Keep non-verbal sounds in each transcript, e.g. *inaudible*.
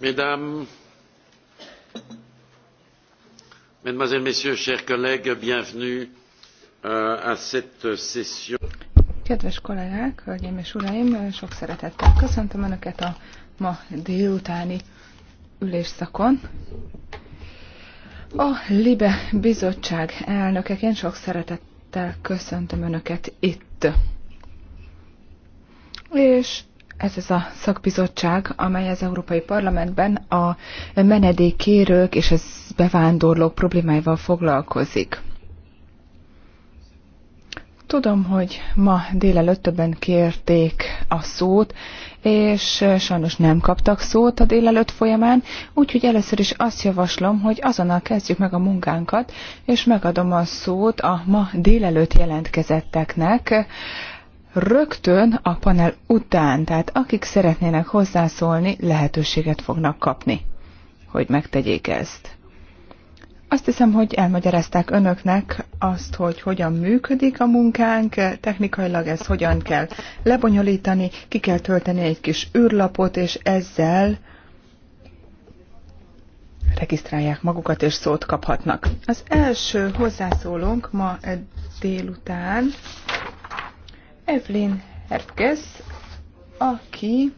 mesdames mesdemoiselles messieurs chers collègues bienvenue euh, à cette session. Kedves kollégák, hölgyeim és uraim, sok szeretettel köszöntöm Önöket a ma délutáni ülésszakon. A LIBE bizottság elnökeként sok szeretettel köszöntöm Önöket itt. És ez az a szakbizottság, amely az Európai Parlamentben a menedékkérők és az bevándorlók problémáival foglalkozik. Tudom, hogy ma délelőtt többen kérték a szót, és sajnos nem kaptak szót a délelőtt folyamán, úgyhogy először is azt javaslom, hogy azonnal kezdjük meg a munkánkat, és megadom a szót a ma délelőtt jelentkezetteknek rögtön a panel után, tehát akik szeretnének hozzászólni, lehetőséget fognak kapni, hogy megtegyék ezt. Azt hiszem, hogy elmagyarázták önöknek azt, hogy hogyan működik a munkánk, technikailag ez hogyan kell lebonyolítani, ki kell tölteni egy kis űrlapot, és ezzel regisztrálják magukat, és szót kaphatnak. Az első hozzászólónk ma délután Evelyn Herkes, aki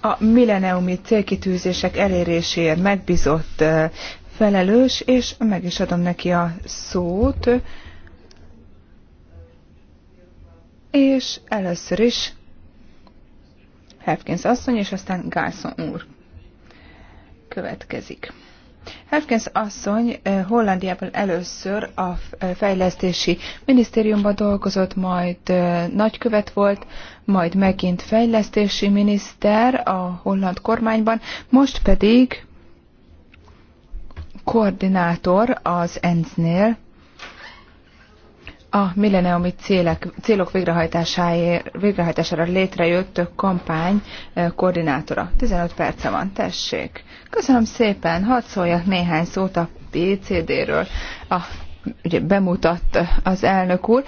a milleniumi célkitűzések eléréséért megbízott felelős, és meg is adom neki a szót. És először is Hefkins asszony, és aztán Garson úr következik. Hefkens asszony eh, Hollandiában először a eh, fejlesztési minisztériumban dolgozott, majd eh, nagykövet volt, majd megint fejlesztési miniszter a holland kormányban, most pedig koordinátor az ENSZ-nél, a milleniumi célek, célok végrehajtására létrejött kampány eh, koordinátora. 15 perce van, tessék. Köszönöm szépen, hadd szóljak néhány szót a PCD-ről. A ugye bemutatt az elnök úr.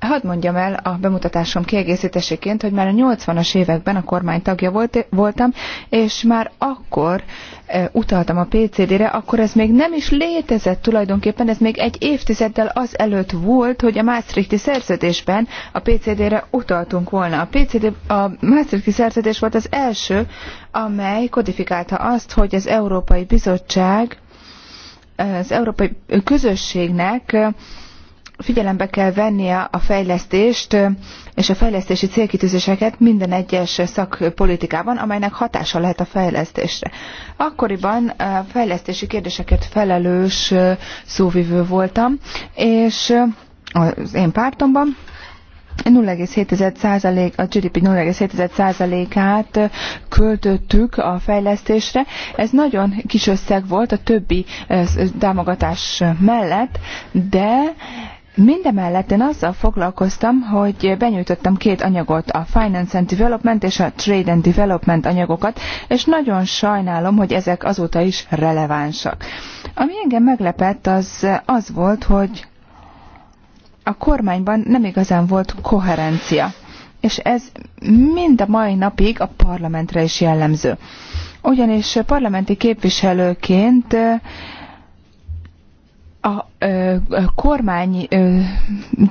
Hadd mondjam el a bemutatásom kiegészítéséként, hogy már a 80-as években a kormány tagja volt, voltam, és már akkor e, utaltam a PCD-re, akkor ez még nem is létezett tulajdonképpen, ez még egy évtizeddel az előtt volt, hogy a Maastrichti szerződésben a PCD-re utaltunk volna. A, PCD, a Maastrichti szerződés volt az első, amely kodifikálta azt, hogy az Európai Bizottság az Európai Közösségnek figyelembe kell vennie a fejlesztést és a fejlesztési célkitűzéseket minden egyes szakpolitikában, amelynek hatása lehet a fejlesztésre. Akkoriban a fejlesztési kérdéseket felelős szóvivő voltam, és az én pártomban 0,7% a GDP 0,7%-át költöttük a fejlesztésre. Ez nagyon kis összeg volt a többi támogatás mellett, de Mindemellett én azzal foglalkoztam, hogy benyújtottam két anyagot, a Finance and Development és a Trade and Development anyagokat, és nagyon sajnálom, hogy ezek azóta is relevánsak. Ami engem meglepett, az az volt, hogy a kormányban nem igazán volt koherencia, és ez mind a mai napig a parlamentre is jellemző. Ugyanis parlamenti képviselőként a kormány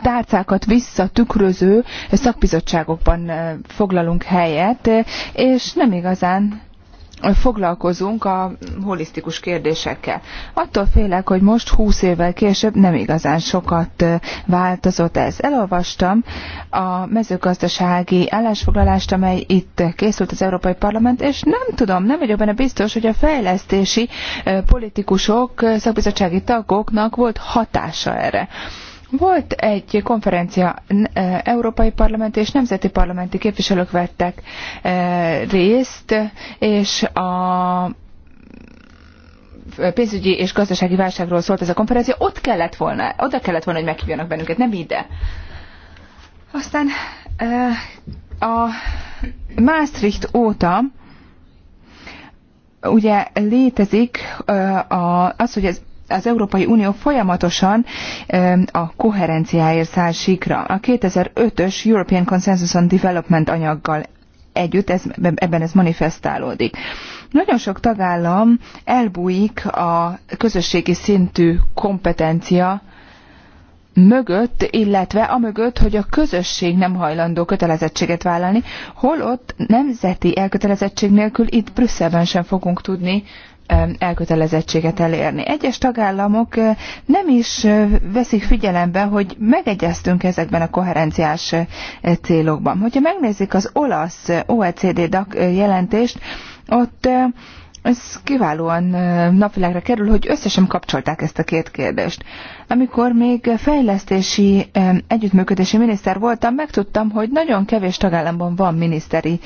tárcákat visszatükröző szakbizottságokban foglalunk helyet, és nem igazán foglalkozunk a holisztikus kérdésekkel. Attól félek, hogy most 20 évvel később nem igazán sokat változott ez. Elolvastam a mezőgazdasági állásfoglalást, amely itt készült az Európai Parlament, és nem tudom, nem vagyok benne biztos, hogy a fejlesztési politikusok, szakbizottsági tagoknak volt hatása erre. Volt egy konferencia, e, Európai Parlament és Nemzeti Parlamenti képviselők vettek e, részt, és a pénzügyi és gazdasági válságról szólt ez a konferencia, ott kellett volna, oda kellett volna, hogy meghívjanak bennünket, nem ide. Aztán e, a Maastricht óta ugye létezik az, hogy az az Európai Unió folyamatosan a koherenciáért száll síkra. A 2005-ös European Consensus on Development anyaggal együtt ez, ebben ez manifestálódik. Nagyon sok tagállam elbújik a közösségi szintű kompetencia mögött, illetve a mögött, hogy a közösség nem hajlandó kötelezettséget vállalni, holott nemzeti elkötelezettség nélkül itt Brüsszelben sem fogunk tudni elkötelezettséget elérni. Egyes tagállamok nem is veszik figyelembe, hogy megegyeztünk ezekben a koherenciás célokban. Hogyha megnézzük az olasz OECD jelentést, ott ez kiválóan napvilágra kerül, hogy összesen kapcsolták ezt a két kérdést. Amikor még fejlesztési együttműködési miniszter voltam, megtudtam, hogy nagyon kevés tagállamban van miniszteri,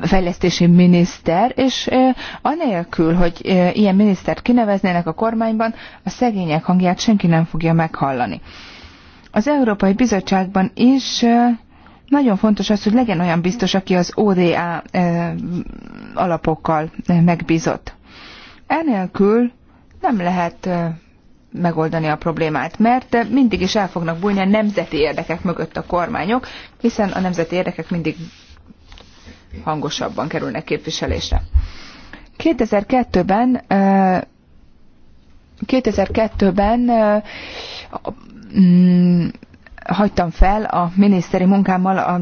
fejlesztési miniszter, és anélkül, hogy ilyen minisztert kineveznének a kormányban, a szegények hangját senki nem fogja meghallani. Az Európai Bizottságban is nagyon fontos az, hogy legyen olyan biztos, aki az ODA alapokkal megbízott. Enélkül nem lehet megoldani a problémát, mert mindig is el fognak bújni a nemzeti érdekek mögött a kormányok, hiszen a nemzeti érdekek mindig hangosabban kerülnek képviselésre. 2002-ben 2002-ben hagytam fel a miniszteri munkámmal a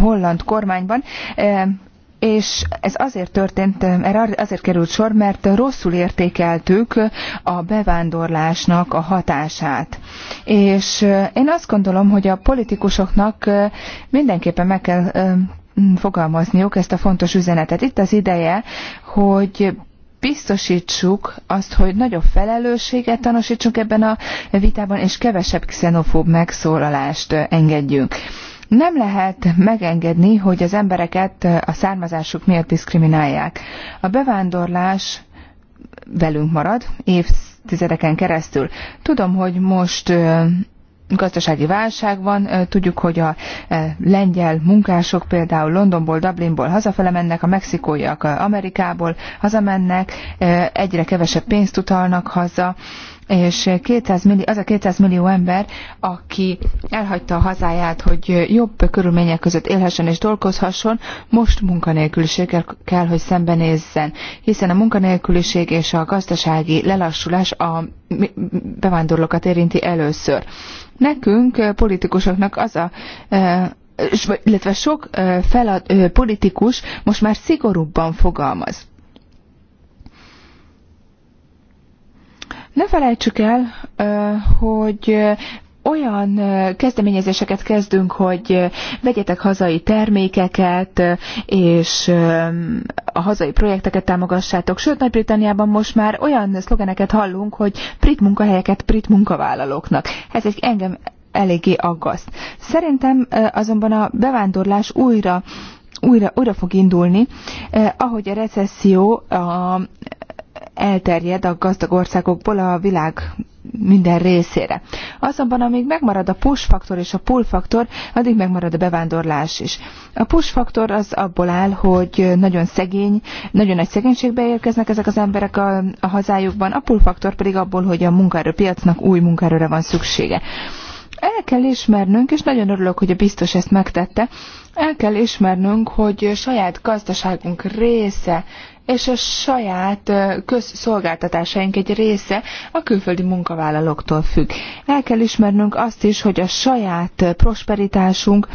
holland kormányban, és ez azért történt, erre azért került sor, mert rosszul értékeltük a bevándorlásnak a hatását. És én azt gondolom, hogy a politikusoknak mindenképpen meg kell fogalmazniuk ezt a fontos üzenetet. Itt az ideje, hogy biztosítsuk azt, hogy nagyobb felelősséget tanúsítsunk ebben a vitában, és kevesebb xenofób megszólalást engedjünk. Nem lehet megengedni, hogy az embereket a származásuk miatt diszkriminálják. A bevándorlás velünk marad évtizedeken keresztül. Tudom, hogy most gazdasági válságban. Tudjuk, hogy a lengyel munkások például Londonból, Dublinból hazafele mennek, a mexikóiak Amerikából hazamennek, egyre kevesebb pénzt utalnak haza, és 200 millió, az a 200 millió ember, aki elhagyta a hazáját, hogy jobb körülmények között élhessen és dolgozhasson, most munkanélküliséggel kell, hogy szembenézzen, hiszen a munkanélküliség és a gazdasági lelassulás a bevándorlókat érinti először. Nekünk, eh, politikusoknak az a eh, illetve sok eh, felad, politikus most már szigorúbban fogalmaz. Ne felejtsük el, hogy olyan kezdeményezéseket kezdünk, hogy vegyetek hazai termékeket, és a hazai projekteket támogassátok. Sőt, Nagy-Britanniában most már olyan szlogeneket hallunk, hogy brit munkahelyeket brit munkavállalóknak. Ez egy engem eléggé aggaszt. Szerintem azonban a bevándorlás újra újra, újra fog indulni, eh, ahogy a recesszió a, elterjed a gazdag országokból a világ minden részére. Azonban amíg megmarad a push faktor és a pull faktor, addig megmarad a bevándorlás is. A push faktor az abból áll, hogy nagyon szegény, nagyon nagy szegénységbe érkeznek ezek az emberek a, a hazájukban, a pull faktor pedig abból, hogy a munkaerőpiacnak új munkaerőre van szüksége. El kell ismernünk, és nagyon örülök, hogy a biztos ezt megtette, el kell ismernünk, hogy saját gazdaságunk része és a saját közszolgáltatásaink egy része a külföldi munkavállalóktól függ. El kell ismernünk azt is, hogy a saját prosperitásunk,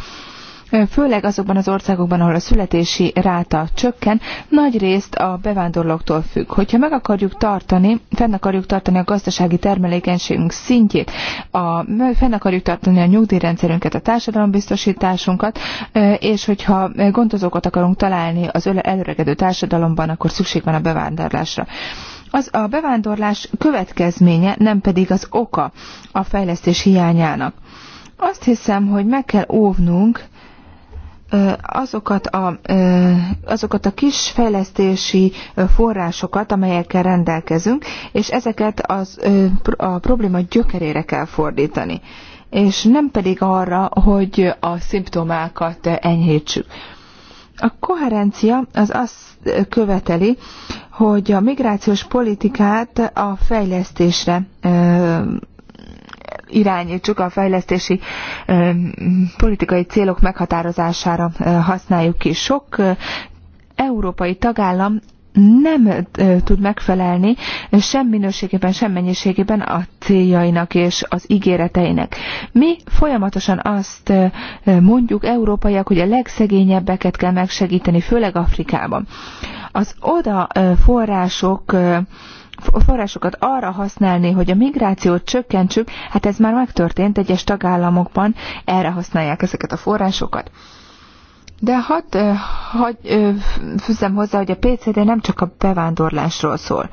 főleg azokban az országokban, ahol a születési ráta csökken, nagy részt a bevándorlóktól függ. Hogyha meg akarjuk tartani, fenn akarjuk tartani a gazdasági termelékenységünk szintjét, a, fenn akarjuk tartani a nyugdíjrendszerünket, a társadalombiztosításunkat, és hogyha gondozókat akarunk találni az előregedő társadalomban, akkor szükség van a bevándorlásra. Az a bevándorlás következménye, nem pedig az oka a fejlesztés hiányának. Azt hiszem, hogy meg kell óvnunk azokat a, azokat a kis fejlesztési forrásokat, amelyekkel rendelkezünk, és ezeket az, a probléma gyökerére kell fordítani, és nem pedig arra, hogy a szimptomákat enyhítsük. A koherencia az azt követeli, hogy a migrációs politikát a fejlesztésre irányítsuk, a fejlesztési politikai célok meghatározására használjuk ki. Sok európai tagállam nem tud megfelelni sem minőségében, sem mennyiségében a céljainak és az ígéreteinek. Mi folyamatosan azt mondjuk európaiak, hogy a legszegényebbeket kell megsegíteni, főleg Afrikában. Az oda források forrásokat arra használni, hogy a migrációt csökkentsük, hát ez már megtörtént egyes tagállamokban, erre használják ezeket a forrásokat. De hadd eh, had, eh, fűzzem hozzá, hogy a PCD nem csak a bevándorlásról szól.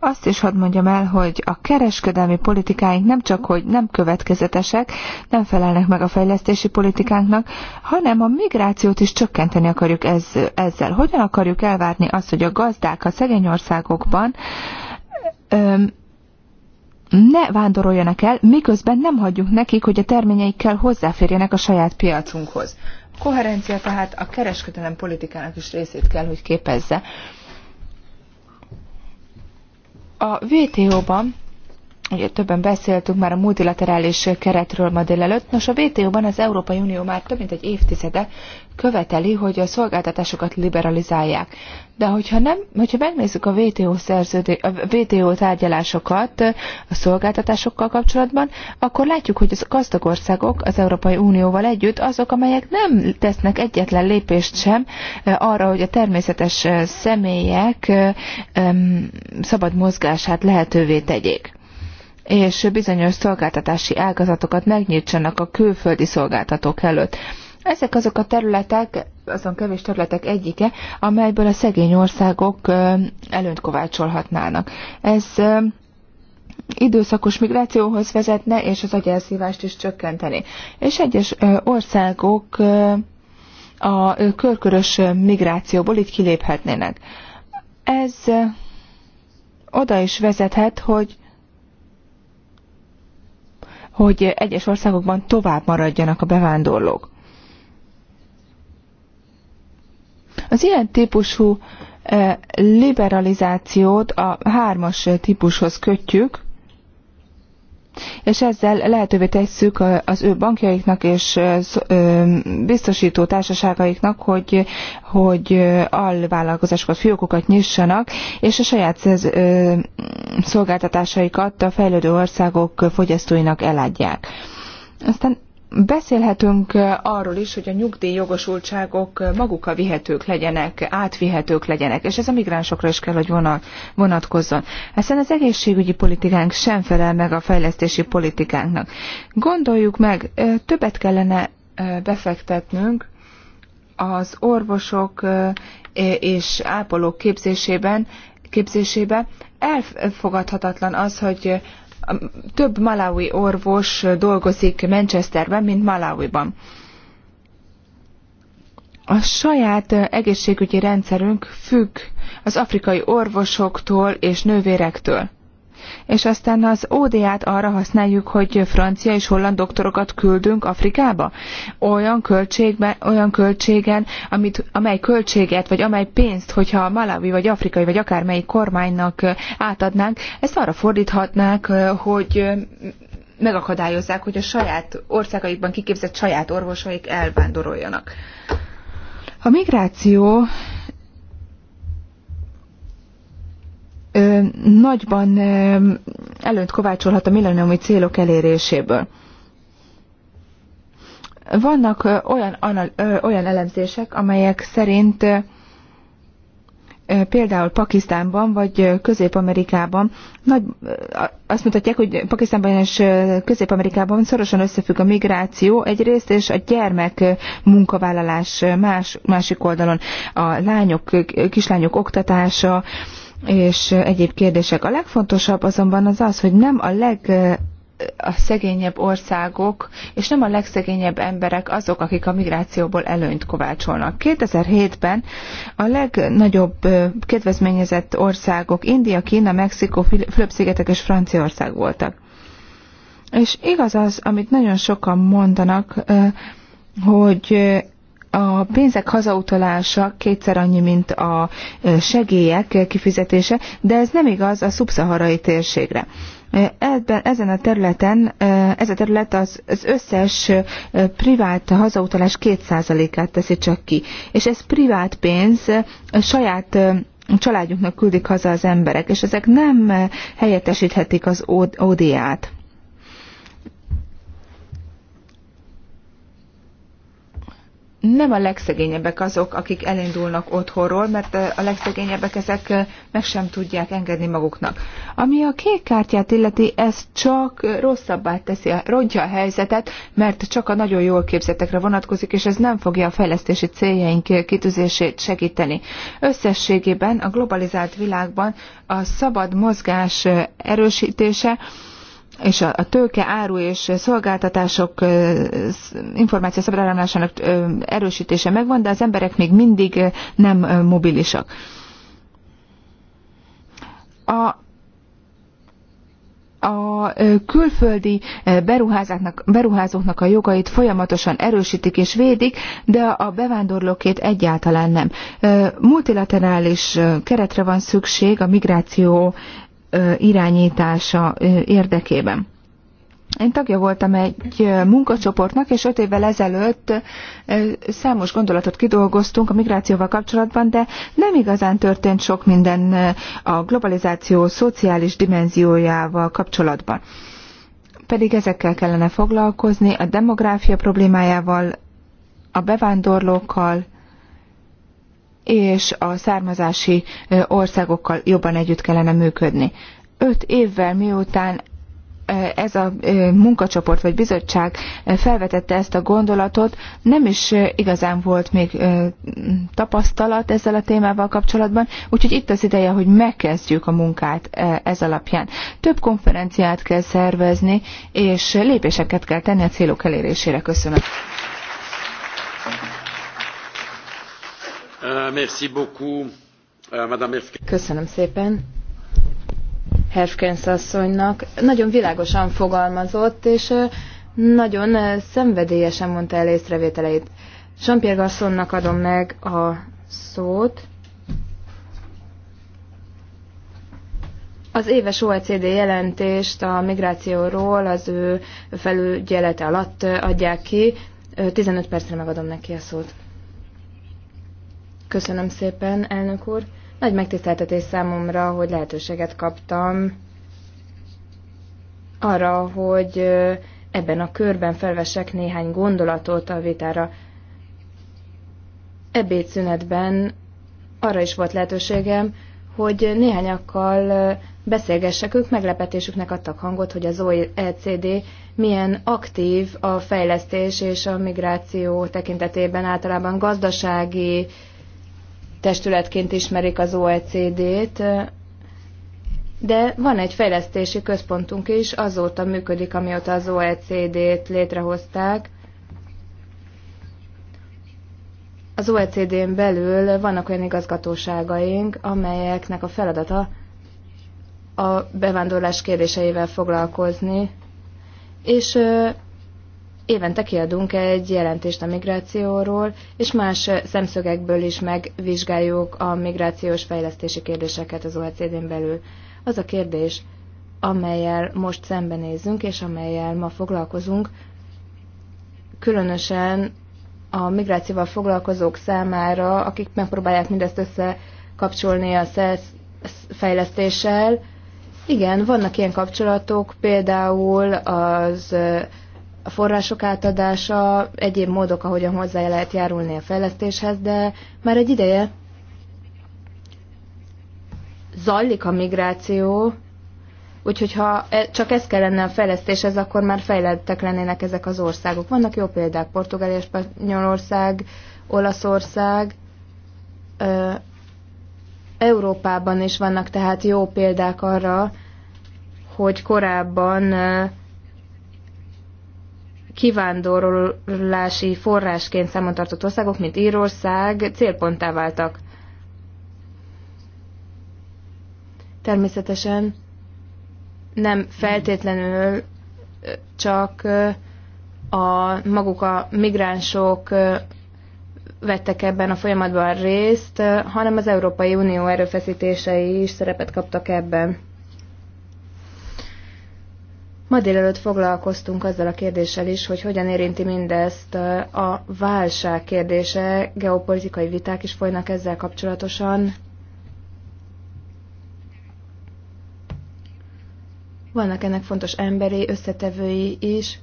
Azt is hadd mondjam el, hogy a kereskedelmi politikáink nem csak, hogy nem következetesek, nem felelnek meg a fejlesztési politikánknak, hanem a migrációt is csökkenteni akarjuk ez, ezzel. Hogyan akarjuk elvárni azt, hogy a gazdák a szegény országokban, ne vándoroljanak el, miközben nem hagyjuk nekik, hogy a terményeikkel hozzáférjenek a saját piacunkhoz. A koherencia tehát a kereskedelem politikának is részét kell, hogy képezze. A WTO-ban ugye többen beszéltünk már a multilaterális keretről ma délelőtt, nos a WTO-ban az Európai Unió már több mint egy évtizede követeli, hogy a szolgáltatásokat liberalizálják. De hogyha, nem, hogyha megnézzük a WTO, szerződé, a WTO tárgyalásokat a szolgáltatásokkal kapcsolatban, akkor látjuk, hogy az gazdag országok az Európai Unióval együtt azok, amelyek nem tesznek egyetlen lépést sem eh, arra, hogy a természetes eh, személyek eh, szabad mozgását lehetővé tegyék és bizonyos szolgáltatási ágazatokat megnyitsanak a külföldi szolgáltatók előtt. Ezek azok a területek, azon kevés területek egyike, amelyből a szegény országok előnyt kovácsolhatnának. Ez időszakos migrációhoz vezetne, és az agyelszívást is csökkenteni. És egyes országok a körkörös migrációból így kiléphetnének. Ez oda is vezethet, hogy hogy egyes országokban tovább maradjanak a bevándorlók. Az ilyen típusú eh, liberalizációt a hármas eh, típushoz kötjük, és ezzel lehetővé tesszük az ő bankjaiknak és biztosító társaságaiknak, hogy, hogy alvállalkozásokat, fiókokat nyissanak, és a saját szolgáltatásaikat a fejlődő országok fogyasztóinak eladják. Aztán Beszélhetünk arról is, hogy a nyugdíjjogosultságok a vihetők legyenek, átvihetők legyenek, és ez a migránsokra is kell, hogy vonatkozzon. Hiszen az egészségügyi politikánk sem felel meg a fejlesztési politikánknak. Gondoljuk meg, többet kellene befektetnünk az orvosok és ápolók képzésében, képzésébe elfogadhatatlan az, hogy több malawi orvos dolgozik Manchesterben, mint Malawiban. A saját egészségügyi rendszerünk függ az afrikai orvosoktól és nővérektől és aztán az ODA-t arra használjuk, hogy francia és holland doktorokat küldünk Afrikába? Olyan, költségben, olyan költségen, amit, amely költséget, vagy amely pénzt, hogyha a malawi, vagy afrikai, vagy akármelyik kormánynak eh, átadnánk, ezt arra fordíthatnák, eh, hogy eh, megakadályozzák, hogy a saját országaikban kiképzett saját orvosaik elvándoroljanak. A migráció nagyban előnyt kovácsolhat a millenniumi célok eléréséből. Vannak olyan, olyan elemzések, amelyek szerint például Pakisztánban vagy Közép-Amerikában, nagy, azt mutatják, hogy Pakisztánban és Közép-Amerikában szorosan összefügg a migráció egyrészt, és a gyermek munkavállalás más, másik oldalon, a lányok, kislányok oktatása, és egyéb kérdések. A legfontosabb azonban az az, hogy nem a leg a szegényebb országok, és nem a legszegényebb emberek azok, akik a migrációból előnyt kovácsolnak. 2007-ben a legnagyobb kedvezményezett országok India, Kína, Mexikó, Fülöp-szigetek és Franciaország voltak. És igaz az, amit nagyon sokan mondanak, hogy a pénzek hazautalása kétszer annyi, mint a segélyek kifizetése, de ez nem igaz a szubszaharai térségre. Ebben, ezen a területen, ez a terület az, az összes privát hazautalás kétszázalékát át teszi csak ki. És ez privát pénz, saját családjuknak küldik haza az emberek, és ezek nem helyettesíthetik az ODA-t. nem a legszegényebbek azok, akik elindulnak otthonról, mert a legszegényebbek ezek meg sem tudják engedni maguknak. Ami a kék kártyát illeti, ez csak rosszabbá teszi, rontja a helyzetet, mert csak a nagyon jól képzettekre vonatkozik, és ez nem fogja a fejlesztési céljaink kitűzését segíteni. Összességében a globalizált világban a szabad mozgás erősítése, és a, tőke, áru és szolgáltatások információ szabadáramlásának erősítése megvan, de az emberek még mindig nem mobilisak. A a külföldi beruházóknak, beruházóknak a jogait folyamatosan erősítik és védik, de a bevándorlókét egyáltalán nem. Multilaterális keretre van szükség a migráció irányítása érdekében. Én tagja voltam egy munkacsoportnak, és öt évvel ezelőtt számos gondolatot kidolgoztunk a migrációval kapcsolatban, de nem igazán történt sok minden a globalizáció szociális dimenziójával kapcsolatban. Pedig ezekkel kellene foglalkozni, a demográfia problémájával, a bevándorlókkal, és a származási országokkal jobban együtt kellene működni. Öt évvel miután ez a munkacsoport vagy bizottság felvetette ezt a gondolatot, nem is igazán volt még tapasztalat ezzel a témával kapcsolatban, úgyhogy itt az ideje, hogy megkezdjük a munkát ez alapján. Több konferenciát kell szervezni, és lépéseket kell tenni a célok elérésére. Köszönöm. Euh, euh, Köszönöm szépen. Herfkens asszonynak nagyon világosan fogalmazott, és nagyon szenvedélyesen mondta el észrevételeit. Jean-Pierre Gassonnak adom meg a szót. Az éves OECD jelentést a migrációról az ő felügyelete alatt adják ki. 15 percre megadom neki a szót. Köszönöm szépen, elnök úr. Nagy megtiszteltetés számomra, hogy lehetőséget kaptam arra, hogy ebben a körben felvesek néhány gondolatot a vitára. Ebédszünetben arra is volt lehetőségem, hogy néhányakkal beszélgessek, ők meglepetésüknek adtak hangot, hogy az OECD milyen aktív a fejlesztés és a migráció tekintetében általában gazdasági, testületként ismerik az OECD-t, de van egy fejlesztési központunk is, azóta működik, amióta az OECD-t létrehozták. Az OECD-n belül vannak olyan igazgatóságaink, amelyeknek a feladata a bevándorlás kérdéseivel foglalkozni, és évente kiadunk egy jelentést a migrációról, és más szemszögekből is megvizsgáljuk a migrációs fejlesztési kérdéseket az OECD-n belül. Az a kérdés, amelyel most szembenézünk, és amelyel ma foglalkozunk, különösen a migrációval foglalkozók számára, akik megpróbálják mindezt összekapcsolni a fejlesztéssel, igen, vannak ilyen kapcsolatok, például az a források átadása, egyéb módok, ahogyan hozzá lehet járulni a fejlesztéshez, de már egy ideje zajlik a migráció, úgyhogy ha e- csak ez kellene a fejlesztéshez, akkor már fejlettek lennének ezek az országok. Vannak jó példák, Portugália, Spanyolország, Olaszország, Európában is vannak tehát jó példák arra, hogy korábban kivándorlási forrásként számon tartott országok, mint Írország célponttá váltak. Természetesen nem feltétlenül csak a maguk a migránsok vettek ebben a folyamatban részt, hanem az Európai Unió erőfeszítései is szerepet kaptak ebben. Ma délelőtt foglalkoztunk azzal a kérdéssel is, hogy hogyan érinti mindezt a válság kérdése, geopolitikai viták is folynak ezzel kapcsolatosan. Vannak ennek fontos emberi összetevői is.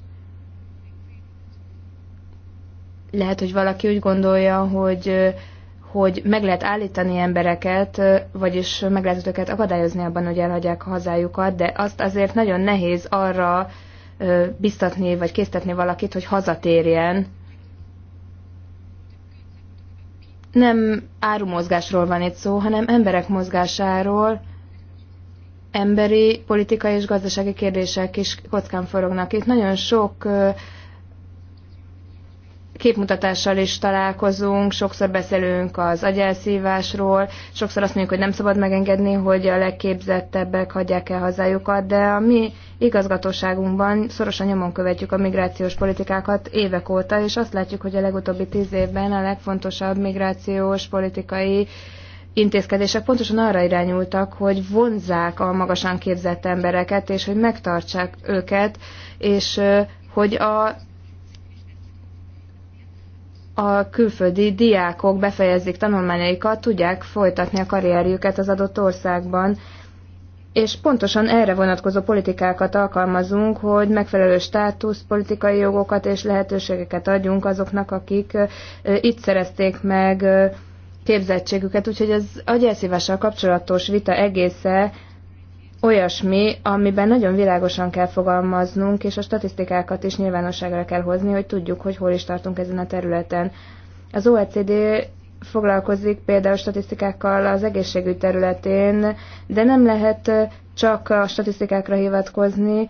Lehet, hogy valaki úgy gondolja, hogy hogy meg lehet állítani embereket, vagyis meg lehet őket akadályozni abban, hogy elhagyják a hazájukat, de azt azért nagyon nehéz arra biztatni vagy késztetni valakit, hogy hazatérjen. Nem árumozgásról van itt szó, hanem emberek mozgásáról, emberi, politikai és gazdasági kérdések is kockán forognak. Itt nagyon sok képmutatással is találkozunk, sokszor beszélünk az agyelszívásról, sokszor azt mondjuk, hogy nem szabad megengedni, hogy a legképzettebbek hagyják el hazájukat, de a mi igazgatóságunkban szorosan nyomon követjük a migrációs politikákat évek óta, és azt látjuk, hogy a legutóbbi tíz évben a legfontosabb migrációs politikai intézkedések pontosan arra irányultak, hogy vonzák a magasan képzett embereket, és hogy megtartsák őket, és hogy a a külföldi diákok befejezik tanulmányaikat, tudják folytatni a karrierjüket az adott országban, és pontosan erre vonatkozó politikákat alkalmazunk, hogy megfelelő státusz, politikai jogokat és lehetőségeket adjunk azoknak, akik itt szerezték meg képzettségüket, úgyhogy az agyelszívással kapcsolatos vita egésze olyasmi, amiben nagyon világosan kell fogalmaznunk, és a statisztikákat is nyilvánosságra kell hozni, hogy tudjuk, hogy hol is tartunk ezen a területen. Az OECD foglalkozik például statisztikákkal az egészségügy területén, de nem lehet csak a statisztikákra hivatkozni,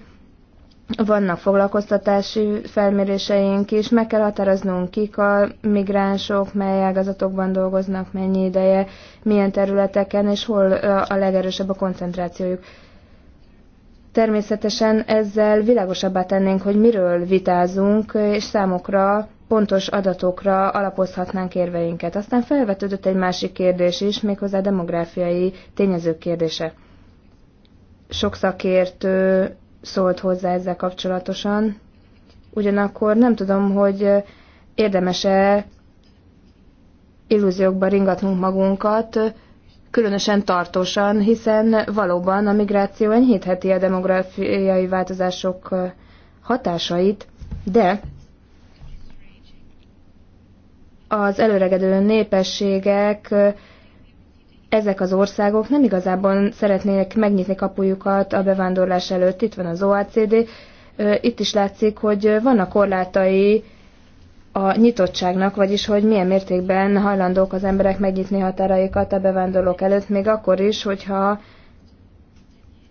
vannak foglalkoztatási felméréseink is, meg kell határoznunk, kik a migránsok, mely ágazatokban dolgoznak, mennyi ideje, milyen területeken, és hol a legerősebb a koncentrációjuk. Természetesen ezzel világosabbá tennénk, hogy miről vitázunk, és számokra, pontos adatokra alapozhatnánk érveinket. Aztán felvetődött egy másik kérdés is, méghozzá demográfiai tényezők kérdése. Sok szakértő szólt hozzá ezzel kapcsolatosan, ugyanakkor nem tudom, hogy érdemes-e illúziókba ringatnunk magunkat, különösen tartósan, hiszen valóban a migráció enyhítheti a demográfiai változások hatásait, de az előregedő népességek ezek az országok nem igazából szeretnének megnyitni kapujukat a bevándorlás előtt. Itt van az OACD. itt is látszik, hogy vannak korlátai a nyitottságnak, vagyis hogy milyen mértékben hajlandók az emberek megnyitni határaikat a bevándorlók előtt, még akkor is, hogyha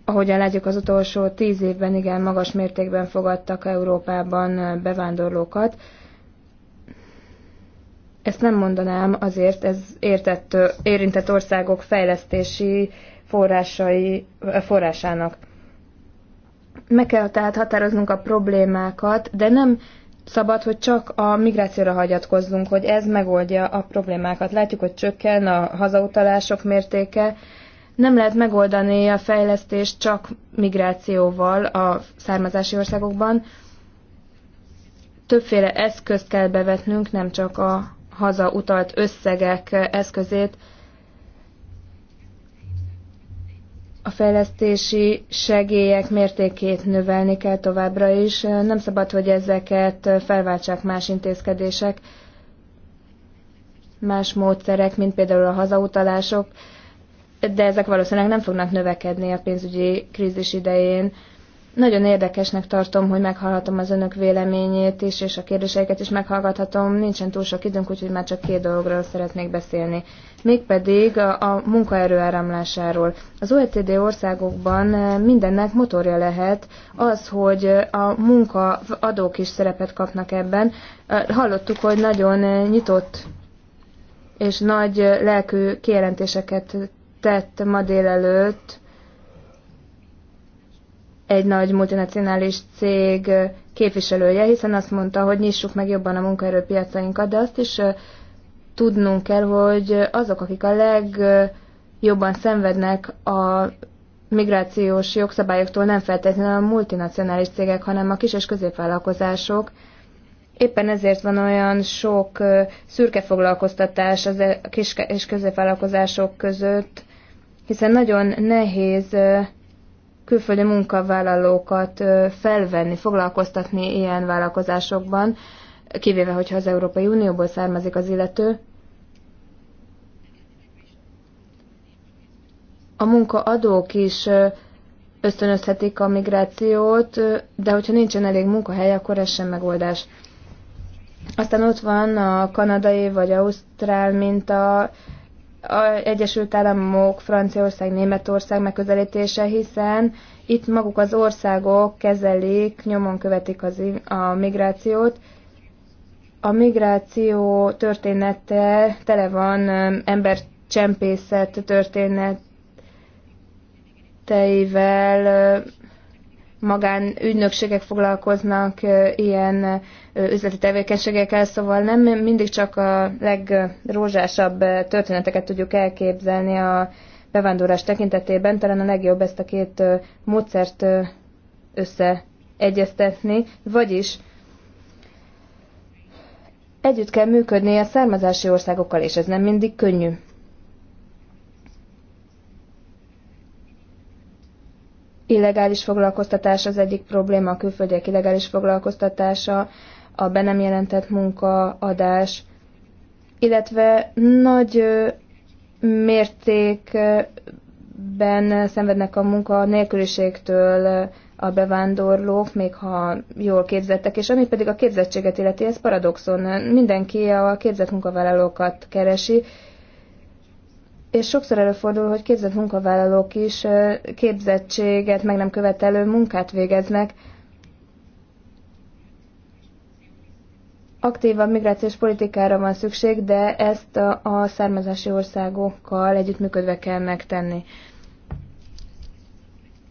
ahogyan látjuk az utolsó tíz évben igen magas mértékben fogadtak Európában bevándorlókat. Ezt nem mondanám, azért ez értett, érintett országok fejlesztési forrásai, forrásának. Meg kell tehát határoznunk a problémákat, de nem szabad, hogy csak a migrációra hagyatkozzunk, hogy ez megoldja a problémákat. Látjuk, hogy csökken a hazautalások mértéke. Nem lehet megoldani a fejlesztést csak migrációval a származási országokban. Többféle eszközt kell bevetnünk, nem csak a hazautalt összegek eszközét, a fejlesztési segélyek mértékét növelni kell továbbra is. Nem szabad, hogy ezeket felváltsák más intézkedések, más módszerek, mint például a hazautalások, de ezek valószínűleg nem fognak növekedni a pénzügyi krízis idején. Nagyon érdekesnek tartom, hogy meghallhatom az önök véleményét is, és a kérdéseiket is meghallgathatom. Nincsen túl sok időnk, úgyhogy már csak két dologról szeretnék beszélni mégpedig a munkaerő áramlásáról. Az OECD országokban eh, mindennek motorja lehet az, hogy a munkaadók is szerepet kapnak ebben. Eh, hallottuk, hogy nagyon eh, nyitott és nagy lelkű kijelentéseket tett ma délelőtt egy nagy multinacionális cég képviselője, hiszen azt mondta, hogy nyissuk meg jobban a munkaerőpiacainkat, de azt is tudnunk kell, hogy azok, akik a legjobban szenvednek a migrációs jogszabályoktól nem feltétlenül a multinacionális cégek, hanem a kis és középvállalkozások. Éppen ezért van olyan sok szürke foglalkoztatás e- a kis és középvállalkozások között, hiszen nagyon nehéz külföldi munkavállalókat felvenni, foglalkoztatni ilyen vállalkozásokban, kivéve, hogyha az Európai Unióból származik az illető, a munkaadók is ösztönözhetik a migrációt, de hogyha nincsen elég munkahely, akkor ez sem megoldás. Aztán ott van a kanadai vagy ausztrál a, a Egyesült Államok, Franciaország, Németország megközelítése, hiszen itt maguk az országok kezelik, nyomon követik az, a migrációt, a migráció története tele van um, embercsempészet történeteivel, um, magán ügynökségek foglalkoznak uh, ilyen uh, üzleti tevékenységekkel, szóval nem mindig csak a legrózsásabb uh, történeteket tudjuk elképzelni a bevándorlás tekintetében, talán a legjobb ezt a két módszert összeegyeztetni, vagyis Együtt kell működni a származási országokkal, és ez nem mindig könnyű. Illegális foglalkoztatás az egyik probléma, a külföldiek illegális foglalkoztatása, a be nem jelentett munkaadás, illetve nagy mértékben szenvednek a munka nélküliségtől, a bevándorlók, még ha jól képzettek, és ami pedig a képzettséget illeti, ez paradoxon. Mindenki a képzett munkavállalókat keresi, és sokszor előfordul, hogy képzett munkavállalók is képzettséget meg nem követelő munkát végeznek. Aktívabb migrációs politikára van szükség, de ezt a származási országokkal együttműködve kell megtenni.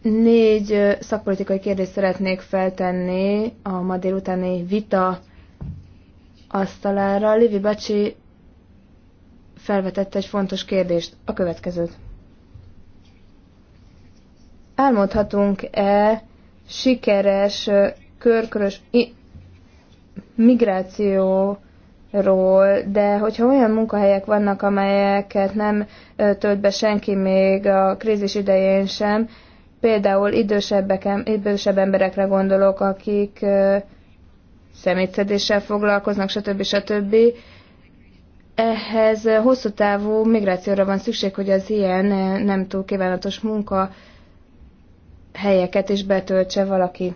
Négy szakpolitikai kérdést szeretnék feltenni a ma délutáni vita asztalára. Livi bácsi felvetett egy fontos kérdést, a következőt. Álmodhatunk-e sikeres körkörös migrációról, de hogyha olyan munkahelyek vannak, amelyeket nem tölt be senki még a krízis idején sem, Például idősebbek, idősebb emberekre gondolok, akik szemétszedéssel foglalkoznak, stb. stb. Ehhez hosszú távú migrációra van szükség, hogy az ilyen nem túl kívánatos munka helyeket is betöltse valaki.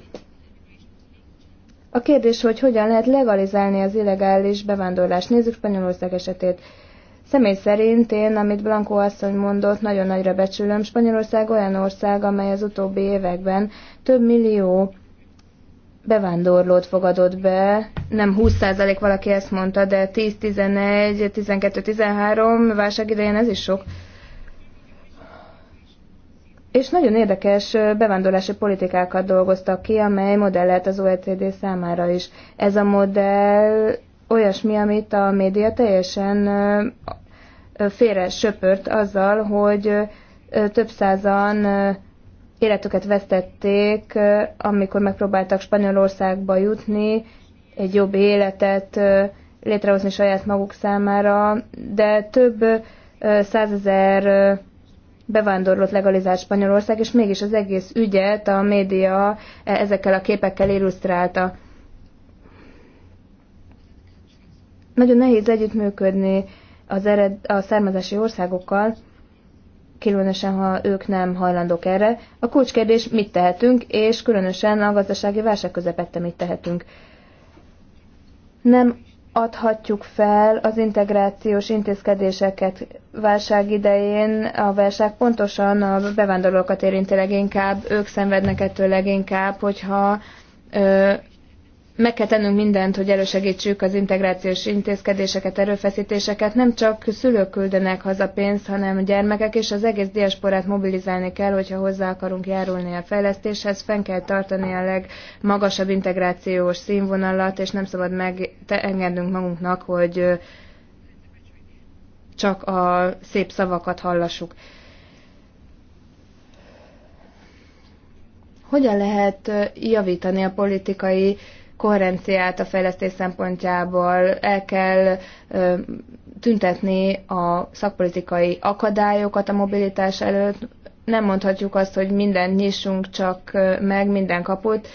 A kérdés, hogy hogyan lehet legalizálni az illegális bevándorlást. Nézzük Spanyolország esetét. Személy szerint én, amit Blanco asszony mondott, nagyon nagyra becsülöm. Spanyolország olyan ország, amely az utóbbi években több millió bevándorlót fogadott be, nem 20% valaki ezt mondta, de 10, 11, 12, 13 válság idején ez is sok. És nagyon érdekes bevándorlási politikákat dolgoztak ki, amely modell lehet az OECD számára is. Ez a modell olyasmi, amit a média teljesen félre söpört azzal, hogy több százan életüket vesztették, amikor megpróbáltak Spanyolországba jutni, egy jobb életet létrehozni saját maguk számára, de több százezer bevándorlót legalizált Spanyolország, és mégis az egész ügyet a média e, ezekkel a képekkel illusztrálta. Nagyon nehéz együttműködni az ered, a származási országokkal, különösen ha ők nem hajlandók erre. A kulcskérdés, mit tehetünk, és különösen a gazdasági válság közepette mit tehetünk. Nem adhatjuk fel az integrációs intézkedéseket válság idején. A válság pontosan a bevándorlókat érinti leginkább, ők szenvednek ettől leginkább, hogyha ö, meg kell tennünk mindent, hogy elősegítsük az integrációs intézkedéseket, erőfeszítéseket. Nem csak szülők küldenek haza pénzt, hanem gyermekek, és az egész diasporát mobilizálni kell, hogyha hozzá akarunk járulni a fejlesztéshez. Fenn kell tartani a legmagasabb integrációs színvonalat, és nem szabad megengednünk magunknak, hogy csak a szép szavakat hallassuk. Hogyan lehet javítani a politikai koherenciát a fejlesztés szempontjából, el kell tüntetni a szakpolitikai akadályokat a mobilitás előtt. Nem mondhatjuk azt, hogy minden nyissunk csak meg, minden kaput.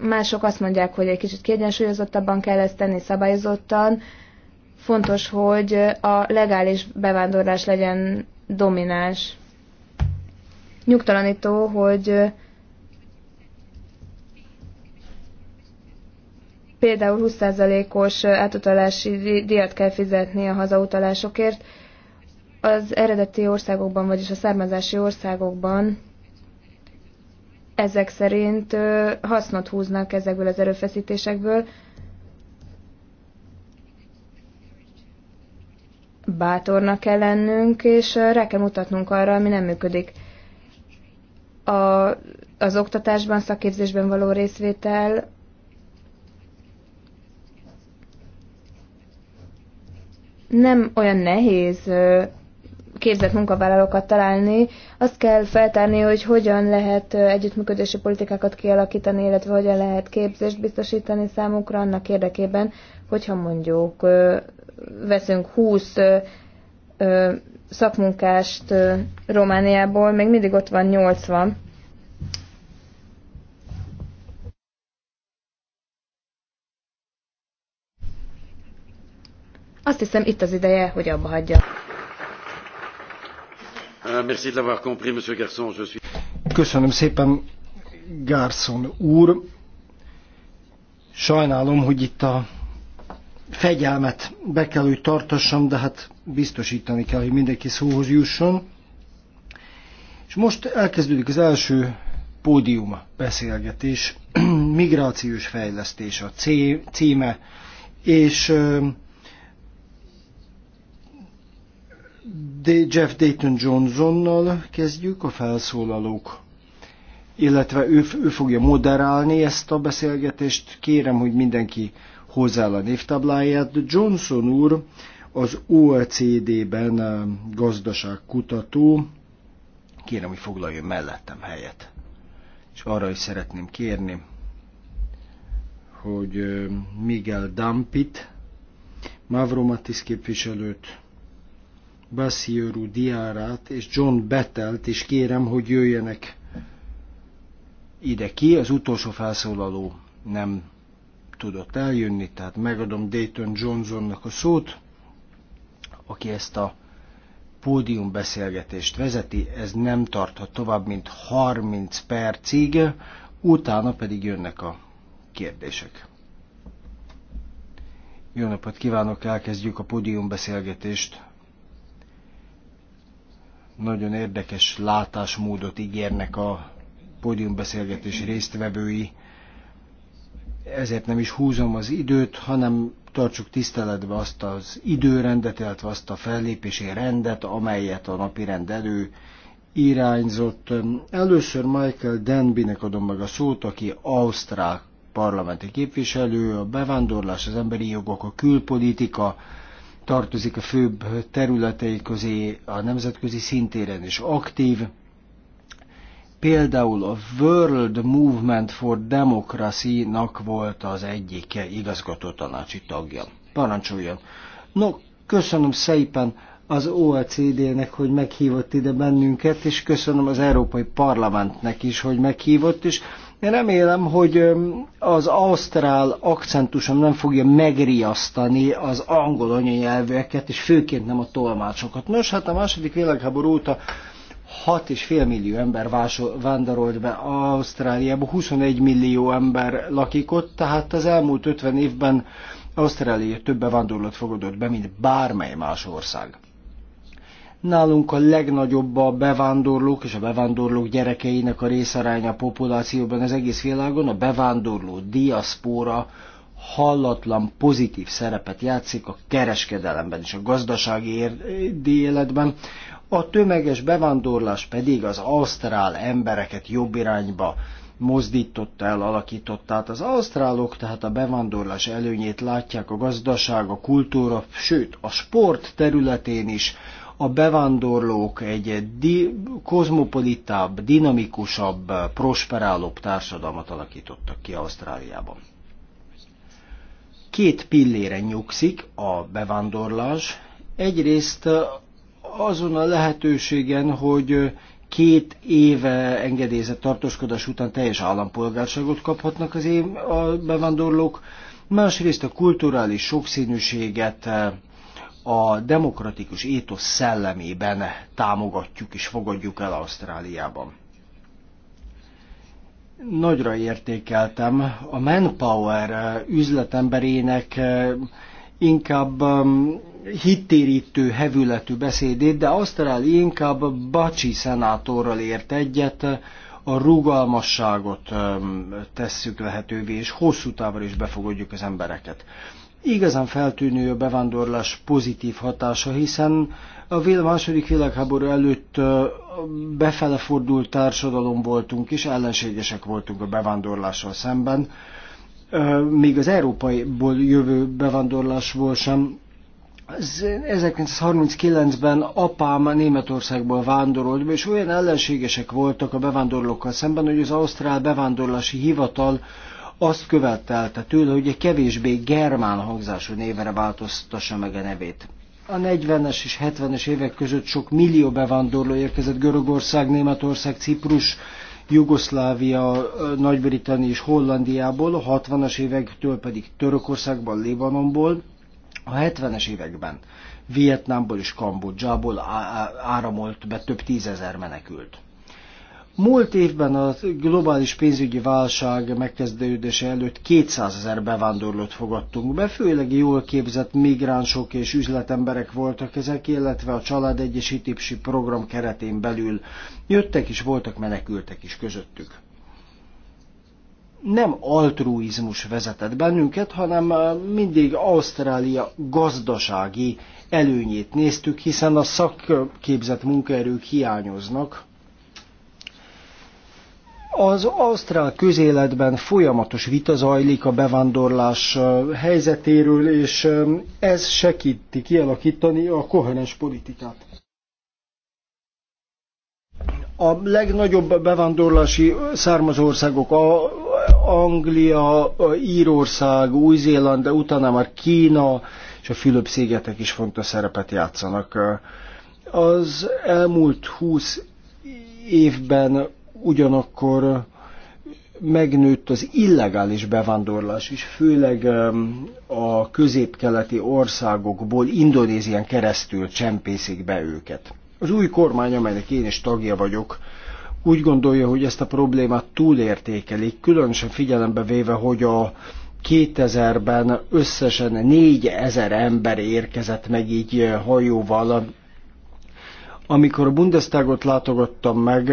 Mások azt mondják, hogy egy kicsit kiegyensúlyozottabban kell ezt tenni, szabályozottan. Fontos, hogy a legális bevándorlás legyen domináns. Nyugtalanító, hogy Például 20%-os átutalási díjat kell fizetni a hazautalásokért. Az eredeti országokban, vagyis a származási országokban ezek szerint hasznot húznak ezekből az erőfeszítésekből, bátornak kell lennünk, és rá kell mutatnunk arra, ami nem működik. A, az oktatásban, szakképzésben való részvétel nem olyan nehéz képzett munkavállalókat találni, azt kell feltárni, hogy hogyan lehet együttműködési politikákat kialakítani, illetve hogyan lehet képzést biztosítani számukra annak érdekében, hogyha mondjuk veszünk 20 szakmunkást Romániából, még mindig ott van 80, Azt hiszem itt az ideje, hogy abba hagyja. Ah, Köszönöm szépen, Gárszon úr. Sajnálom, hogy itt a fegyelmet be kell, hogy tartassam, de hát biztosítani kell, hogy mindenki szóhoz jusson. És most elkezdődik az első pódium beszélgetés, *clears throat* migrációs fejlesztés a címe, és De Jeff Dayton Johnsonnal kezdjük a felszólalók illetve ő, ő fogja moderálni ezt a beszélgetést. Kérem, hogy mindenki hozzá a névtábláját. Johnson úr az OECD-ben gazdaságkutató. Kérem, hogy foglaljon mellettem helyet. És arra is szeretném kérni, hogy Miguel Dampit, Mavromatis képviselőt, Bassieru Diárát és John Bettelt, és kérem, hogy jöjjenek ide ki. Az utolsó felszólaló nem tudott eljönni, tehát megadom Dayton Johnsonnak a szót, aki ezt a pódium beszélgetést vezeti, ez nem tarthat tovább, mint 30 percig, utána pedig jönnek a kérdések. Jó napot kívánok, elkezdjük a pódium beszélgetést nagyon érdekes látásmódot ígérnek a pódiumbeszélgetés résztvevői. Ezért nem is húzom az időt, hanem tartsuk tiszteletbe azt az időrendet, illetve azt a fellépési rendet, amelyet a napi rend elő irányzott. Először Michael Denbynek adom meg a szót, aki Ausztrál parlamenti képviselő, a bevándorlás, az emberi jogok, a külpolitika, tartozik a főbb területei közé a nemzetközi szintéren is aktív. Például a World Movement for Democracy-nak volt az egyik igazgató tanácsi tagja. Parancsoljon! No, köszönöm szépen az OECD-nek, hogy meghívott ide bennünket, és köszönöm az Európai Parlamentnek is, hogy meghívott, és én remélem, hogy az ausztrál akcentusom nem fogja megriasztani az angol anyanyelvűeket, és főként nem a tolmácsokat. Nos, hát a második világháború óta 6,5 millió ember vándorolt be Ausztráliába, 21 millió ember lakik ott, tehát az elmúlt 50 évben Ausztrália több bevándorlót fogadott be, mint bármely más ország. Nálunk a legnagyobb a bevándorlók és a bevándorlók gyerekeinek a részaránya a populációban az egész világon. A bevándorló diaszpóra hallatlan pozitív szerepet játszik a kereskedelemben és a gazdasági életben. A tömeges bevándorlás pedig az ausztrál embereket jobb irányba mozdította el, alakította. Tehát az ausztrálok tehát a bevándorlás előnyét látják a gazdaság, a kultúra, sőt a sport területén is a bevándorlók egy di- kozmopolitább, dinamikusabb, prosperálóbb társadalmat alakítottak ki Ausztráliában. Két pillére nyugszik a bevándorlás. Egyrészt azon a lehetőségen, hogy két éve engedélyezett tartózkodás után teljes állampolgárságot kaphatnak az én a bevándorlók, másrészt a kulturális sokszínűséget a demokratikus étosz szellemében támogatjuk és fogadjuk el Ausztráliában. Nagyra értékeltem a Manpower üzletemberének eh, inkább eh, hittérítő, hevületű beszédét, de Ausztrália inkább Bacsi szenátorral ért egyet, a rugalmasságot eh, tesszük lehetővé, és hosszú távra is befogadjuk az embereket. Igazán feltűnő a bevándorlás pozitív hatása, hiszen a második világháború előtt befele fordult társadalom voltunk, és ellenségesek voltunk a bevándorlással szemben. Még az európaiból jövő bevándorlásból sem 1939-ben apám Németországból vándorolt és olyan ellenségesek voltak a bevándorlókkal szemben, hogy az Ausztrál Bevándorlási Hivatal azt követelte tőle, hogy egy kevésbé germán hangzású névre változtassa meg a nevét. A 40-es és 70-es évek között sok millió bevándorló érkezett Görögország, Németország, Ciprus, Jugoszlávia, Nagy-Britannia és Hollandiából, a 60-as évektől pedig Törökországban, Libanonból, a 70-es években Vietnámból és Kambodzsából áramolt be több tízezer menekült. Múlt évben a globális pénzügyi válság megkezdődése előtt 200 ezer bevándorlót fogadtunk be, főleg jól képzett migránsok és üzletemberek voltak ezek, illetve a család egyesítési program keretén belül jöttek és voltak menekültek is közöttük. Nem altruizmus vezetett bennünket, hanem eh, mindig Ausztrália gazdasági előnyét néztük, hiszen a szakképzett munkaerők hiányoznak, az ausztrál közéletben folyamatos vita zajlik a bevándorlás helyzetéről, és ez segíti kialakítani a koherens politikát. A legnagyobb bevándorlási származó országok a Anglia, a Írország, Új-Zéland, de utána már Kína és a Fülöp-szigetek is fontos szerepet játszanak. Az elmúlt 20 évben ugyanakkor megnőtt az illegális bevándorlás is, főleg a közép-keleti országokból Indonézián keresztül csempészik be őket. Az új kormány, amelynek én is tagja vagyok, úgy gondolja, hogy ezt a problémát túlértékelik, különösen figyelembe véve, hogy a 2000-ben összesen 4000 ember érkezett meg így hajóval amikor a Bundestagot látogattam meg,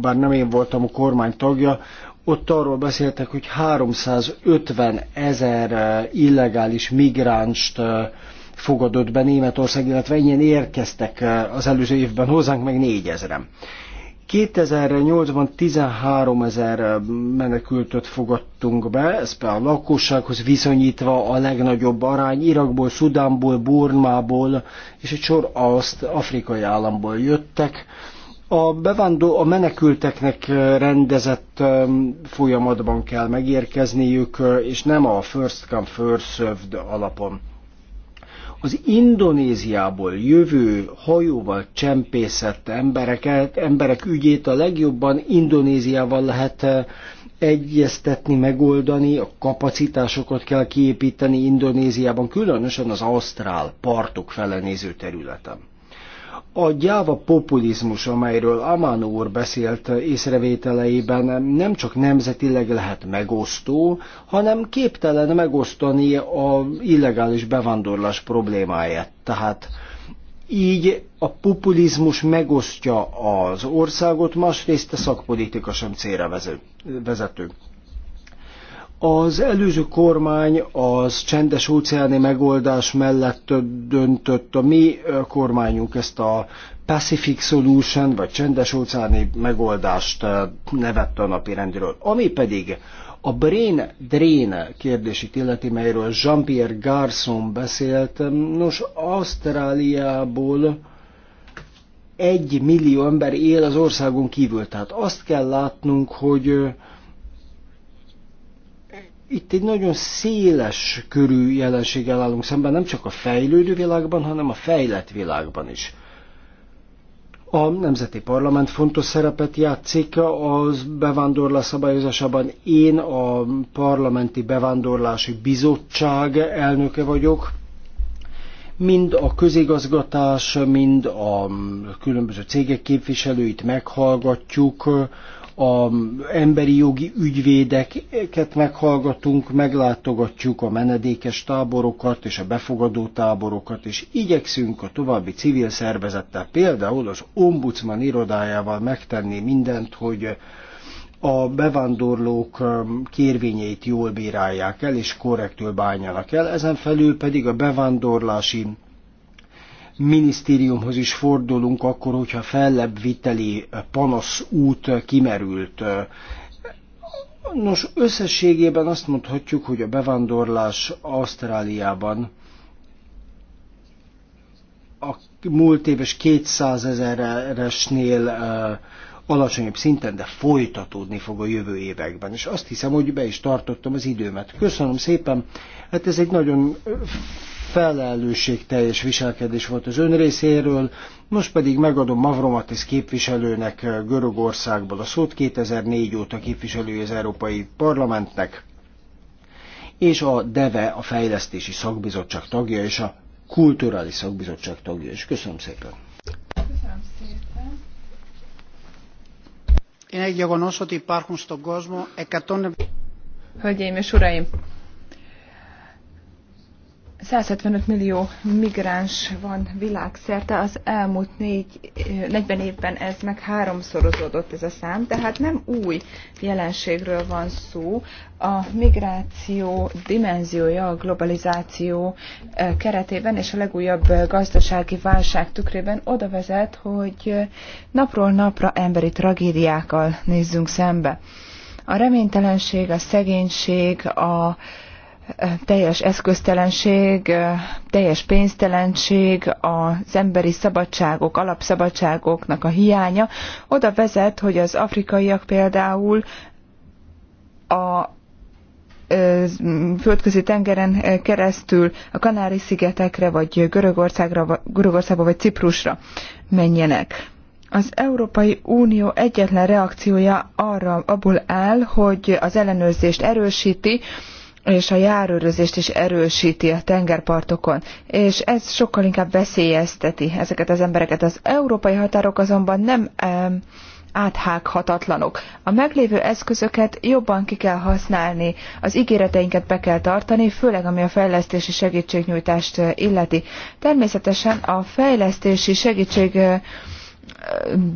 bár nem én voltam a kormány tagja, ott arról beszéltek, hogy 350 ezer eh, illegális migránst eh, fogadott be Németország, illetve ennyien érkeztek eh, az előző évben hozzánk, meg négyezrem. 2008-ban 13 ezer menekültöt fogadtunk be, ez a lakossághoz viszonyítva a legnagyobb arány Irakból, Szudánból, Burmából és egy sor azt afrikai államból jöttek. A bevándor, a menekülteknek rendezett um, folyamatban kell megérkezniük, és nem a first come first served alapon az Indonéziából jövő hajóval csempészett embereket, emberek ügyét a legjobban Indonéziával lehet eh, egyeztetni, megoldani, a kapacitásokat kell kiépíteni Indonéziában, különösen az Ausztrál partok fele néző területen. A gyáva populizmus, amelyről Amán úr beszélt észrevételeiben, nem csak nemzetileg lehet megosztó, hanem képtelen megosztani a illegális bevándorlás problémáját. Tehát így a populizmus megosztja az országot, másrészt a szakpolitika sem célra vezető. Az előző kormány az csendes óceáni megoldás mellett döntött. A mi kormányunk ezt a Pacific Solution, vagy csendes óceáni megoldást nevette a rendről. Ami pedig a brain drain kérdését illeti, melyről Jean-Pierre Garson beszélt, nos, Ausztráliából egy millió ember él az országon kívül, tehát azt kell látnunk, hogy itt egy nagyon széles körű jelenséggel állunk szemben, nem csak a fejlődő világban, hanem a fejlett világban is. A Nemzeti Parlament fontos szerepet játszik az bevándorlás szabályozásában. Én a Parlamenti Bevándorlási Bizottság elnöke vagyok. Mind a közigazgatás, mind a különböző cégek képviselőit meghallgatjuk, a emberi jogi ügyvédeket meghallgatunk, meglátogatjuk a menedékes táborokat és a befogadó táborokat, és igyekszünk a további civil szervezettel, például az ombudsman irodájával megtenni mindent, hogy a bevándorlók um, kérvényeit jól bírálják el, és korrektül bánjanak el, ezen felül pedig a bevándorlási minisztériumhoz is fordulunk akkor, hogyha fellebb viteli panasz út kimerült. Nos, összességében azt mondhatjuk, hogy a bevándorlás Ausztráliában a múlt éves 200 ezeresnél alacsonyabb szinten, de folytatódni fog a jövő években. És azt hiszem, hogy be is tartottam az időmet. Köszönöm szépen. Hát ez egy nagyon felelősségteljes viselkedés volt az ön részéről, most pedig megadom Mavromatis képviselőnek eh, Görögországból a szót, 2004 óta képviselője az Európai Parlamentnek, és a DEVE, a Fejlesztési Szakbizottság tagja, és a Kulturális Szakbizottság tagja is. Köszönöm szépen! Köszönöm szépen. Én egy gyagonos, hogy υπάρχουν στον Hölgyeim és uraim, 175 millió migráns van világszerte, az elmúlt négy, 40 évben ez meg háromszorozódott ez a szám, tehát nem új jelenségről van szó. A migráció dimenziója a globalizáció eh, keretében és a legújabb eh, gazdasági válság tükrében oda vezet, hogy eh, napról napra emberi tragédiákkal nézzünk szembe. A reménytelenség, a szegénység, a teljes eszköztelenség, teljes pénztelenség, az emberi szabadságok, alapszabadságoknak a hiánya oda vezet, hogy az afrikaiak például a földközi tengeren keresztül a Kanári-szigetekre, vagy Görögországra, Görögországba, vagy Ciprusra menjenek. Az Európai Unió egyetlen reakciója arra abból áll, hogy az ellenőrzést erősíti, és a járőrözést is erősíti a tengerpartokon, és ez sokkal inkább veszélyezteti ezeket az embereket. Az európai határok azonban nem em, áthághatatlanok. A meglévő eszközöket jobban ki kell használni, az ígéreteinket be kell tartani, főleg ami a fejlesztési segítségnyújtást eh, illeti. Természetesen a fejlesztési segítség eh,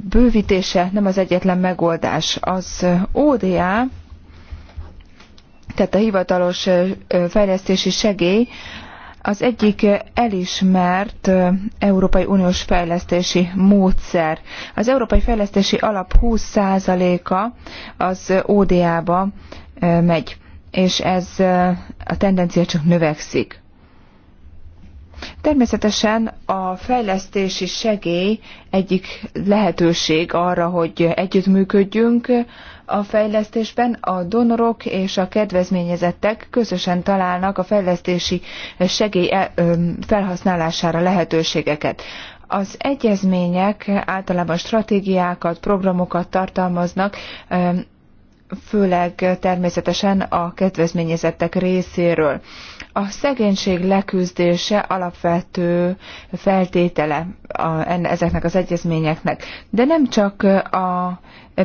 bővítése nem az egyetlen megoldás. Az eh, ODA tehát a hivatalos fejlesztési segély az egyik elismert Európai Uniós fejlesztési módszer. Az Európai Fejlesztési Alap 20%-a az ODA-ba megy, és ez a tendencia csak növekszik. Természetesen a fejlesztési segély egyik lehetőség arra, hogy együttműködjünk a fejlesztésben a donorok és a kedvezményezettek közösen találnak a fejlesztési segély e, felhasználására lehetőségeket. Az egyezmények általában stratégiákat, programokat tartalmaznak, főleg természetesen a kedvezményezettek részéről. A szegénység leküzdése alapvető feltétele a, ezeknek az egyezményeknek, de nem csak a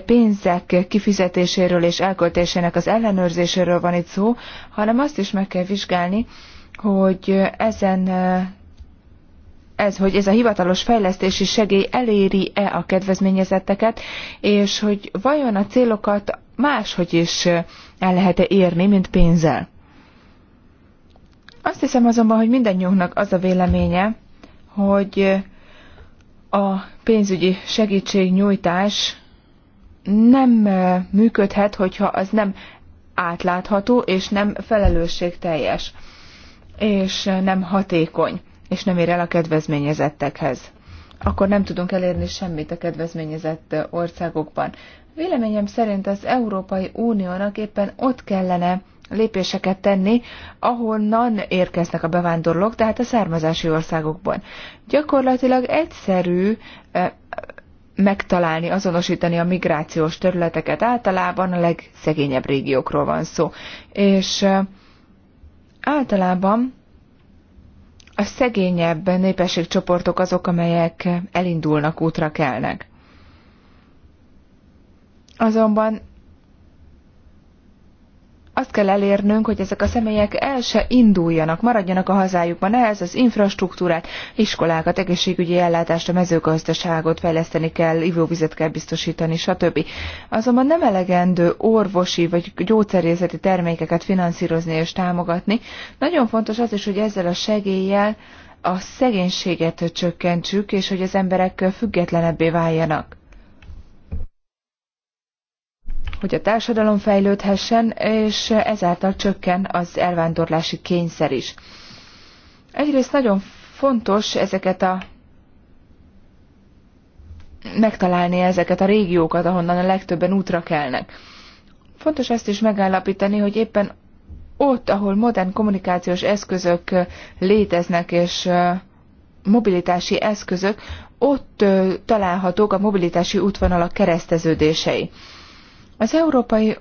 pénzek kifizetéséről és elköltésének az ellenőrzéséről van itt szó, hanem azt is meg kell vizsgálni, hogy ezen ez, hogy ez a hivatalos fejlesztési segély eléri-e a kedvezményezetteket, és hogy vajon a célokat máshogy is el lehet-e érni, mint pénzzel. Azt hiszem azonban, hogy mindannyiunknak az a véleménye, hogy a pénzügyi segítségnyújtás nem működhet, hogyha az nem átlátható és nem felelősségteljes, és nem hatékony, és nem ér el a kedvezményezettekhez. Akkor nem tudunk elérni semmit a kedvezményezett országokban. Véleményem szerint az Európai Uniónak éppen ott kellene lépéseket tenni, ahonnan érkeznek a bevándorlók, tehát a származási országokban. Gyakorlatilag egyszerű megtalálni, azonosítani a migrációs területeket. Általában a legszegényebb régiókról van szó. És általában a szegényebb népességcsoportok azok, amelyek elindulnak, útra kelnek. Azonban azt kell elérnünk, hogy ezek a személyek el se induljanak, maradjanak a hazájukban, ehhez az infrastruktúrát, iskolákat, egészségügyi ellátást, a mezőgazdaságot fejleszteni kell, ivóvizet kell biztosítani, stb. Azonban nem elegendő orvosi vagy gyógyszerészeti termékeket finanszírozni és támogatni. Nagyon fontos az is, hogy ezzel a segéllyel a szegénységet csökkentsük, és hogy az emberek függetlenebbé váljanak hogy a társadalom fejlődhessen, és ezáltal csökken az elvándorlási kényszer is. Egyrészt nagyon fontos ezeket a megtalálni ezeket a régiókat, ahonnan a legtöbben útra kelnek. Fontos ezt is megállapítani, hogy éppen ott, ahol modern kommunikációs eszközök léteznek, és mobilitási eszközök, ott találhatók a mobilitási útvonalak kereszteződései. Az Európai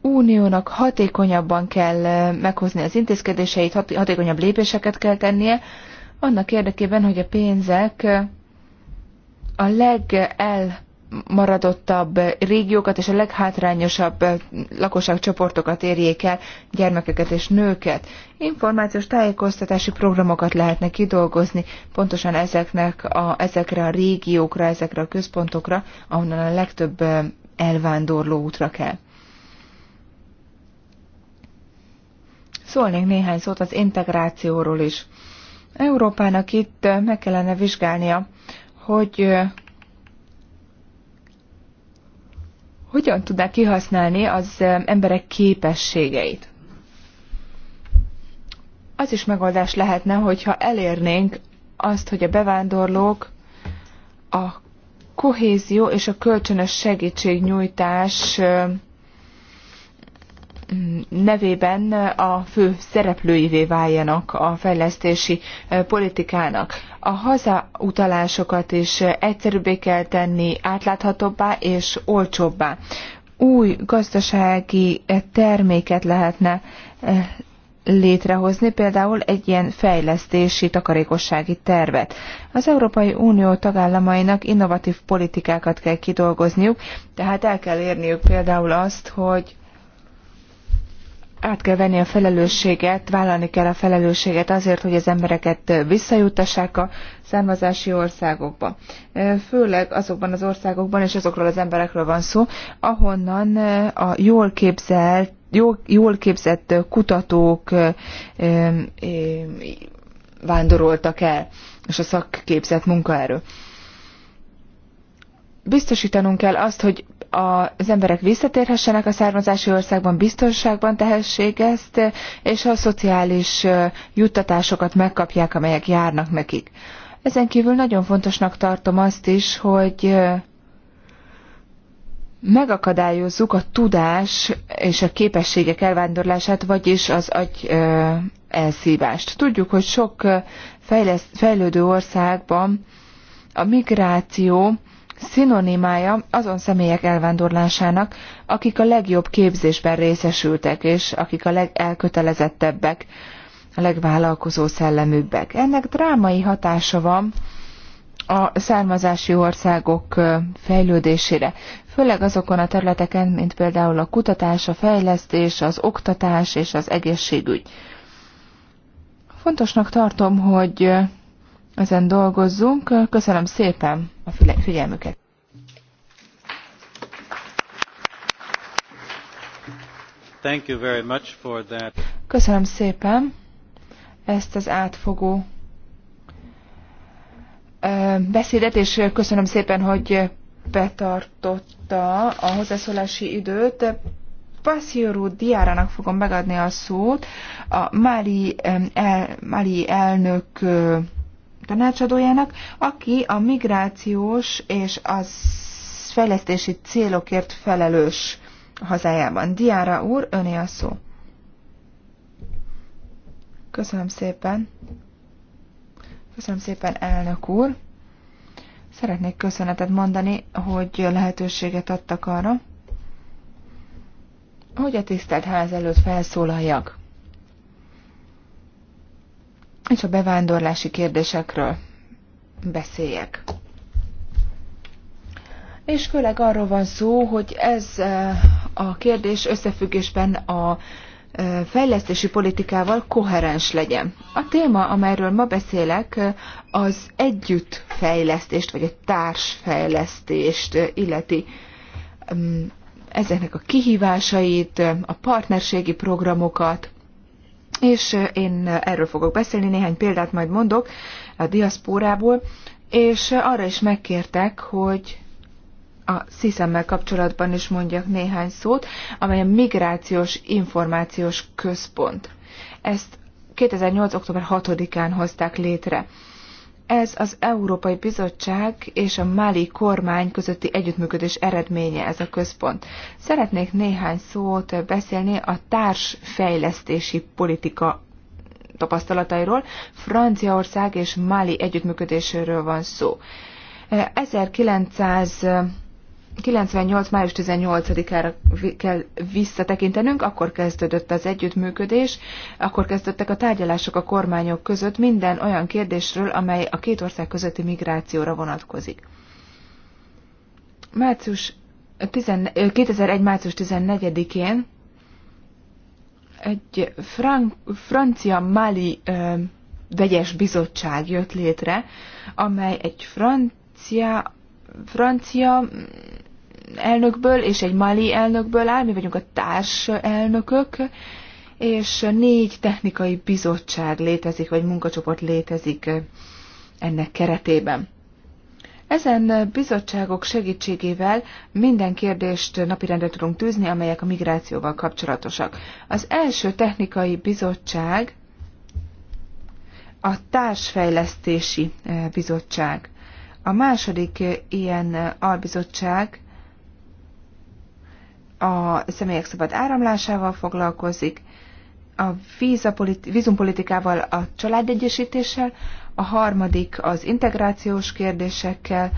Uniónak hatékonyabban kell meghozni az intézkedéseit, hatékonyabb lépéseket kell tennie, annak érdekében, hogy a pénzek a legelmaradottabb régiókat és a leghátrányosabb lakosságcsoportokat érjék el, gyermekeket és nőket. Információs tájékoztatási programokat lehetne kidolgozni pontosan ezeknek a, ezekre a régiókra, ezekre a központokra, ahonnan a legtöbb elvándorló útra kell. Szólnék néhány szót az integrációról is. Európának itt meg kellene vizsgálnia, hogy hogyan tudná kihasználni az emberek képességeit. Az is megoldás lehetne, hogyha elérnénk azt, hogy a bevándorlók a kohézió és a kölcsönös segítségnyújtás nevében a fő szereplőivé váljanak a fejlesztési politikának. A hazautalásokat is egyszerűbbé kell tenni, átláthatóbbá és olcsóbbá. Új gazdasági terméket lehetne létrehozni például egy ilyen fejlesztési, takarékossági tervet. Az Európai Unió tagállamainak innovatív politikákat kell kidolgozniuk, tehát el kell érniük például azt, hogy át kell venni a felelősséget, vállalni kell a felelősséget azért, hogy az embereket visszajuttassák a származási országokba. Főleg azokban az országokban, és azokról az emberekről van szó, ahonnan a jól képzelt jól képzett kutatók vándoroltak el, és a szakképzett munkaerő. Biztosítanunk kell azt, hogy az emberek visszatérhessenek a származási országban, biztonságban tehessék ezt, és a szociális juttatásokat megkapják, amelyek járnak nekik. Ezen kívül nagyon fontosnak tartom azt is, hogy megakadályozzuk a tudás és a képességek elvándorlását, vagyis az agy elszívást. Tudjuk, hogy sok fejlesz, fejlődő országban a migráció szinonimája azon személyek elvándorlásának, akik a legjobb képzésben részesültek, és akik a legelkötelezettebbek, a legvállalkozó szelleműbbek. Ennek drámai hatása van a származási országok fejlődésére főleg azokon a területeken, mint például a kutatás, a fejlesztés, az oktatás és az egészségügy. Fontosnak tartom, hogy ezen dolgozzunk. Köszönöm szépen a figyelmüket. Thank you very much for that. Köszönöm szépen ezt az átfogó beszédet, és köszönöm szépen, hogy betartotta a hozzászólási időt. Passiorú Diárának fogom megadni a szót, a Mali, el, Mali elnök tanácsadójának, aki a migrációs és az fejlesztési célokért felelős hazájában. Diára úr, öné a szó. Köszönöm szépen. Köszönöm szépen, elnök úr. Szeretnék köszönetet mondani, hogy lehetőséget adtak arra, hogy a tisztelt ház előtt felszólaljak. És a bevándorlási kérdésekről beszéljek. És főleg arról van szó, hogy ez eh, a kérdés összefüggésben a fejlesztési politikával koherens legyen. A téma, amelyről ma beszélek, az együttfejlesztést, vagy a társfejlesztést illeti ezeknek a kihívásait, a partnerségi programokat, és én erről fogok beszélni, néhány példát majd mondok a diaszpórából, és arra is megkértek, hogy a sziszemmel kapcsolatban is mondjak néhány szót, amely a Migrációs Információs Központ. Ezt 2008. október 6-án hozták létre. Ez az Európai Bizottság és a Máli kormány közötti együttműködés eredménye ez a központ. Szeretnék néhány szót beszélni a társfejlesztési politika tapasztalatairól. Franciaország és Máli együttműködéséről van szó. 1900 98. május 18-ára kell visszatekintenünk, akkor kezdődött az együttműködés, akkor kezdődtek a tárgyalások a kormányok között minden olyan kérdésről, amely a két ország közötti migrációra vonatkozik. Március 2001. március 14-én egy frank, francia-mali vegyes bizottság jött létre, amely egy francia francia elnökből és egy mali elnökből áll, mi vagyunk a társ elnökök, és négy technikai bizottság létezik, vagy munkacsoport létezik ennek keretében. Ezen bizottságok segítségével minden kérdést napirendre tudunk tűzni, amelyek a migrációval kapcsolatosak. Az első technikai bizottság a társfejlesztési bizottság. A második ilyen albizottság a személyek szabad áramlásával foglalkozik, a vízumpolitikával, a családegyesítéssel, a harmadik az integrációs kérdésekkel,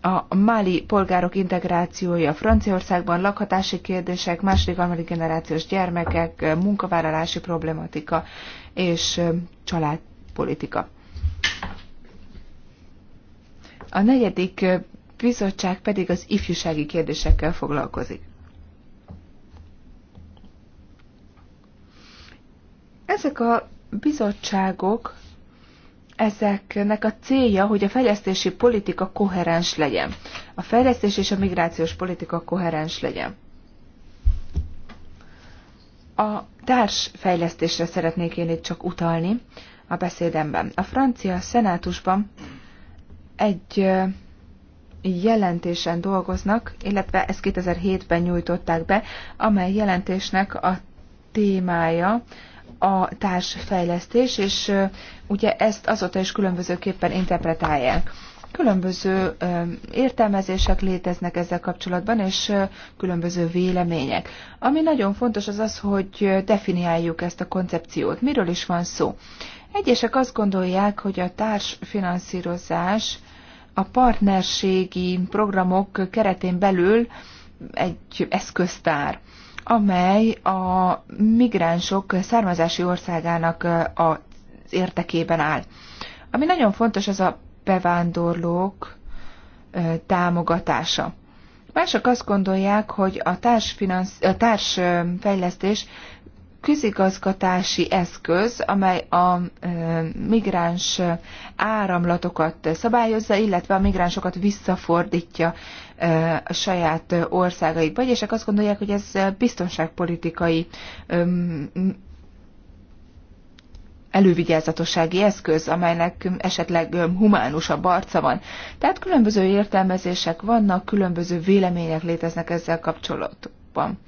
a máli polgárok integrációja Franciaországban, lakhatási kérdések, második, harmadik generációs gyermekek, munkavállalási problematika és családpolitika. A negyedik bizottság pedig az ifjúsági kérdésekkel foglalkozik. Ezek a bizottságok, ezeknek a célja, hogy a fejlesztési politika koherens legyen. A fejlesztés és a migrációs politika koherens legyen. A társfejlesztésre szeretnék én itt csak utalni a beszédemben. A francia szenátusban egy jelentésen dolgoznak, illetve ezt 2007-ben nyújtották be, amely jelentésnek a témája a társfejlesztés, és ugye ezt azóta is különbözőképpen interpretálják. Különböző értelmezések léteznek ezzel kapcsolatban, és különböző vélemények. Ami nagyon fontos az az, hogy definiáljuk ezt a koncepciót. Miről is van szó? Egyesek azt gondolják, hogy a társfinanszírozás a partnerségi programok keretén belül egy eszköztár, amely a migránsok származási országának az értekében áll. Ami nagyon fontos, az a bevándorlók támogatása. Mások azt gondolják, hogy a, társfinansz, társfejlesztés közigazgatási eszköz, amely a migráns áramlatokat szabályozza, illetve a migránsokat visszafordítja a saját országaikba. És azt gondolják, hogy ez biztonságpolitikai elővigyázatossági eszköz, amelynek esetleg humánusabb arca van. Tehát különböző értelmezések vannak, különböző vélemények léteznek ezzel kapcsolatban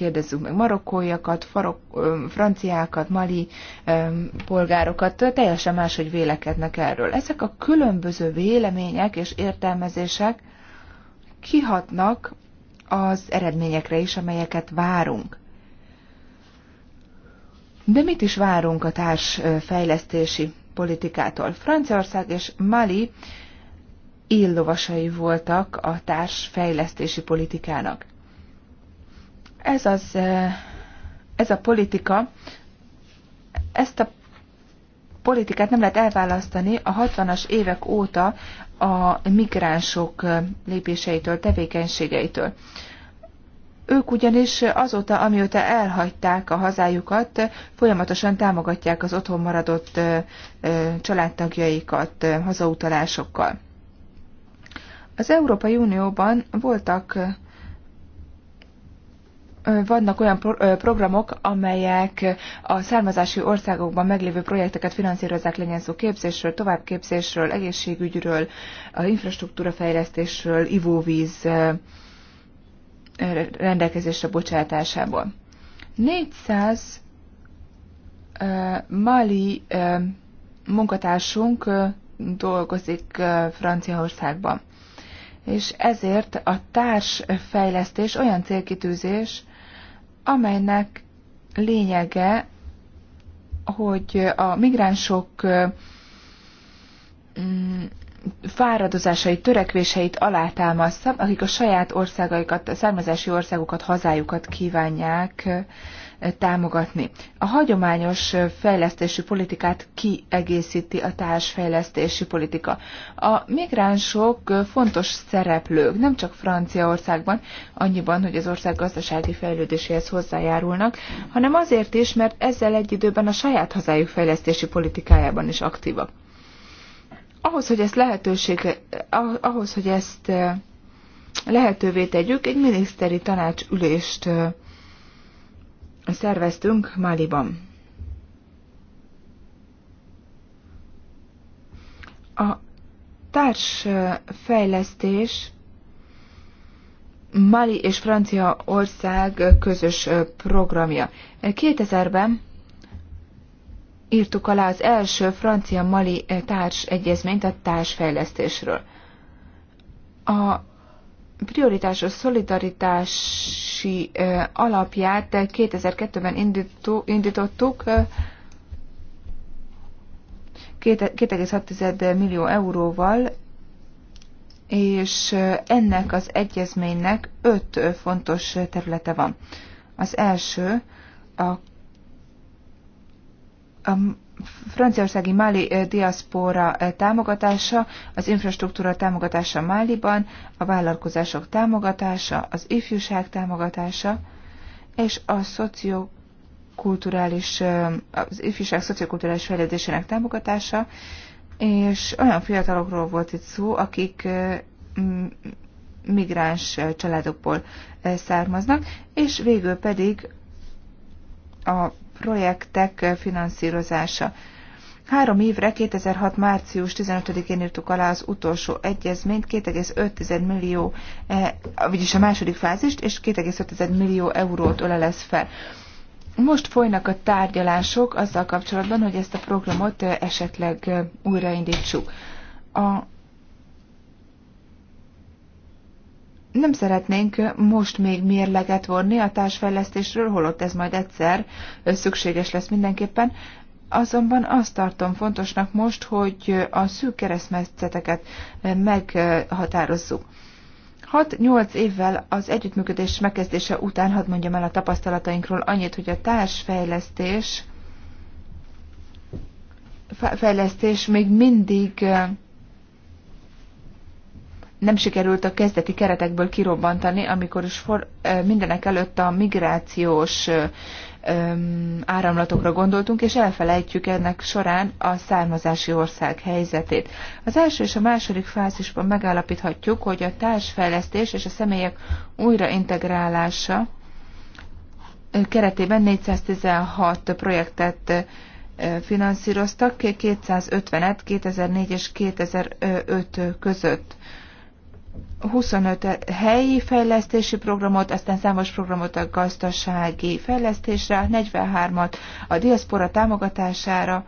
kérdezzünk meg marokkóiakat, farok, franciákat, mali polgárokat, teljesen máshogy vélekednek erről. Ezek a különböző vélemények és értelmezések kihatnak az eredményekre is, amelyeket várunk. De mit is várunk a társfejlesztési politikától? Franciaország és Mali illovasai voltak a társfejlesztési politikának. Ez az, ez a politika, ezt a politikát nem lehet elválasztani a 60-as évek óta a migránsok lépéseitől, tevékenységeitől. Ők ugyanis azóta, amióta elhagyták a hazájukat, folyamatosan támogatják az otthon maradott családtagjaikat hazautalásokkal. Az Európai Unióban voltak vannak olyan pro- programok, amelyek a származási országokban meglévő projekteket finanszírozzák, legyen szó képzésről, továbbképzésről, egészségügyről, infrastruktúrafejlesztésről, ivóvíz rendelkezésre bocsátásából. 400 mali munkatársunk dolgozik Franciaországban. És ezért a társfejlesztés olyan célkitűzés, amelynek lényege, hogy a migránsok mm, fáradozásait, törekvéseit alátámasztam, akik a saját országaikat, a származási országukat, hazájukat kívánják támogatni. A hagyományos fejlesztési politikát kiegészíti a társfejlesztési politika. A migránsok fontos szereplők, nem csak Franciaországban, annyiban, hogy az ország gazdasági fejlődéséhez hozzájárulnak, hanem azért is, mert ezzel egy időben a saját hazájuk fejlesztési politikájában is aktívak. Ahhoz, hogy ezt lehetőség, ah, ahhoz, hogy ezt eh, lehetővé tegyük, egy miniszteri tanácsülést eh, szerveztünk Máliban. A társfejlesztés Mali és Franciaország közös programja. 2000-ben írtuk alá az első francia-mali társ egyezményt a társfejlesztésről. A prioritásos szolidaritási alapját 2002-ben indítottuk, 2,6 millió euróval, és ennek az egyezménynek öt fontos területe van. Az első a, a franciaországi máli eh, diaszpora eh, támogatása, az infrastruktúra támogatása Máliban, a vállalkozások támogatása, az ifjúság támogatása, és a szociokulturális, eh, az ifjúság szociokulturális fejlődésének támogatása, és olyan fiatalokról volt itt szó, akik migráns családokból származnak, és végül pedig a projektek finanszírozása. Három évre, 2006. március 15-én írtuk alá az utolsó egyezményt, 2,5 millió, e, vagyis a második fázist, és 2,5 millió eurót lesz fel. Most folynak a tárgyalások azzal kapcsolatban, hogy ezt a programot e, esetleg e, újraindítsuk. A nem szeretnénk most még mérleget vonni a társfejlesztésről, holott ez majd egyszer szükséges lesz mindenképpen, azonban azt tartom fontosnak most, hogy a szűk keresztmetszeteket meghatározzuk. 6-8 évvel az együttműködés megkezdése után hadd mondjam el a tapasztalatainkról annyit, hogy a társfejlesztés fejlesztés még mindig nem sikerült a kezdeti keretekből kirobbantani, amikor is for, mindenek előtt a migrációs áramlatokra gondoltunk, és elfelejtjük ennek során a származási ország helyzetét. Az első és a második fázisban megállapíthatjuk, hogy a társfejlesztés és a személyek újraintegrálása keretében 416 projektet finanszíroztak, 250-et 2004 és 2005 között. 25 helyi fejlesztési programot, aztán számos programot a gazdasági fejlesztésre, 43-at a diaszpora támogatására,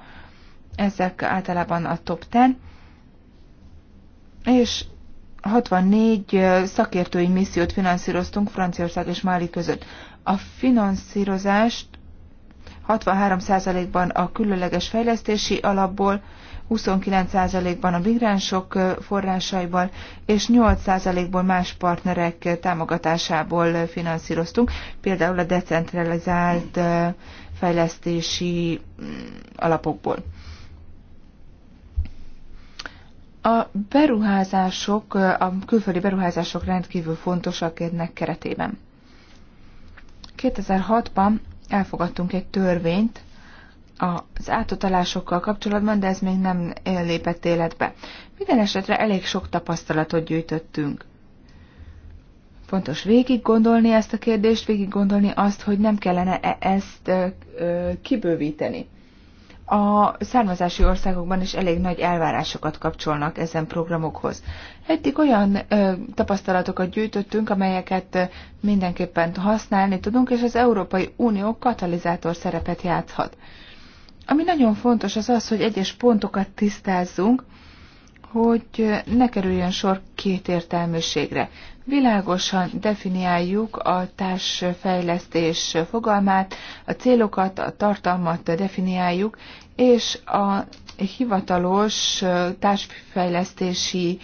ezek általában a top 10, és 64 szakértői missziót finanszíroztunk Franciaország és Máli között. A finanszírozást 63%-ban a különleges fejlesztési alapból, 29%-ban a migránsok forrásaiból és 8%-ból más partnerek támogatásából finanszíroztunk, például a decentralizált fejlesztési mm, alapokból. A beruházások, a külföldi beruházások rendkívül fontosak ennek keretében. 2006-ban elfogadtunk egy törvényt, az átutalásokkal kapcsolatban, de ez még nem eh, lépett életbe. Minden esetre elég sok tapasztalatot gyűjtöttünk. Fontos végig gondolni ezt a kérdést, végig gondolni azt, hogy nem kellene -e ezt ö, eh, ö, eh, kibővíteni. A származási országokban is elég nagy elvárásokat kapcsolnak ezen programokhoz. Eddig olyan ö, tapasztalatokat gyűjtöttünk, amelyeket mindenképpen használni tudunk, és az Európai Unió katalizátor szerepet játszhat. Ami nagyon fontos az az, hogy egyes pontokat tisztázzunk, hogy ne kerüljön sor értelműségre. Világosan definiáljuk a társfejlesztés fogalmát, a célokat, a tartalmat definiáljuk, és a hivatalos társfejlesztési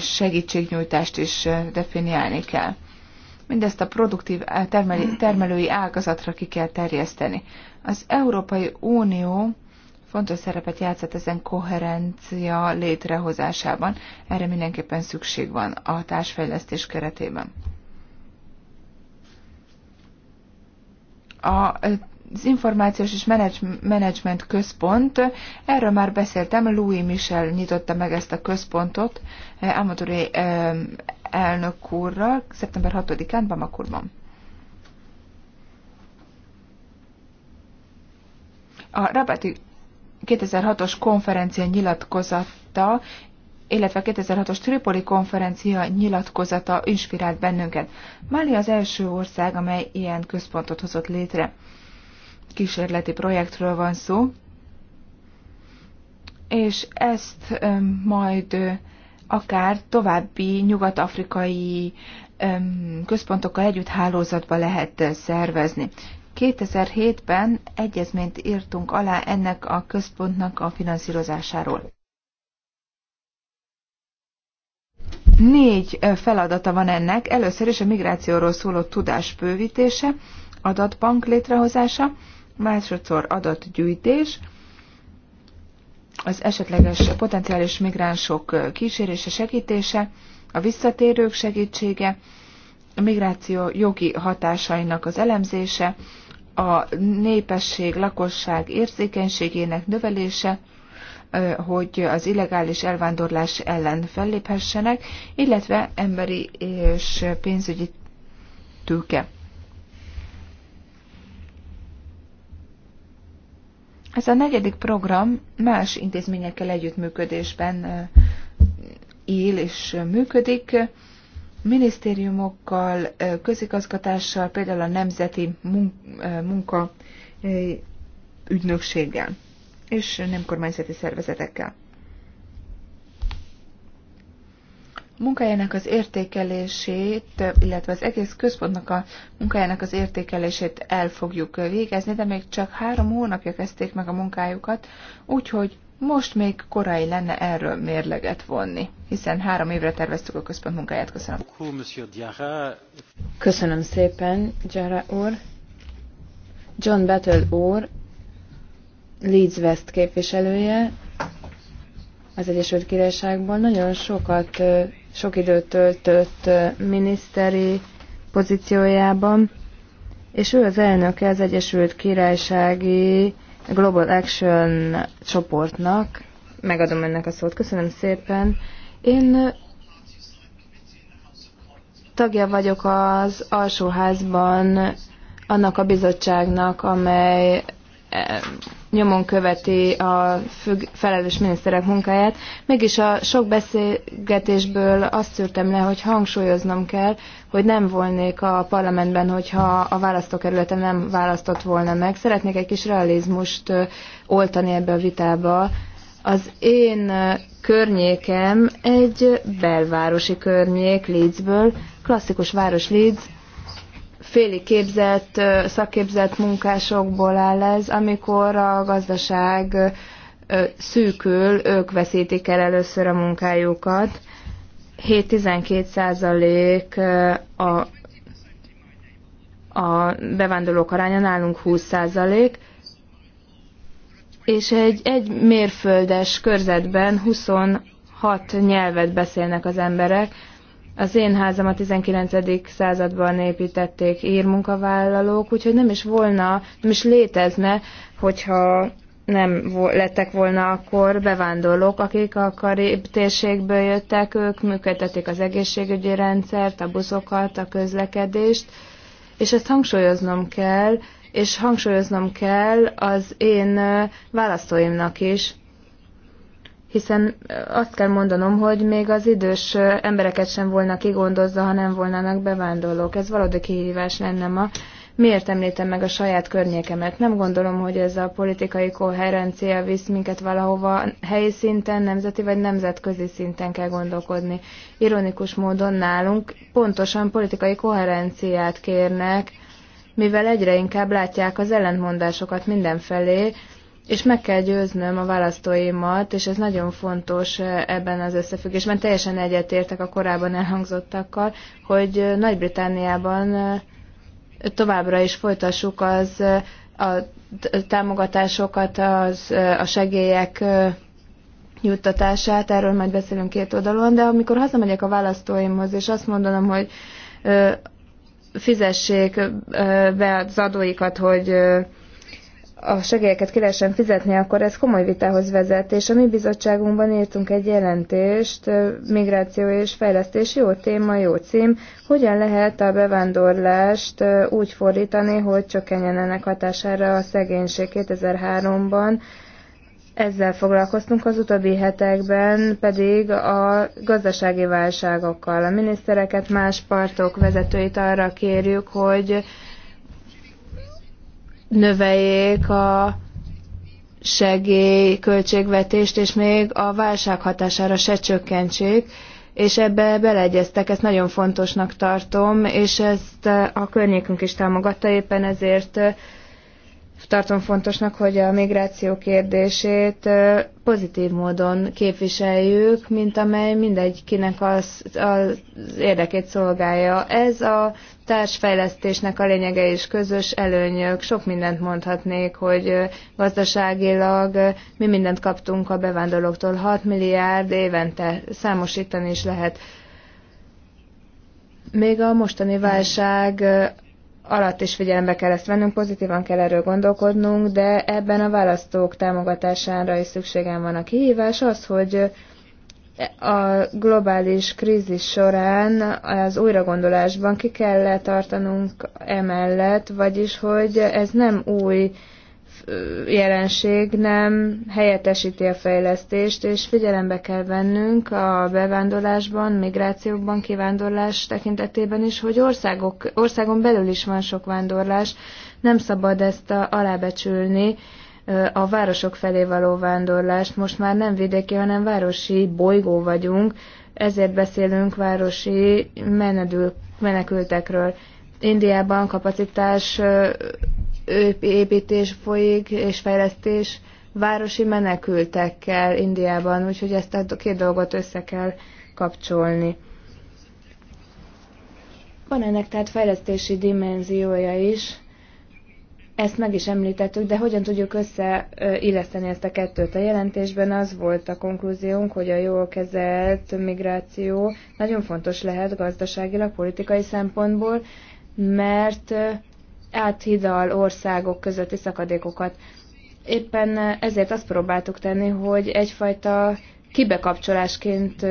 segítségnyújtást is definiálni kell. Mindezt a produktív termelői ágazatra ki kell terjeszteni. Az Európai Unió fontos szerepet játszott ezen koherencia létrehozásában. Erre mindenképpen szükség van a társfejlesztés keretében. A az Információs és Menedzsment Központ, erről már beszéltem, Louis Michel nyitotta meg ezt a központot eh, Amatőri eh, elnök úrral szeptember 6-án Bamakurban. A Rabati 2006-os konferencia nyilatkozata, illetve 2006-os Tripoli konferencia nyilatkozata inspirált bennünket. Mali az első ország, amely ilyen központot hozott létre. Kísérleti projektről van szó, és ezt majd akár további nyugat-afrikai központokkal együtt hálózatba lehet szervezni. 2007-ben egyezményt írtunk alá ennek a központnak a finanszírozásáról. Négy feladata van ennek. Először is a migrációról szóló tudás bővítése, adatbank létrehozása, másodszor adatgyűjtés, az esetleges potenciális migránsok kísérése, segítése, a visszatérők segítsége, a migráció jogi hatásainak az elemzése, a népesség, lakosság érzékenységének növelése, hogy az illegális elvándorlás ellen felléphessenek, illetve emberi és pénzügyi tőke. Ez a negyedik program más intézményekkel együttműködésben él és működik minisztériumokkal, közigazgatással, például a Nemzeti Munka Ügynökséggel és nem kormányzati szervezetekkel. munkájának az értékelését, illetve az egész központnak a munkájának az értékelését el fogjuk végezni, de még csak három hónapja kezdték meg a munkájukat, úgyhogy most még korai lenne erről mérleget vonni, hiszen három évre terveztük a központ munkáját. Köszönöm. Köszönöm szépen, Gyara úr. John Battle úr, Leeds West képviselője az Egyesült Királyságból. Nagyon sokat, sok időt töltött miniszteri pozíciójában, és ő az elnöke az Egyesült Királysági Global Action csoportnak. Megadom ennek a szót. Köszönöm szépen. Én tagja vagyok az alsóházban annak a bizottságnak, amely E, nyomon követi a függ, felelős miniszterek munkáját. Mégis a sok beszélgetésből azt szűrtem le, hogy hangsúlyoznom kell, hogy nem volnék a parlamentben, hogyha a választókerületem nem választott volna meg. Szeretnék egy kis realizmust oltani ebbe a vitába. Az én környékem egy belvárosi környék Leedsből, klasszikus város Leeds, féli képzett, szakképzett munkásokból áll ez, amikor a gazdaság szűkül, ők veszítik el először a munkájukat. 7-12 százalék a, a bevándorlók aránya, nálunk 20 százalék, és egy, egy mérföldes körzetben 26 nyelvet beszélnek az emberek, az én házam a 19. században építették írmunkavállalók, munkavállalók, úgyhogy nem is volna, nem is létezne, hogyha nem lettek volna akkor bevándorlók, akik a Karib térségből jöttek, ők működtetik az egészségügyi rendszert, a buszokat, a közlekedést, és ezt hangsúlyoznom kell, és hangsúlyoznom kell az én választóimnak is, hiszen azt kell mondanom, hogy még az idős embereket sem volna kigondozza, ha nem volnának bevándorlók. Ez valódi kihívás lenne ma. Miért említem meg a saját környékemet? Nem gondolom, hogy ez a politikai koherencia visz minket valahova helyi szinten, nemzeti vagy nemzetközi szinten kell gondolkodni. Ironikus módon nálunk pontosan politikai koherenciát kérnek, mivel egyre inkább látják az ellentmondásokat mindenfelé, és meg kell győznöm a választóimat, és ez nagyon fontos eh, ebben az összefüggésben. Teljesen egyetértek a korábban elhangzottakkal, hogy eh, Nagy-Britániában eh, továbbra is folytassuk az a támogatásokat, az, a segélyek juttatását, erről majd beszélünk két oldalon, de amikor hazamegyek a választóimhoz, és azt mondanom, hogy fizessék be az adóikat, hogy a segélyeket ki lehessen fizetni, akkor ez komoly vitához vezet, és a mi bizottságunkban írtunk egy jelentést, migráció és fejlesztés, jó téma, jó cím, hogyan lehet a bevándorlást úgy fordítani, hogy csökkenjen ennek hatására a szegénység 2003-ban, ezzel foglalkoztunk az utóbbi hetekben, pedig a gazdasági válságokkal. A minisztereket, más partok vezetőit arra kérjük, hogy növeljék a segély költségvetést, és még a válság hatására se csökkentsék, és ebbe beleegyeztek, ezt nagyon fontosnak tartom, és ezt a környékünk is támogatta, éppen ezért tartom fontosnak, hogy a migráció kérdését pozitív módon képviseljük, mint amely mindegykinek az, az érdekét szolgálja. Ez a társfejlesztésnek a lényege és közös előnyök. Sok mindent mondhatnék, hogy gazdaságilag mi mindent kaptunk a bevándorlóktól. 6 milliárd évente számosítani is lehet. Még a mostani válság alatt is figyelembe kell ezt vennünk, pozitívan kell erről gondolkodnunk, de ebben a választók támogatására is szükségem van. A kihívás az, hogy a globális krízis során az újragondolásban ki kell tartanunk emellett, vagyis hogy ez nem új jelenség nem helyettesíti a fejlesztést, és figyelembe kell vennünk a bevándorlásban, migrációban, kivándorlás tekintetében is, hogy országok, országon belül is van sok vándorlás, nem szabad ezt alábecsülni, a városok felé való vándorlást. Most már nem vidéki, hanem városi bolygó vagyunk, ezért beszélünk városi menedül, menekültekről. Indiában kapacitás építés folyik és fejlesztés városi menekültekkel Indiában, úgyhogy ezt a két dolgot össze kell kapcsolni. Van ennek tehát fejlesztési dimenziója is, ezt meg is említettük, de hogyan tudjuk összeilleszteni ezt a kettőt? A jelentésben az volt a konklúziónk, hogy a jól kezelt migráció nagyon fontos lehet gazdaságilag, politikai szempontból, mert áthidal országok közötti szakadékokat. Éppen ezért azt próbáltuk tenni, hogy egyfajta kibekapcsolásként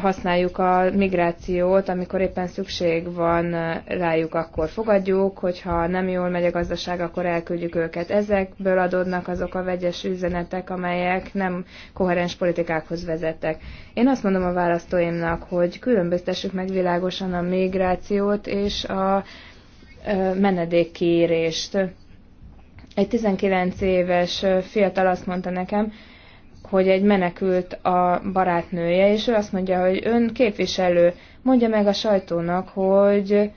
használjuk a migrációt, amikor éppen szükség van rájuk, akkor fogadjuk, hogyha nem jól megy a gazdaság, akkor elküldjük őket. Ezekből adódnak azok a vegyes üzenetek, amelyek nem koherens politikákhoz vezettek. Én azt mondom a választóimnak, hogy különböztessük meg világosan a migrációt és a menedékkérést. Egy 19 éves fiatal azt mondta nekem, hogy egy menekült a barátnője, és ő azt mondja, hogy ön képviselő, mondja meg a sajtónak, hogy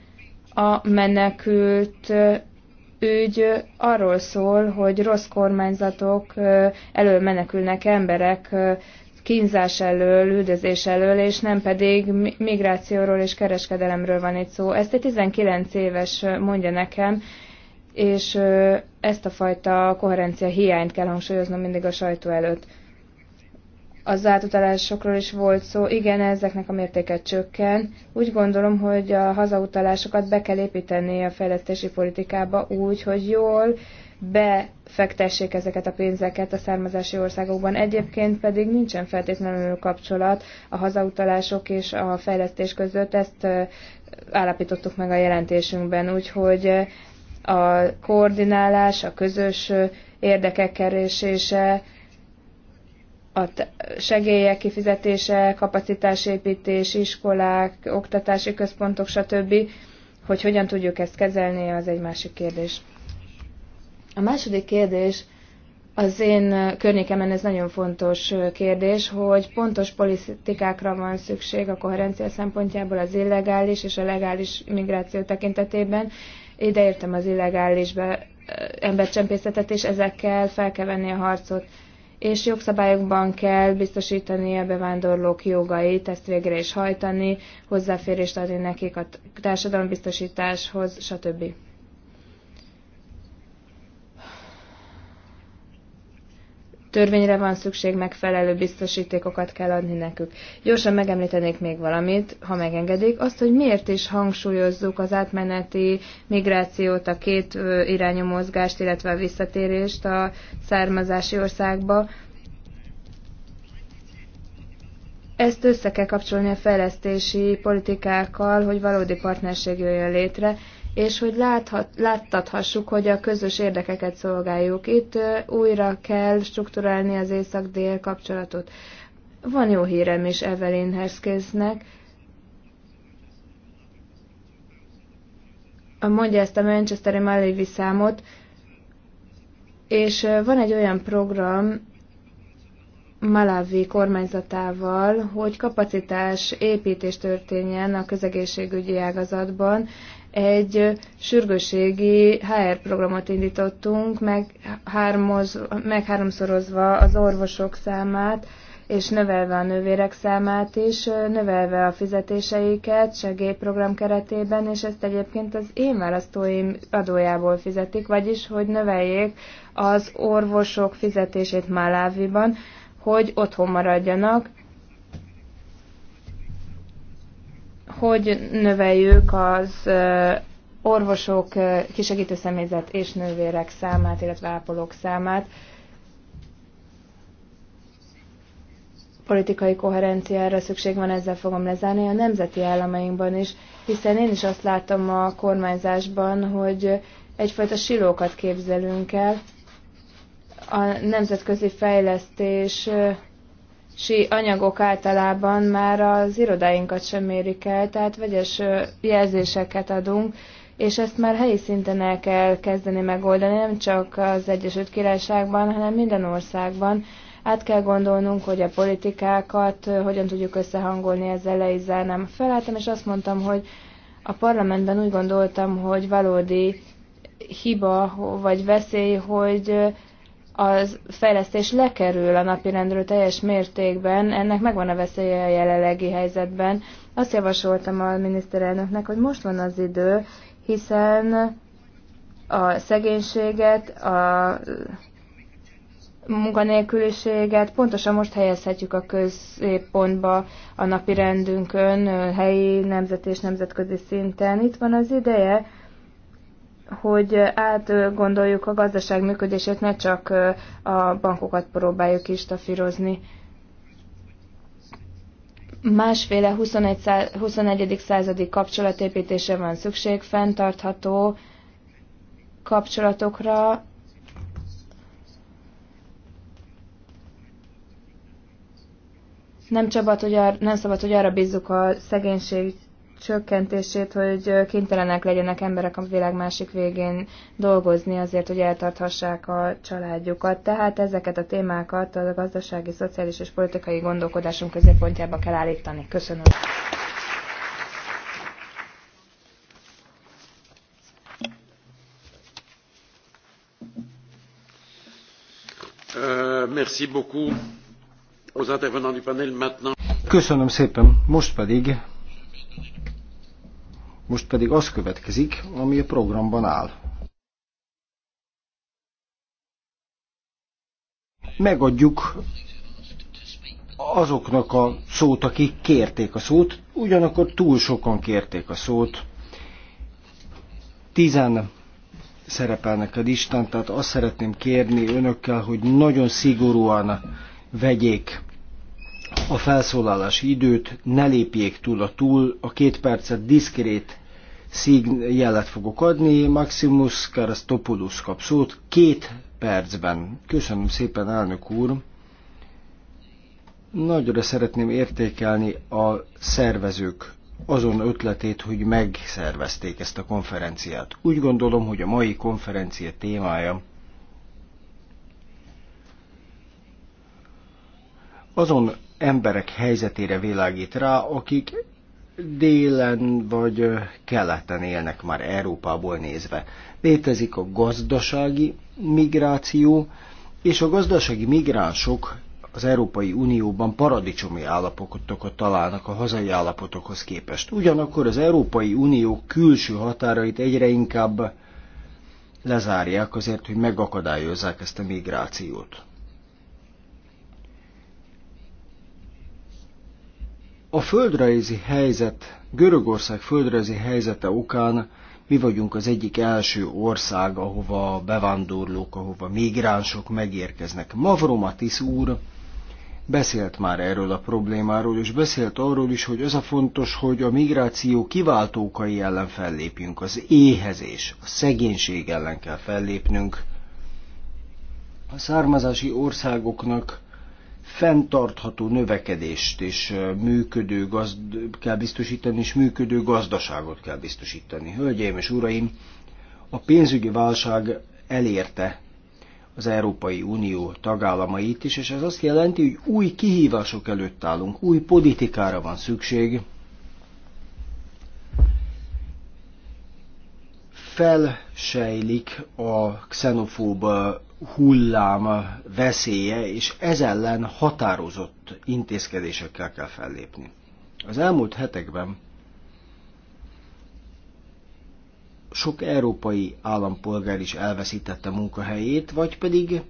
a menekült ügy arról szól, hogy rossz kormányzatok elől menekülnek emberek kínzás elől, üldözés elől, és nem pedig migrációról és kereskedelemről van itt szó. Ezt egy 19 éves mondja nekem, és ezt a fajta koherencia hiányt kell hangsúlyoznom mindig a sajtó előtt az átutalásokról is volt szó, igen, ezeknek a mértéke csökken. Úgy gondolom, hogy a hazautalásokat be kell építeni a fejlesztési politikába úgy, hogy jól befektessék ezeket a pénzeket a származási országokban. Egyébként pedig nincsen feltétlenül kapcsolat a hazautalások és a fejlesztés között, ezt állapítottuk meg a jelentésünkben, úgyhogy a koordinálás, a közös érdekek keresése, a segélyek kifizetése, kapacitásépítés, iskolák, oktatási központok, stb., hogy hogyan tudjuk ezt kezelni, az egy másik kérdés. A második kérdés, az én környékemen ez nagyon fontos kérdés, hogy pontos politikákra van szükség a koherencia szempontjából az illegális és a legális migráció tekintetében. Ideértem az illegális embercsempészetet, és ezekkel fel kell venni a harcot és jogszabályokban kell biztosítani a bevándorlók jogait, ezt végre is hajtani, hozzáférést adni nekik a társadalombiztosításhoz, stb. törvényre van szükség, megfelelő biztosítékokat kell adni nekük. Gyorsan megemlítenék még valamit, ha megengedik, azt, hogy miért is hangsúlyozzuk az átmeneti migrációt, a két irányú mozgást, illetve a visszatérést a származási országba. Ezt össze kell kapcsolni a fejlesztési politikákkal, hogy valódi partnerség jöjjön létre, és hogy láthat, láttathassuk, hogy a közös érdekeket szolgáljuk. Itt újra kell strukturálni az észak-dél kapcsolatot. Van jó hírem is Evelyn Herskésznek. Mondja ezt a Manchesteri Malévi számot, és van egy olyan program Malawi kormányzatával, hogy kapacitás építés történjen a közegészségügyi ágazatban, egy sürgőségi HR programot indítottunk, meg, hármoz, meg háromszorozva az orvosok számát, és növelve a nővérek számát is, növelve a fizetéseiket segélyprogram keretében, és ezt egyébként az én választóim adójából fizetik, vagyis hogy növeljék az orvosok fizetését Máláviban, hogy otthon maradjanak, hogy növeljük az orvosok, kisegítő személyzet és nővérek számát, illetve ápolók számát. Politikai koherenciára szükség van, ezzel fogom lezárni a nemzeti államainkban is, hiszen én is azt látom a kormányzásban, hogy egyfajta silókat képzelünk el. A nemzetközi fejlesztés Sí anyagok általában már az irodáinkat sem érik el, tehát vegyes jelzéseket adunk, és ezt már helyi szinten el kell kezdeni megoldani, nem csak az Egyesült Királyságban, hanem minden országban. Át kell gondolnunk, hogy a politikákat hogyan tudjuk összehangolni, ezzel le is zárnám. Felálltam, és azt mondtam, hogy a parlamentben úgy gondoltam, hogy valódi hiba vagy veszély, hogy a fejlesztés lekerül a napirendről teljes mértékben, ennek megvan a veszélye a jelenlegi helyzetben. Azt javasoltam a miniszterelnöknek, hogy most van az idő, hiszen a szegénységet, a munkanélküliséget pontosan most helyezhetjük a középpontba a napi rendünkön, helyi, nemzet és nemzetközi szinten. Itt van az ideje, hogy átgondoljuk a gazdaság működését, ne csak a bankokat próbáljuk is tafírozni. Másféle 21. 21. századi kapcsolatépítése van szükség, fenntartható kapcsolatokra, nem, csapat, hogy ar- nem szabad, hogy arra bízzuk a szegénység csökkentését, hogy kénytelenek legyenek emberek a világ másik végén dolgozni azért, hogy eltarthassák a családjukat. Tehát ezeket a témákat a gazdasági, szociális és politikai gondolkodásunk középpontjába kell állítani. Köszönöm. Euh, merci beaucoup aux intervenants du panel maintenant. Köszönöm szépen. Most pedig most pedig az következik, ami a programban áll. Megadjuk azoknak a szót, akik kérték a szót, ugyanakkor túl sokan kérték a szót. Tizen szerepelnek a listán, tehát azt szeretném kérni önökkel, hogy nagyon szigorúan vegyék a felszólalási időt, ne lépjék túl a túl, a két percet diszkrét jelet fogok adni, Maximus Karastopoulos kap szót két percben. Köszönöm szépen, elnök úr! Nagyra szeretném értékelni a szervezők azon ötletét, hogy megszervezték ezt a konferenciát. Úgy gondolom, hogy a mai konferencia témája azon emberek helyzetére világít rá, akik délen vagy keleten élnek már Európából nézve. Létezik a gazdasági migráció, és a gazdasági migránsok az Európai Unióban paradicsomi állapotokat találnak a hazai állapotokhoz képest. Ugyanakkor az Európai Unió külső határait egyre inkább lezárják azért, hogy megakadályozzák ezt a migrációt. A földrajzi helyzet, Görögország földrajzi helyzete okán mi vagyunk az egyik első ország, ahova a bevándorlók, ahova migránsok megérkeznek. Mavromatis úr beszélt már erről a problémáról, és beszélt arról is, hogy az a fontos, hogy a migráció kiváltókai ellen fellépjünk, az éhezés, a szegénység ellen kell fellépnünk. A származási országoknak fenntartható növekedést és működő gazd- kell biztosítani, és működő gazdaságot kell biztosítani. Hölgyeim és uraim, a pénzügyi válság elérte az Európai Unió tagállamait is, és ez azt jelenti, hogy új kihívások előtt állunk, új politikára van szükség. Felsejlik a xenofób hullám veszélye, és ez ellen határozott intézkedésekkel kell fellépni. Az elmúlt hetekben sok európai állampolgár is elveszítette munkahelyét, vagy pedig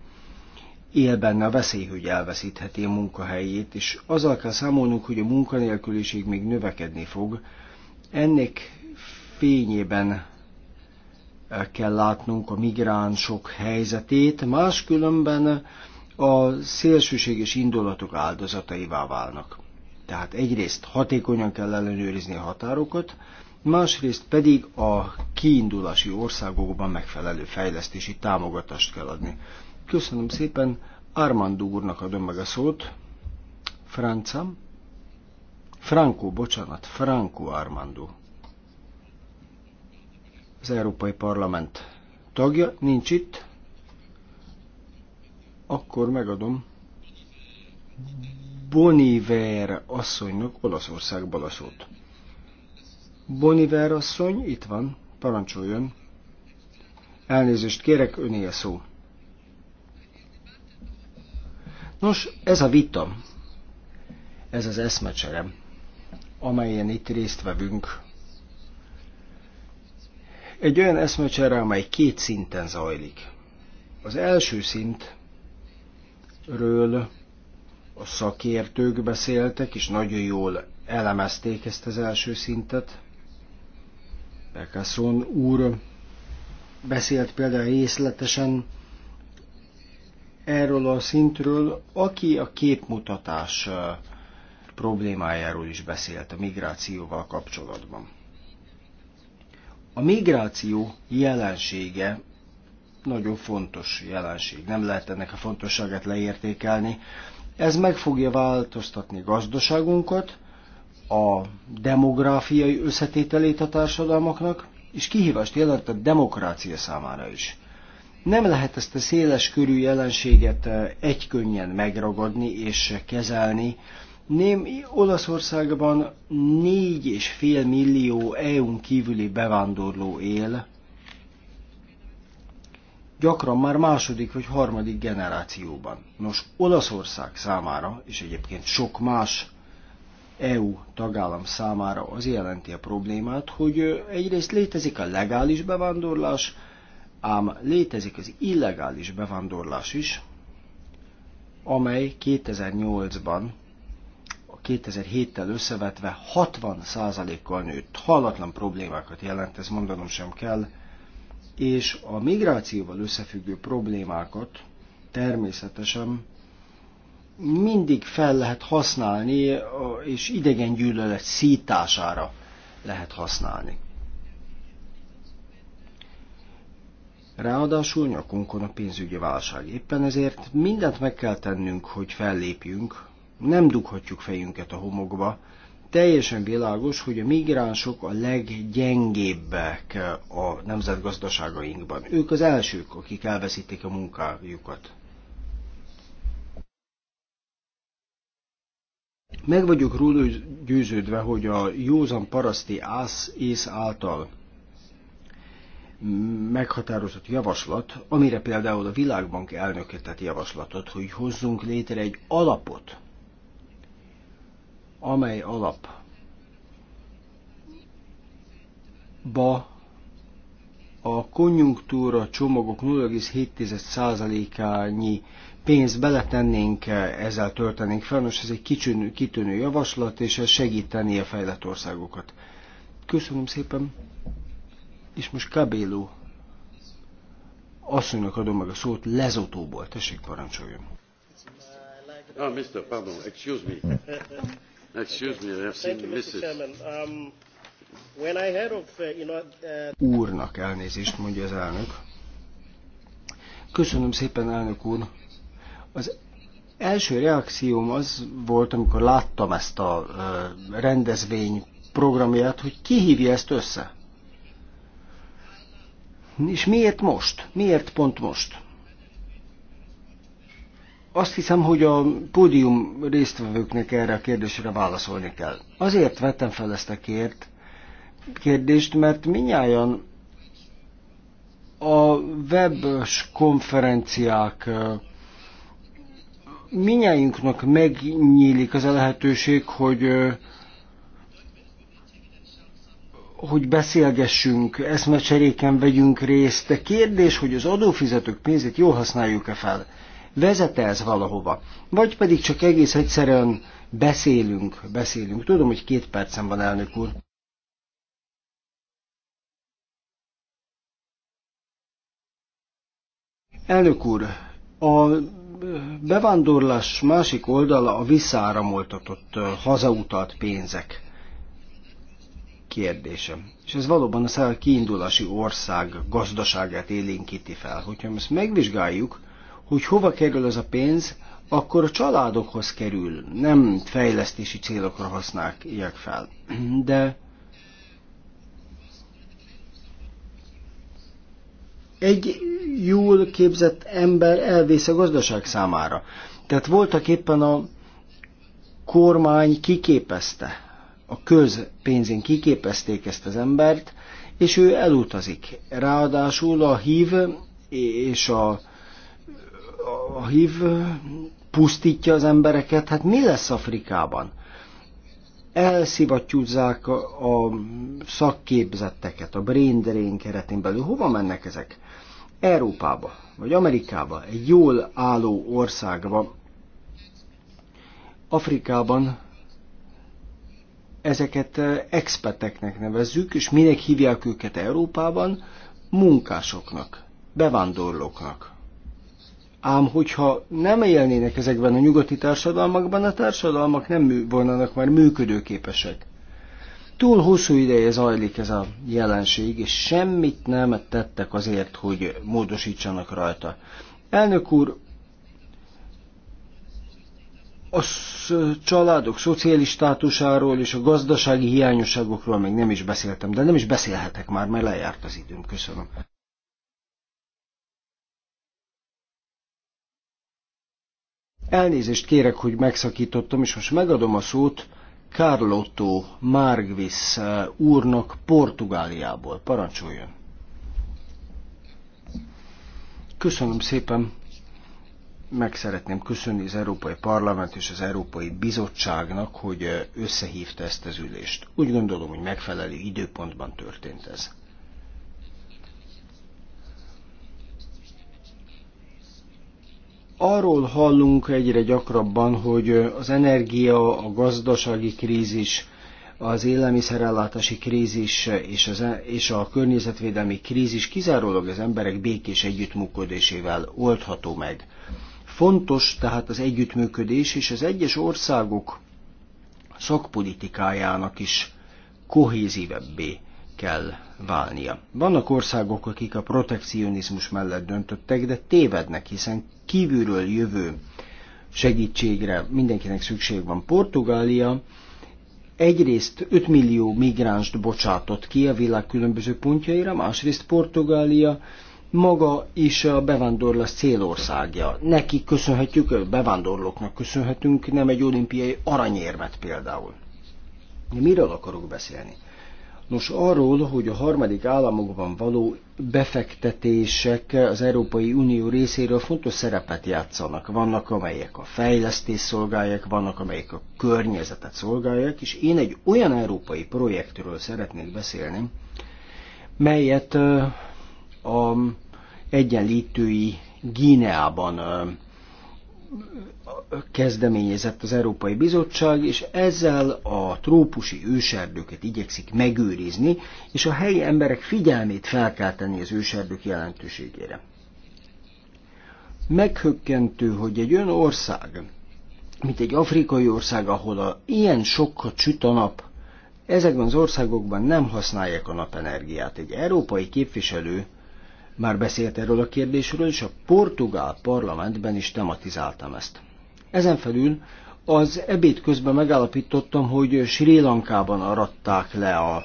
él benne a veszély, hogy elveszítheti a munkahelyét, és azzal kell számolnunk, hogy a munkanélküliség még növekedni fog. Ennek fényében kell látnunk a migránsok helyzetét, máskülönben a szélsőséges indulatok áldozataivá válnak. Tehát egyrészt hatékonyan kell ellenőrizni a határokat, másrészt pedig a kiindulási országokban megfelelő fejlesztési támogatást kell adni. Köszönöm szépen, Armand úrnak adom meg a szót. Francam? Franco, bocsánat, Franco Armando az Európai Parlament tagja, nincs itt, akkor megadom Boniver asszonynak Olaszország balasót. Boniver asszony itt van, parancsoljon. Elnézést kérek, öné a szó. Nos, ez a vita, ez az eszmecserem, amelyen itt részt vevünk, egy olyan eszmecsere, amely két szinten zajlik. Az első szintről a szakértők beszéltek, és nagyon jól elemezték ezt az első szintet. Bekaszon úr beszélt például részletesen erről a szintről, aki a képmutatás problémájáról is beszélt a migrációval kapcsolatban. A migráció jelensége nagyon fontos jelenség, nem lehet ennek a fontosságát leértékelni. Ez meg fogja változtatni gazdaságunkat, a demográfiai összetételét a társadalmaknak, és kihívást jelent a demokrácia számára is. Nem lehet ezt a széles körű jelenséget eh, egykönnyen megragadni és kezelni, Ném, Olaszországban 4,5 millió EU-n kívüli bevándorló él, gyakran már második vagy harmadik generációban. Nos, Olaszország számára, és egyébként sok más EU tagállam számára az jelenti a problémát, hogy egyrészt létezik a legális bevándorlás, ám létezik az illegális bevándorlás is, amely 2008-ban 2007-tel összevetve 60%-kal nőtt. Hallatlan problémákat jelent, ez mondanom sem kell, és a migrációval összefüggő problémákat természetesen mindig fel lehet használni, és idegen gyűlölet szítására lehet használni. Ráadásul nyakunkon a pénzügyi válság. Éppen ezért mindent meg kell tennünk, hogy fellépjünk, nem dughatjuk fejünket a homokba. Teljesen világos, hogy a migránsok a leggyengébbek a nemzetgazdaságainkban. Ők az elsők, akik elveszítik a munkájukat. Meg vagyok róla győződve, hogy a józan paraszti ász ész által meghatározott javaslat, amire például a Világbank elnöke tett javaslatot, hogy hozzunk létre egy alapot, amely alap ba a konjunktúra csomagok 0,7%-ányi pénz beletennénk, e, ezzel töltenénk fel. Nos, ez egy kicsönő, kitűnő javaslat, és ez segíteni a fejlett országokat. Köszönöm szépen, és most Kabéló asszonynak adom meg a szót Lezotóból. Tessék, parancsoljon. Ah, Mr. pardon, excuse me. *laughs* Excuse me, I have seen Thank you, Chairman. Um, when I heard of, uh, you know, uh... Úrnak elnézést, mondja az elnök. Köszönöm szépen, elnök úr. Az első reakcióm az volt, amikor láttam ezt a uh, rendezvény programját, hogy ki hívja ezt össze. És miért most? Miért pont most? Azt hiszem, hogy a pódium résztvevőknek erre a kérdésre válaszolni kell. Azért vettem fel ezt a kért, kérdést, mert minnyáján a webs konferenciák minnyájunknak megnyílik az a lehetőség, hogy hogy beszélgessünk, eszmecseréken vegyünk részt, de kérdés, hogy az adófizetők pénzét jól használjuk-e fel. Vezet -e ez valahova? Vagy pedig csak egész egyszerűen beszélünk, beszélünk. Tudom, hogy két percem van, elnök úr. Elnök úr, a bevándorlás másik oldala a visszáramoltatott, hazautalt pénzek kérdése. És ez valóban a kiindulási ország gazdaságát élénkíti fel. Hogyha ezt megvizsgáljuk, hogy hova kerül ez a pénz, akkor a családokhoz kerül, nem fejlesztési célokra használják fel. De egy jól képzett ember elvész a gazdaság számára. Tehát voltak éppen a kormány kiképezte, a közpénzén kiképezték ezt az embert, és ő elutazik. Ráadásul a hív és a a HIV pusztítja az embereket, hát mi lesz Afrikában? Elszivattyúzzák a, a szakképzetteket, a brain drain keretén belül. Hova mennek ezek? Európába, vagy Amerikába, egy jól álló országba. Afrikában ezeket expeteknek nevezzük, és minek hívják őket Európában? Munkásoknak, bevándorlóknak. Ám hogyha nem élnének ezekben a nyugati társadalmakban, a társadalmak nem volnának már működőképesek. Túl hosszú ideje zajlik ez a jelenség, és semmit nem tettek azért, hogy módosítsanak rajta. Elnök úr, a családok szociális státusáról és a gazdasági hiányosságokról még nem is beszéltem, de nem is beszélhetek már, mert lejárt az időm. Köszönöm. Elnézést kérek, hogy megszakítottam, és most megadom a szót Carlotto Margvis eh, úrnak Portugáliából. Parancsoljon! Köszönöm szépen! Meg szeretném köszönni az Európai Parlament és az Európai Bizottságnak, hogy eh, összehívta ezt az ülést. Úgy gondolom, hogy megfelelő időpontban történt ez. Arról hallunk egyre gyakrabban, hogy az energia, a gazdasági krízis, az élelmiszerellátási krízis és, az, e- és a környezetvédelmi krízis kizárólag az emberek békés együttműködésével oldható meg. Fontos tehát az együttműködés, és az egyes országok szakpolitikájának is kohézívebbé kell válnia. Vannak országok, akik a protekcionizmus mellett döntöttek, de tévednek, hiszen kívülről jövő segítségre mindenkinek szükség van. Portugália egyrészt 5 millió migránst bocsátott ki a világ különböző pontjaira, másrészt Portugália maga is a bevándorlás célországja. Neki köszönhetjük, a bevándorlóknak köszönhetünk, nem egy olimpiai aranyérmet például. Miről akarok beszélni? Nos, arról, hogy a harmadik államokban való befektetések az Európai Unió részéről fontos szerepet játszanak. Vannak, amelyek a fejlesztés szolgálják, vannak, amelyek a környezetet szolgálják, és én egy olyan európai projektről szeretnék beszélni, melyet a egyenlítői Gíneában kezdeményezett az Európai Bizottság, és ezzel a trópusi őserdőket igyekszik megőrizni, és a helyi emberek figyelmét felkelteni az őserdők jelentőségére. Meghökkentő, hogy egy olyan ország, mint egy afrikai ország, ahol a ilyen sokkal csüt a nap, ezekben az országokban nem használják a napenergiát. Egy európai képviselő már beszélt erről a kérdésről, és a portugál parlamentben is tematizáltam ezt. Ezen felül az ebéd közben megállapítottam, hogy Sri Lankában aratták le a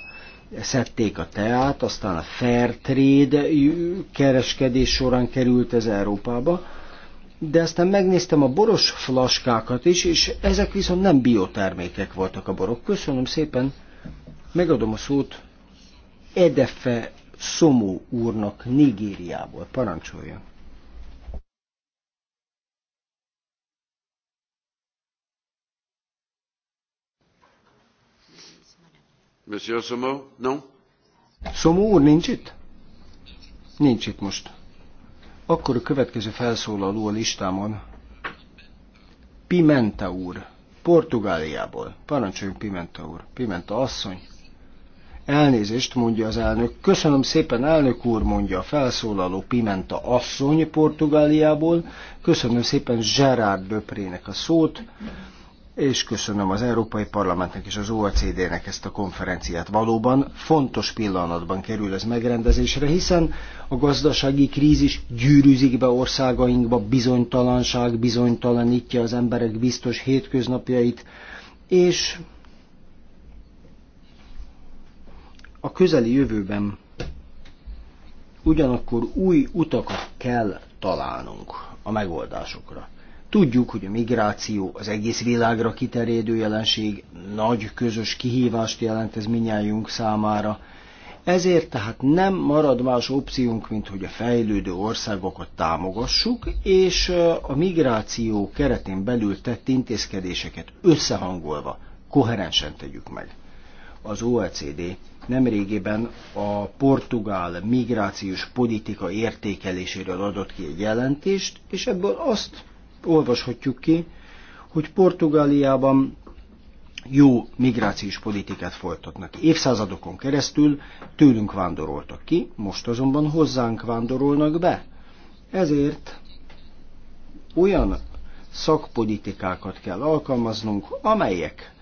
szedték a teát, aztán a fair trade kereskedés során került ez Európába, de aztán megnéztem a boros flaskákat is, és ezek viszont nem biotermékek voltak a borok. Köszönöm szépen, megadom a szót Edefe Szomó úrnak Nigériából. Parancsoljon! Monsieur Szomó? Non? Szomó úr nincs itt? Nincs itt most. Akkor a következő felszólaló a listámon. Pimenta úr. Portugáliából. Parancsoljon Pimenta úr. Pimenta asszony. Elnézést, mondja az elnök. Köszönöm szépen, elnök úr, mondja a felszólaló Pimenta asszony Portugáliából. Köszönöm szépen Gerard Böprének a szót, és köszönöm az Európai Parlamentnek és az OECD-nek ezt a konferenciát. Valóban fontos pillanatban kerül ez megrendezésre, hiszen a gazdasági krízis gyűrűzik be országainkba, bizonytalanság bizonytalanítja az emberek biztos hétköznapjait, és a közeli jövőben ugyanakkor új utakat kell találnunk a megoldásokra. Tudjuk, hogy a migráció az egész világra kiterjedő jelenség, nagy közös kihívást jelent ez minnyájunk számára, ezért tehát nem marad más opciónk, mint hogy a fejlődő országokat támogassuk, és a migráció keretén belül tett intézkedéseket összehangolva, koherensen tegyük meg az OECD nemrégiben a portugál migrációs politika értékeléséről adott ki egy jelentést, és ebből azt olvashatjuk ki, hogy Portugáliában jó migrációs politikát folytatnak. Évszázadokon keresztül tőlünk vándoroltak ki, most azonban hozzánk vándorolnak be. Ezért olyan szakpolitikákat kell alkalmaznunk, amelyek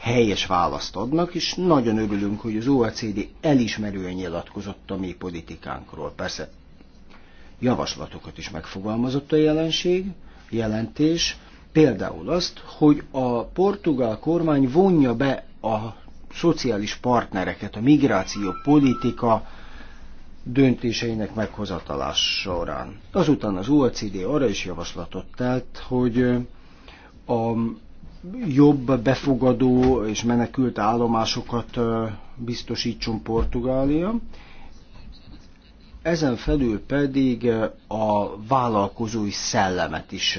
helyes választ adnak, és nagyon örülünk, hogy az OECD elismerően nyilatkozott a mi politikánkról. Persze javaslatokat is megfogalmazott a jelenség, jelentés, például azt, hogy a portugál kormány vonja be a szociális partnereket a migráció politika döntéseinek meghozatalás során. Azután az OECD arra is javaslatot telt, hogy a jobb befogadó és menekült állomásokat biztosítson Portugália. Ezen felül pedig a vállalkozói szellemet is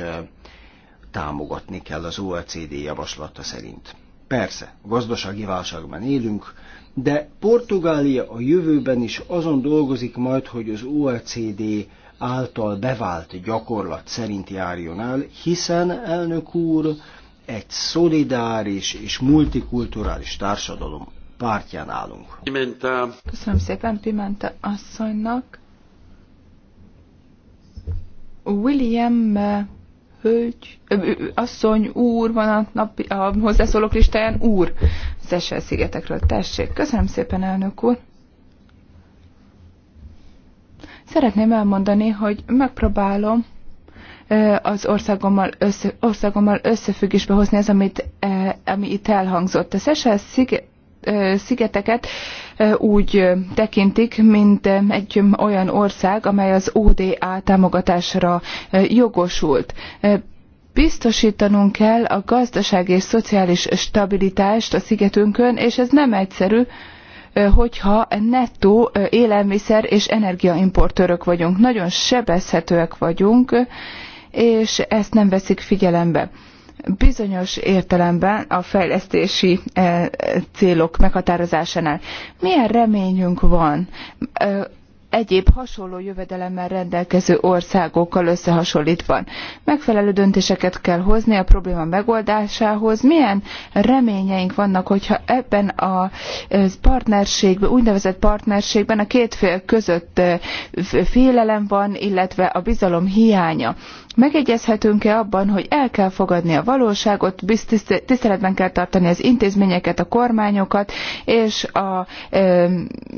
támogatni kell az OECD javaslata szerint. Persze, gazdasági válságban élünk, de Portugália a jövőben is azon dolgozik majd, hogy az OECD által bevált gyakorlat szerint járjon el, hiszen, elnök úr, egy szolidáris és multikulturális társadalom pártján állunk. Pimenta. Köszönöm szépen Pimenta asszonynak. William eh, hölgy, eh, asszony, úr van a, napi, a hozzászólók listáján, úr az Esel szigetekről. Tessék, köszönöm szépen, elnök úr. Szeretném elmondani, hogy megpróbálom az országommal, össze, országommal összefüggésbe hozni az, amit, ami itt elhangzott. A Szesel szigeteket úgy tekintik, mint egy olyan ország, amely az ODA támogatásra jogosult. Biztosítanunk kell a gazdasági és szociális stabilitást a szigetünkön, és ez nem egyszerű, hogyha nettó élelmiszer és energiaimportőrök vagyunk. Nagyon sebezhetőek vagyunk, és ezt nem veszik figyelembe. Bizonyos értelemben a fejlesztési e, célok meghatározásánál. Milyen reményünk van e, egyéb hasonló jövedelemmel rendelkező országokkal összehasonlítva. Megfelelő döntéseket kell hozni a probléma megoldásához. Milyen reményeink vannak, hogyha ebben a e, partnerségben, úgynevezett partnerségben a két fél között félelem van, illetve a bizalom hiánya. Megegyezhetünk-e abban, hogy el kell fogadni a valóságot, tiszteletben kell tartani az intézményeket, a kormányokat, és a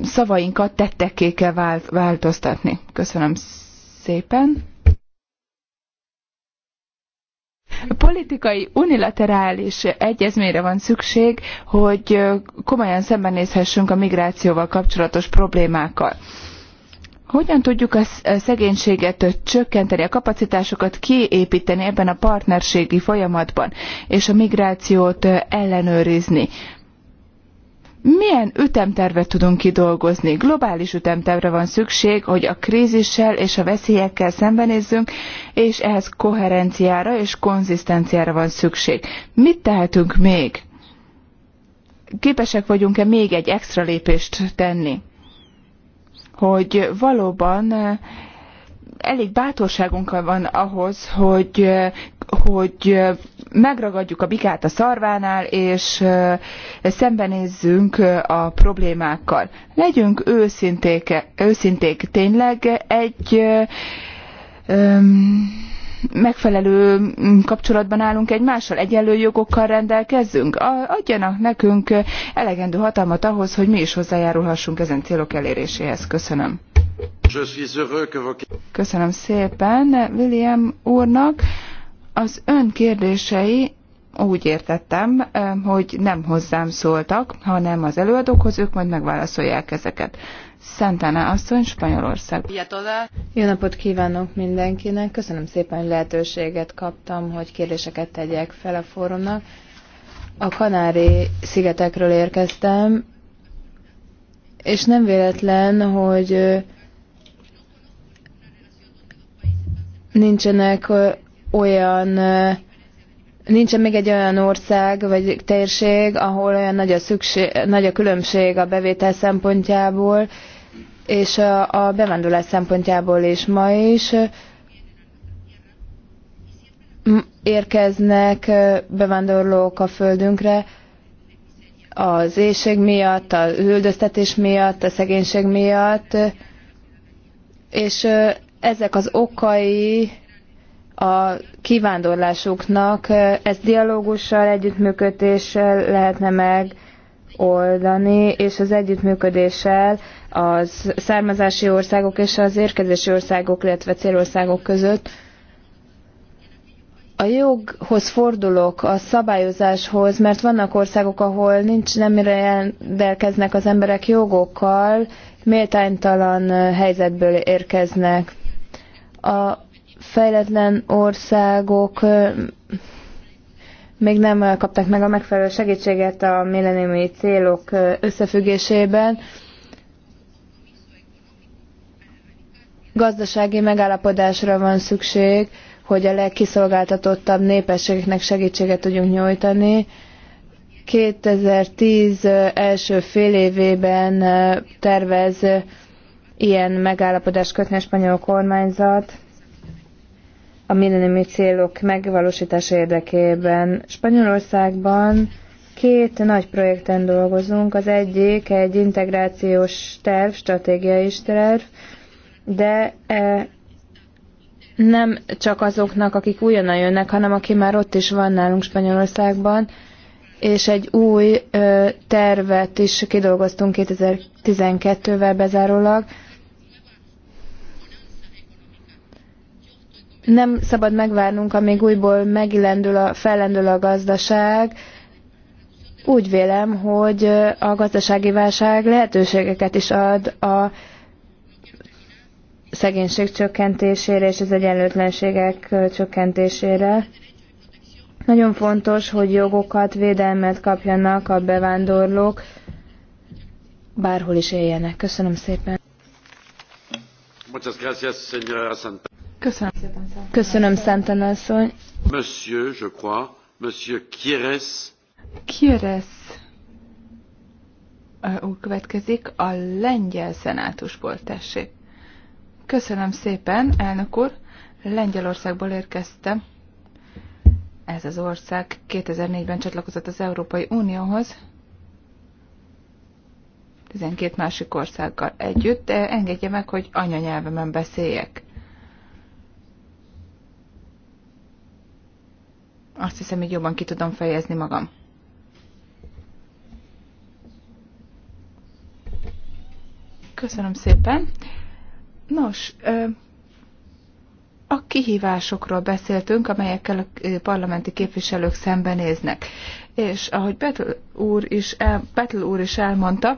szavainkat tettekké kell változtatni? Köszönöm szépen. Politikai unilaterális egyezményre van szükség, hogy komolyan szembenézhessünk a migrációval kapcsolatos problémákkal. Hogyan tudjuk a szegénységet csökkenteni, a kapacitásokat kiépíteni ebben a partnerségi folyamatban, és a migrációt ellenőrizni? Milyen ütemtervet tudunk kidolgozni? Globális ütemtervre van szükség, hogy a krízissel és a veszélyekkel szembenézzünk, és ehhez koherenciára és konzisztenciára van szükség. Mit tehetünk még? Képesek vagyunk-e még egy extra lépést tenni? hogy valóban elég bátorságunk van ahhoz, hogy, hogy megragadjuk a bikát a szarvánál, és szembenézzünk a problémákkal. Legyünk őszinték, őszinték tényleg egy um, megfelelő mm, kapcsolatban állunk egymással, egyenlő jogokkal rendelkezzünk? Adjanak nekünk elegendő hatalmat ahhoz, hogy mi is hozzájárulhassunk ezen célok eléréséhez. Köszönöm. Köszönöm szépen William úrnak. Az ön kérdései úgy értettem, eh, hogy nem hozzám szóltak, hanem az előadókhoz, ők majd megválaszolják ezeket. Szentana asszony, Spanyolország. Jó napot kívánok mindenkinek. Köszönöm szépen, hogy lehetőséget kaptam, hogy kérdéseket tegyek fel a fórumnak. A Kanári szigetekről érkeztem, és nem véletlen, hogy nincsenek olyan Nincsen még egy olyan ország vagy térség, ahol olyan nagy a, szükség, nagy a különbség a bevétel szempontjából, és a bevándorlás szempontjából is ma is érkeznek bevándorlók a földünkre az éjség miatt, a üldöztetés miatt, a szegénység miatt, és ezek az okai a kivándorlásuknak, ezt dialógussal, együttműködéssel lehetne meg oldani, és az együttműködéssel az származási országok és az érkezési országok, illetve célországok között a joghoz fordulok, a szabályozáshoz, mert vannak országok, ahol nincs, nem rendelkeznek az emberek jogokkal, méltánytalan helyzetből érkeznek. A fejletlen országok még nem eh, kaptak meg a megfelelő segítséget a milleniumi célok eh, összefüggésében. Gazdasági megállapodásra van szükség, hogy a legkiszolgáltatottabb népességeknek segítséget tudjunk nyújtani. 2010 eh, első fél évében tervez ilyen megállapodást kötni a spanyol kormányzat a millenniumi célok megvalósítása érdekében. Spanyolországban két nagy projekten dolgozunk. Az egyik egy integrációs terv, stratégiai terv, de e, nem csak azoknak, akik újonnan jönnek, hanem aki már ott is van nálunk Spanyolországban, és egy új tervet is kidolgoztunk 2012-vel bezárólag, nem szabad megvárnunk, amíg újból megilendül a, fellendül a gazdaság. Úgy vélem, hogy a gazdasági válság lehetőségeket is ad a szegénység csökkentésére és az egyenlőtlenségek csökkentésére. Nagyon fontos, hogy jogokat, védelmet kapjanak a bevándorlók, bárhol is éljenek. Köszönöm szépen. Köszönöm szépen, Köszönöm, Szenten asszony. Monsieur, je crois, Monsieur Kieres. Kieres Úgy következik a lengyel szenátusból, tessék. Köszönöm szépen, elnök úr. Lengyelországból érkeztem. Ez az ország 2004-ben csatlakozott az Európai Unióhoz, 12 másik országgal együtt, de engedje meg, hogy anyanyelvemen beszéljek. Azt hiszem, hogy jobban ki tudom fejezni magam. Köszönöm szépen. Nos, a kihívásokról beszéltünk, amelyekkel a parlamenti képviselők szembenéznek. És ahogy Petl úr is, úr is elmondta,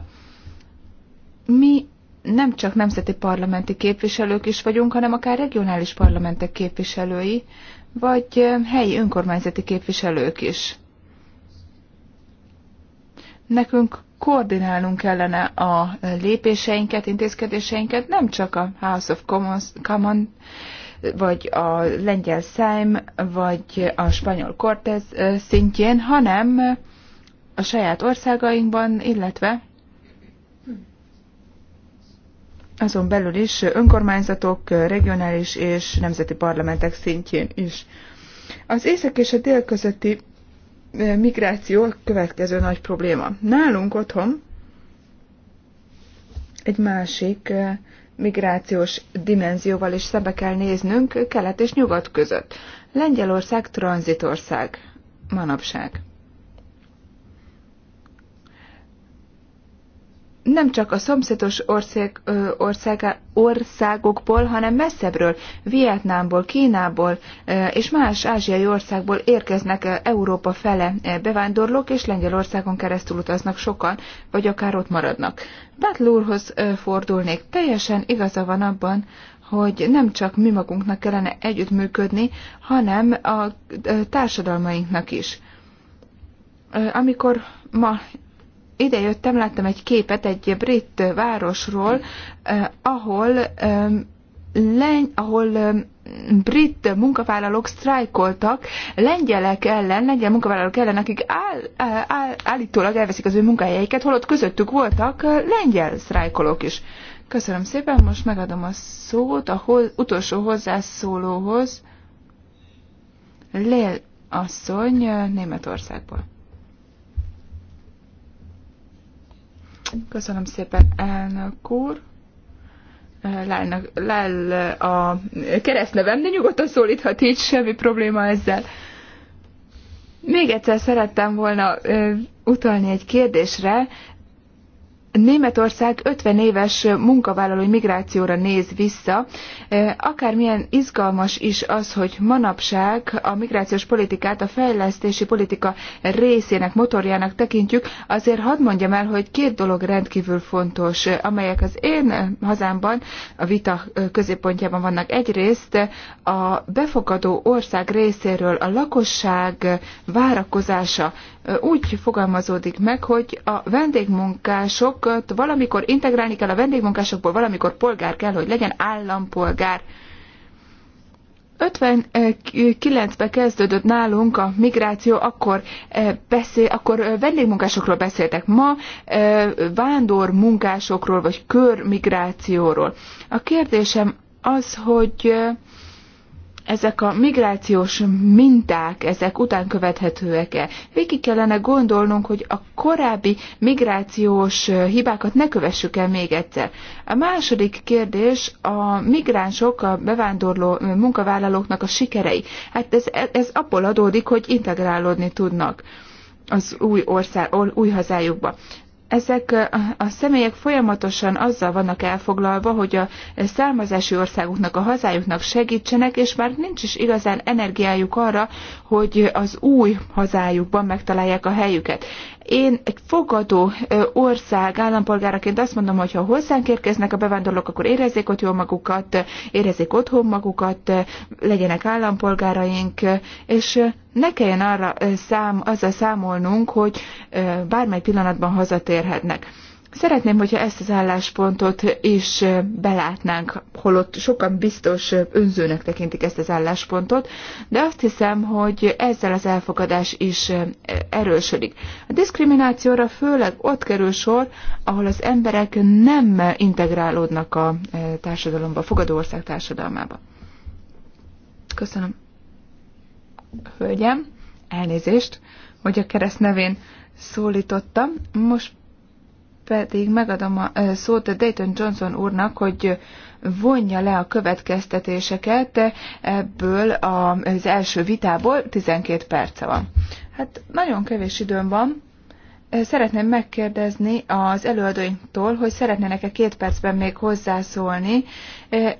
mi nem csak nemzeti parlamenti képviselők is vagyunk, hanem akár regionális parlamentek képviselői, vagy helyi önkormányzati képviselők is. Nekünk koordinálnunk kellene a lépéseinket, intézkedéseinket, nem csak a House of Commons, Common, vagy a lengyel Szájm, vagy a spanyol kortez szintjén, hanem a saját országainkban, illetve azon belül is önkormányzatok, regionális és nemzeti parlamentek szintjén is. Az észak és a dél közötti eh, migráció a következő nagy probléma. Nálunk otthon egy másik eh, migrációs dimenzióval is szembe kell néznünk kelet és nyugat között. Lengyelország tranzitország manapság. nem csak a szomszédos ország, ország, országokból, hanem messzebbről, Vietnámból, Kínából és más ázsiai országból érkeznek Európa fele bevándorlók, és Lengyelországon keresztül utaznak sokan, vagy akár ott maradnak. Battle úrhoz fordulnék. Teljesen igaza van abban, hogy nem csak mi magunknak kellene együttműködni, hanem a társadalmainknak is. Amikor ma ide jöttem, láttam egy képet egy brit városról, eh, ahol eh, Leny, ahol eh, brit munkavállalók sztrájkoltak lengyelek ellen, lengyel munkavállalók ellen, akik áll, áll, állítólag elveszik az ő munkahelyeiket, holott közöttük voltak lengyel sztrájkolók is. Köszönöm szépen, most megadom a szót a hoz, utolsó hozzászólóhoz. Lél asszony Németországból. Köszönöm szépen, elnök úr. Lel a keresztnevem, de nyugodtan szólíthat így, semmi probléma ezzel. Még egyszer szerettem volna utalni egy kérdésre, Németország 50 éves munkavállalói migrációra néz vissza. E, akármilyen izgalmas is az, hogy manapság a migrációs politikát a fejlesztési politika részének, motorjának tekintjük, azért hadd mondjam el, hogy két dolog rendkívül fontos, amelyek az én hazámban a vita középpontjában vannak. Egyrészt a befogadó ország részéről a lakosság várakozása úgy fogalmazódik meg, hogy a vendégmunkásokat valamikor integrálni kell, a vendégmunkásokból valamikor polgár kell, hogy legyen állampolgár. 59-ben kezdődött nálunk a migráció, akkor, eh, beszél, akkor eh, vendégmunkásokról beszéltek, ma eh, vándormunkásokról vagy körmigrációról. A kérdésem az, hogy ezek a migrációs minták, ezek után követhetőek-e? Végig kellene gondolnunk, hogy a korábbi migrációs hibákat ne kövessük el még egyszer. A második kérdés a migránsok, a bevándorló munkavállalóknak a sikerei. Hát ez, ez abból adódik, hogy integrálódni tudnak az új ország, új hazájukba ezek a személyek folyamatosan azzal vannak elfoglalva, hogy a származási országuknak, a hazájuknak segítsenek, és már nincs is igazán energiájuk arra, hogy az új hazájukban megtalálják a helyüket. Én egy fogadó ország állampolgáraként azt mondom, hogy ha hozzánk érkeznek a bevándorlók, akkor érezzék ott jól magukat, érezzék otthon magukat, legyenek állampolgáraink, és ne kelljen arra szám, azzal számolnunk, hogy bármely pillanatban hazatérhetnek. Szeretném, hogyha ezt az álláspontot is belátnánk, holott sokan biztos önzőnek tekintik ezt az álláspontot, de azt hiszem, hogy ezzel az elfogadás is erősödik. A diszkriminációra főleg ott kerül sor, ahol az emberek nem integrálódnak a társadalomba, a fogadó ország társadalmába. Köszönöm. Hölgyem, elnézést, hogy a kereszt nevén szólítottam. Most pedig megadom a szót a Dayton Johnson úrnak, hogy vonja le a következtetéseket ebből az első vitából, 12 perce van. Hát nagyon kevés időm van. Szeretném megkérdezni az előadóinktól, hogy szeretnének-e két percben még hozzászólni.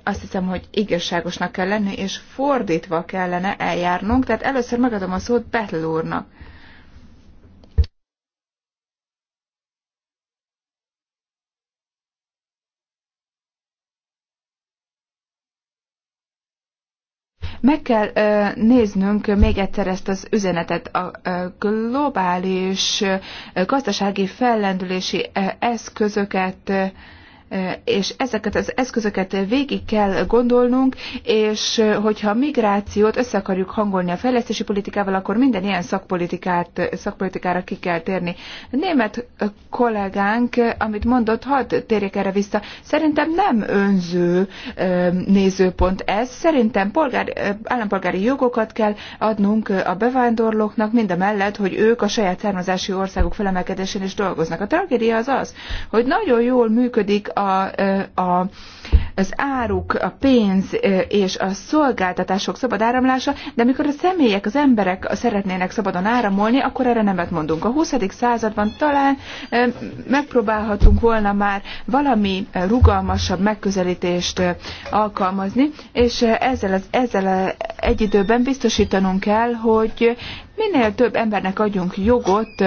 Azt hiszem, hogy igazságosnak kell lenni, és fordítva kellene eljárnunk. Tehát először megadom a szót Betlúrnak. úrnak. Meg kell néznünk még egyszer ezt az üzenetet. A globális gazdasági fellendülési eszközöket és ezeket az eszközöket végig kell gondolnunk, és hogyha a migrációt össze akarjuk hangolni a fejlesztési politikával, akkor minden ilyen szakpolitikát, szakpolitikára ki kell térni. A német kollégánk, amit mondott, hadd térjek erre vissza, szerintem nem önző nézőpont ez, szerintem polgár, állampolgári jogokat kell adnunk a bevándorlóknak, mind a mellett, hogy ők a saját származási országuk felemelkedésén is dolgoznak. A tragédia az az, hogy nagyon jól működik a, a, az áruk, a pénz és a szolgáltatások szabad áramlása, de amikor a személyek, az emberek szeretnének szabadon áramolni, akkor erre nemet mondunk. A 20. században talán megpróbálhatunk volna már valami rugalmasabb megközelítést alkalmazni, és ezzel, az, ezzel egy időben biztosítanunk kell, hogy minél több embernek adjunk jogot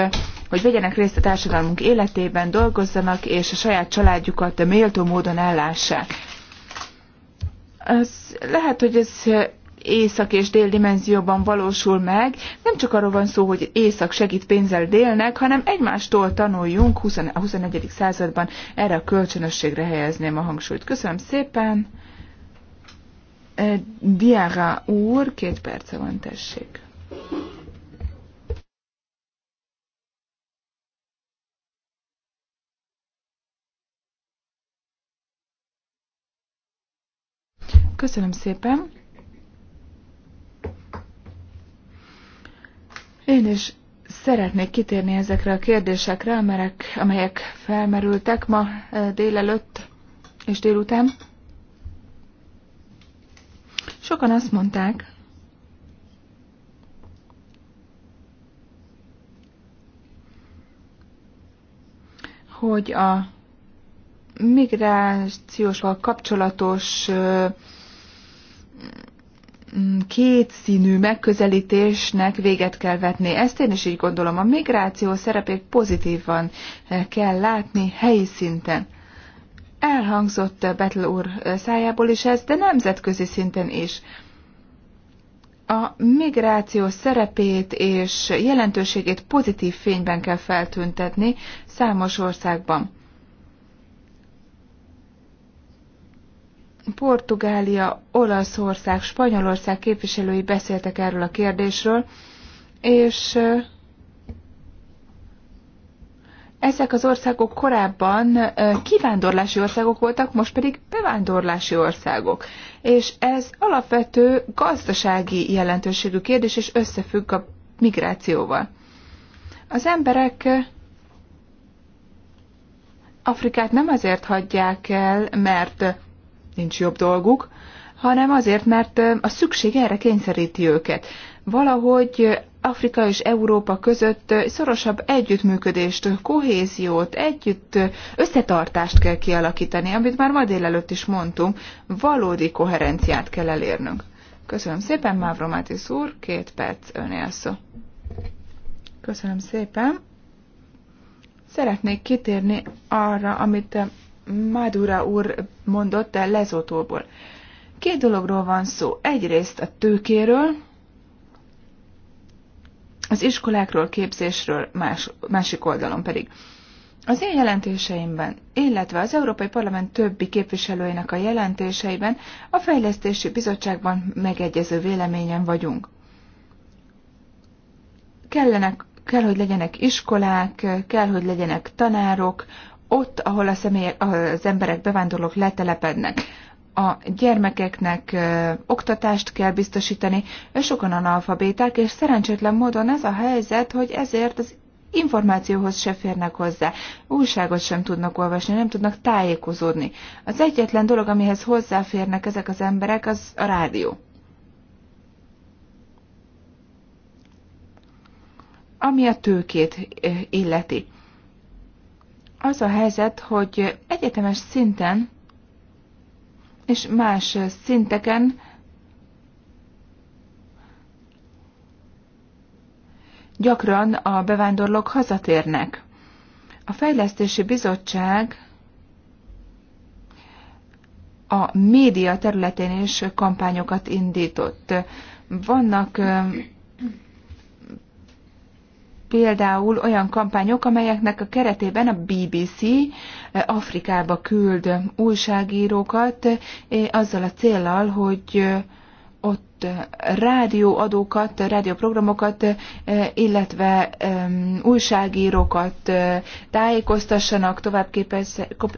hogy vegyenek részt a társadalmunk életében, dolgozzanak, és a saját családjukat méltó módon ellássák. Ez, lehet, hogy ez észak és dél dimenzióban valósul meg. Nem csak arról van szó, hogy észak segít pénzzel délnek, hanem egymástól tanuljunk a 21. században erre a kölcsönösségre helyezném a hangsúlyt. Köszönöm szépen! Eh, Diára úr, két perce van, tessék. Köszönöm szépen. Én is szeretnék kitérni ezekre a kérdésekre, amelyek, amelyek felmerültek ma eh, délelőtt és délután. Sokan azt mondták, hogy a migrációsval kapcsolatos eh, Mm, kétszínű megközelítésnek véget kell vetni. Ezt én is így gondolom. A migráció szerepét pozitívan eh, kell látni helyi szinten. Elhangzott Betl úr eh, szájából is ez, de nemzetközi szinten is. A migráció szerepét és jelentőségét pozitív fényben kell feltüntetni számos országban. Portugália, Olaszország, Spanyolország képviselői beszéltek erről a kérdésről, és ezek az országok korábban kivándorlási országok voltak, most pedig bevándorlási országok. És ez alapvető gazdasági jelentőségű kérdés, és összefügg a migrációval. Az emberek Afrikát nem azért hagyják el, mert nincs jobb dolguk, hanem azért, mert a szükség erre kényszeríti őket. Valahogy Afrika és Európa között szorosabb együttműködést, kohéziót, együtt összetartást kell kialakítani, amit már ma délelőtt is mondtunk, valódi koherenciát kell elérnünk. Köszönöm szépen, Mávromátis úr, két perc önél szó. Köszönöm szépen. Szeretnék kitérni arra, amit Madura úr mondott el lezótóból. Két dologról van szó. Egyrészt a tőkéről, az iskolákról, képzésről, más, másik oldalon pedig. Az én jelentéseimben, illetve az Európai Parlament többi képviselőinek a jelentéseiben a Fejlesztési Bizottságban megegyező véleményen vagyunk. Kellenek, kell, hogy legyenek iskolák, kell, hogy legyenek tanárok, ott, ahol a személyek, az emberek, bevándorlók letelepednek. A gyermekeknek ö, oktatást kell biztosítani, sokan analfabéták, és szerencsétlen módon ez a helyzet, hogy ezért az információhoz se férnek hozzá, újságot sem tudnak olvasni, nem tudnak tájékozódni. Az egyetlen dolog, amihez hozzáférnek ezek az emberek, az a rádió. Ami a tőkét illeti az a helyzet, hogy egyetemes szinten és más szinteken gyakran a bevándorlók hazatérnek. A Fejlesztési Bizottság a média területén is kampányokat indított. Vannak például olyan kampányok, amelyeknek a keretében a BBC eh, Afrikába küld újságírókat, eh, azzal a célral, hogy eh, ott rádióadókat, rádióprogramokat, illetve újságírókat tájékoztassanak,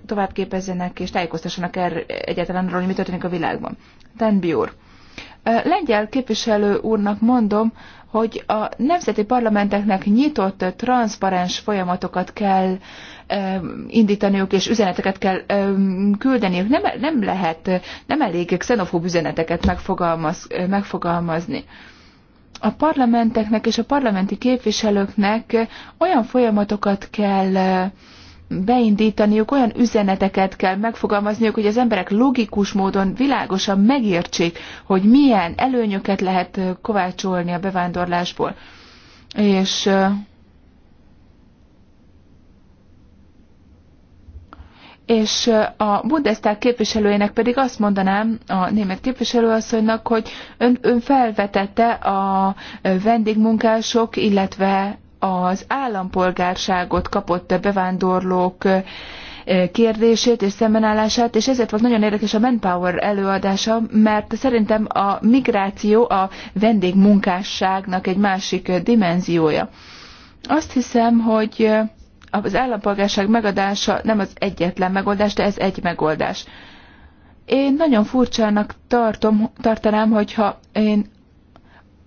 továbbképezzenek és tájékoztassanak er, egyáltalán arról, hogy mi történik a világban. Tenbior. Lengyel képviselő úrnak mondom, hogy a nemzeti parlamenteknek nyitott, transzparens folyamatokat kell indítaniuk, és üzeneteket kell küldeniük. Nem, nem lehet, nem elég xenofób üzeneteket megfogalmaz, megfogalmazni a parlamenteknek és a parlamenti képviselőknek olyan folyamatokat kell beindítaniuk, olyan üzeneteket kell megfogalmazniuk, hogy az emberek logikus módon világosan megértsék, hogy milyen előnyöket lehet kovácsolni a bevándorlásból. És és a Bundestag képviselőjének pedig azt mondanám a német képviselőasszonynak, hogy ön, ön felvetette a vendégmunkások, illetve az állampolgárságot kapott bevándorlók kérdését és szembenállását, és ezért volt nagyon érdekes a Manpower előadása, mert szerintem a migráció a vendégmunkásságnak egy másik dimenziója. Azt hiszem, hogy az állampolgárság megadása nem az egyetlen megoldás, de ez egy megoldás. Én nagyon furcsának tartom, tartanám, hogyha én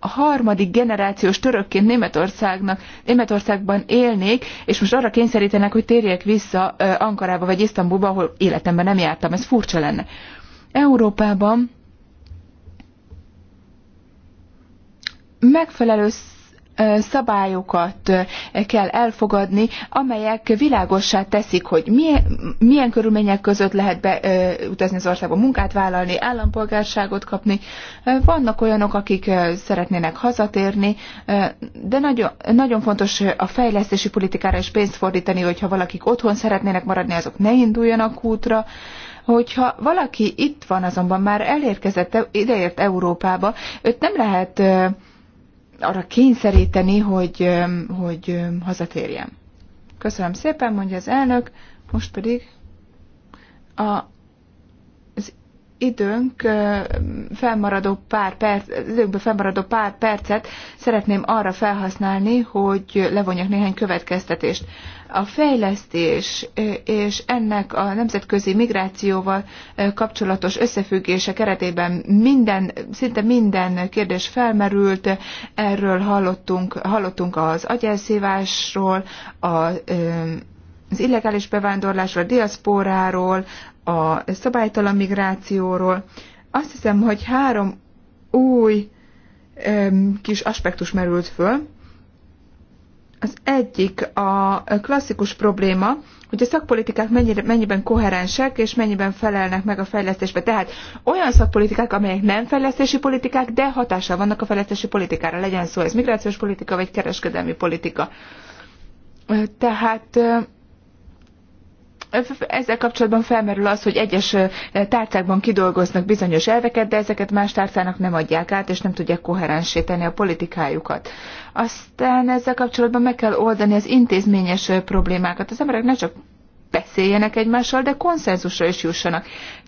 harmadik generációs törökként Németországnak, Németországban élnék, és most arra kényszerítenek, hogy térjek vissza Ankarába vagy Isztambulba, ahol életemben nem jártam. Ez furcsa lenne. Európában megfelelő szabályokat kell elfogadni, amelyek világossá teszik, hogy milyen, milyen körülmények között lehet beutazni az országba, munkát vállalni, állampolgárságot kapni. Vannak olyanok, akik szeretnének hazatérni, de nagyon, nagyon fontos a fejlesztési politikára is pénzt fordítani, hogyha valakik otthon szeretnének maradni, azok ne induljanak útra hogyha valaki itt van azonban már elérkezett, ideért Európába, őt nem lehet arra kényszeríteni, hogy, hogy hazatérjem. Köszönöm szépen, mondja az elnök, most pedig a időnk felmaradó pár perc, időnkből felmaradó pár percet szeretném arra felhasználni, hogy levonjak néhány következtetést. A fejlesztés és ennek a nemzetközi migrációval kapcsolatos összefüggése keretében minden, szinte minden kérdés felmerült. Erről hallottunk, hallottunk az agyelszívásról, a az illegális bevándorlásról, a diaszpóráról, a szabálytalan migrációról. Azt hiszem, hogy három új kis aspektus merült föl. Az egyik a klasszikus probléma, hogy a szakpolitikák mennyire, mennyiben koherensek és mennyiben felelnek meg a fejlesztésbe. Tehát olyan szakpolitikák, amelyek nem fejlesztési politikák, de hatással vannak a fejlesztési politikára, legyen szó ez migrációs politika vagy kereskedelmi politika. Tehát ezzel kapcsolatban felmerül az, hogy egyes tárcákban kidolgoznak bizonyos elveket, de ezeket más tárcának nem adják át, és nem tudják koherensé tenni a politikájukat. Aztán ezzel kapcsolatban meg kell oldani az intézményes problémákat. Az emberek ne csak beszéljenek egymással, de konszenzusra is jussanak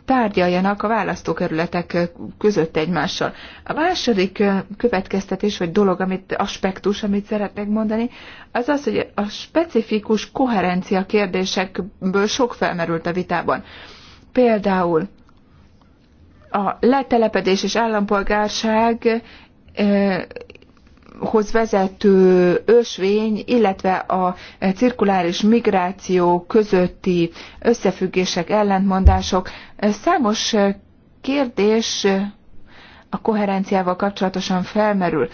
tárgyaljanak a választókerületek között egymással. A második következtetés, vagy dolog, amit, aspektus, amit szeretnék mondani, az az, hogy a specifikus koherencia kérdésekből sok felmerült a vitában. Például a letelepedés és állampolgárság hoz vezető ösvény, illetve a cirkuláris migráció közötti összefüggések, ellentmondások. Számos kérdés a koherenciával kapcsolatosan felmerül.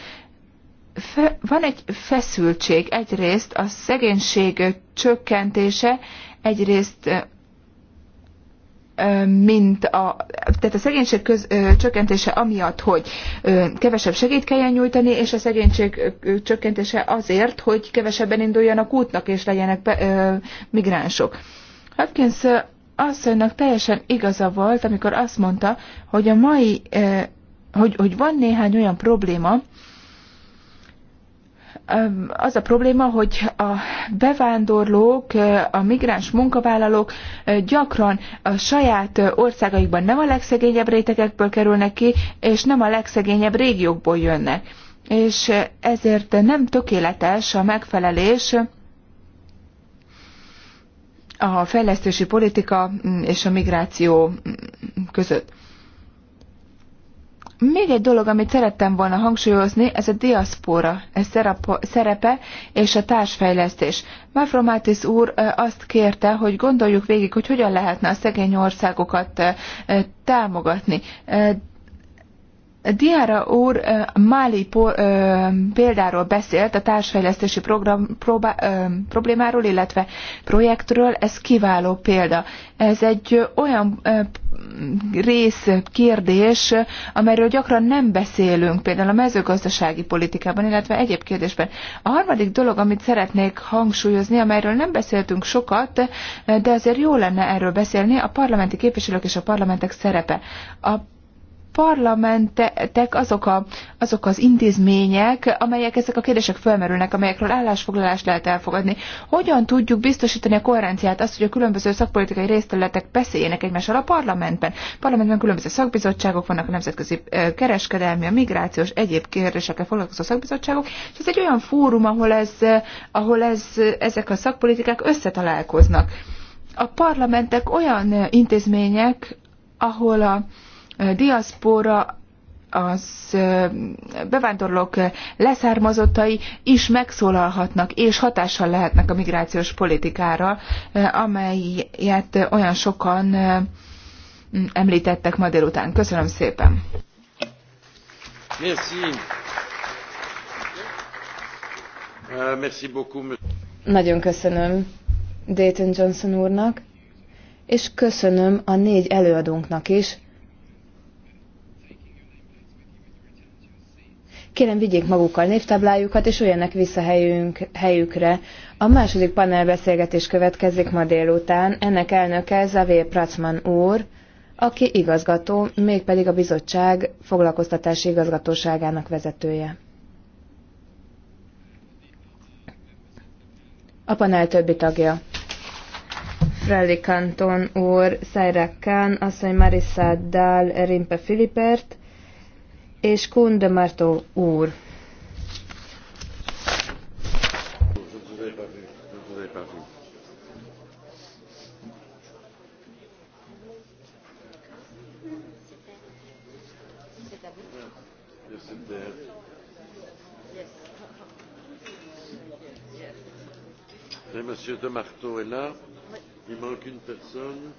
Fe, van egy feszültség egyrészt a szegénység csökkentése, egyrészt mint a, tehát a szegénység köz, ö, csökkentése amiatt, hogy ö, kevesebb segít kelljen nyújtani, és a szegénység ö, csökkentése azért, hogy kevesebben induljanak útnak, és legyenek be, ö, migránsok. Hopkins asszonynak teljesen igaza volt, amikor azt mondta, hogy a mai, ö, hogy, hogy van néhány olyan probléma, az a probléma, hogy a bevándorlók, a migráns munkavállalók gyakran a saját országaikban nem a legszegényebb rétegekből kerülnek ki, és nem a legszegényebb régiókból jönnek. És ezért nem tökéletes a megfelelés a fejlesztési politika és a migráció között. Még egy dolog, amit szerettem volna hangsúlyozni, ez a diaszpora ez szerepe és a társfejlesztés. Mafromátis úr azt kérte, hogy gondoljuk végig, hogy hogyan lehetne a szegény országokat támogatni. Diára úr Máli példáról beszélt, a társfejlesztési program próbá, problémáról, illetve projektről, ez kiváló példa. Ez egy olyan részkérdés, kérdés, amelyről gyakran nem beszélünk, például a mezőgazdasági politikában, illetve egyéb kérdésben. A harmadik dolog, amit szeretnék hangsúlyozni, amelyről nem beszéltünk sokat, de azért jó lenne erről beszélni, a parlamenti képviselők és a parlamentek szerepe. A parlamentek azok, a, azok az intézmények, amelyek ezek a kérdések felmerülnek, amelyekről állásfoglalást lehet elfogadni. Hogyan tudjuk biztosítani a koherenciát, azt, hogy a különböző szakpolitikai részterületek beszéljenek egymással a parlamentben? Parlamentben különböző szakbizottságok vannak, a nemzetközi kereskedelmi, a migrációs, egyéb kérdésekkel foglalkozó szakbizottságok, és ez egy olyan fórum, ahol, ez, ahol ez, ezek a szakpolitikák összetalálkoznak. A parlamentek olyan intézmények, ahol a diaszpora az bevándorlók leszármazottai is megszólalhatnak és hatással lehetnek a migrációs politikára, amelyet olyan sokan említettek ma délután. Köszönöm szépen! Merci. Euh, merci beaucoup. Nagyon köszönöm Dayton Johnson úrnak, és köszönöm a négy előadónknak is, Kérem, vigyék magukkal névtáblájukat, és olyanek vissza helyünk, helyükre. A második panelbeszélgetés következik ma délután. Ennek elnöke Zavé Pracman úr, aki igazgató, mégpedig a bizottság foglalkoztatási igazgatóságának vezetője. A panel többi tagja. Freddy Canton úr, Szájrák Kán, asszony Marissa Dál, Rimpe Filipert, és Kundemartó úr. Monsieur de Marteau est là. Il manque une personne.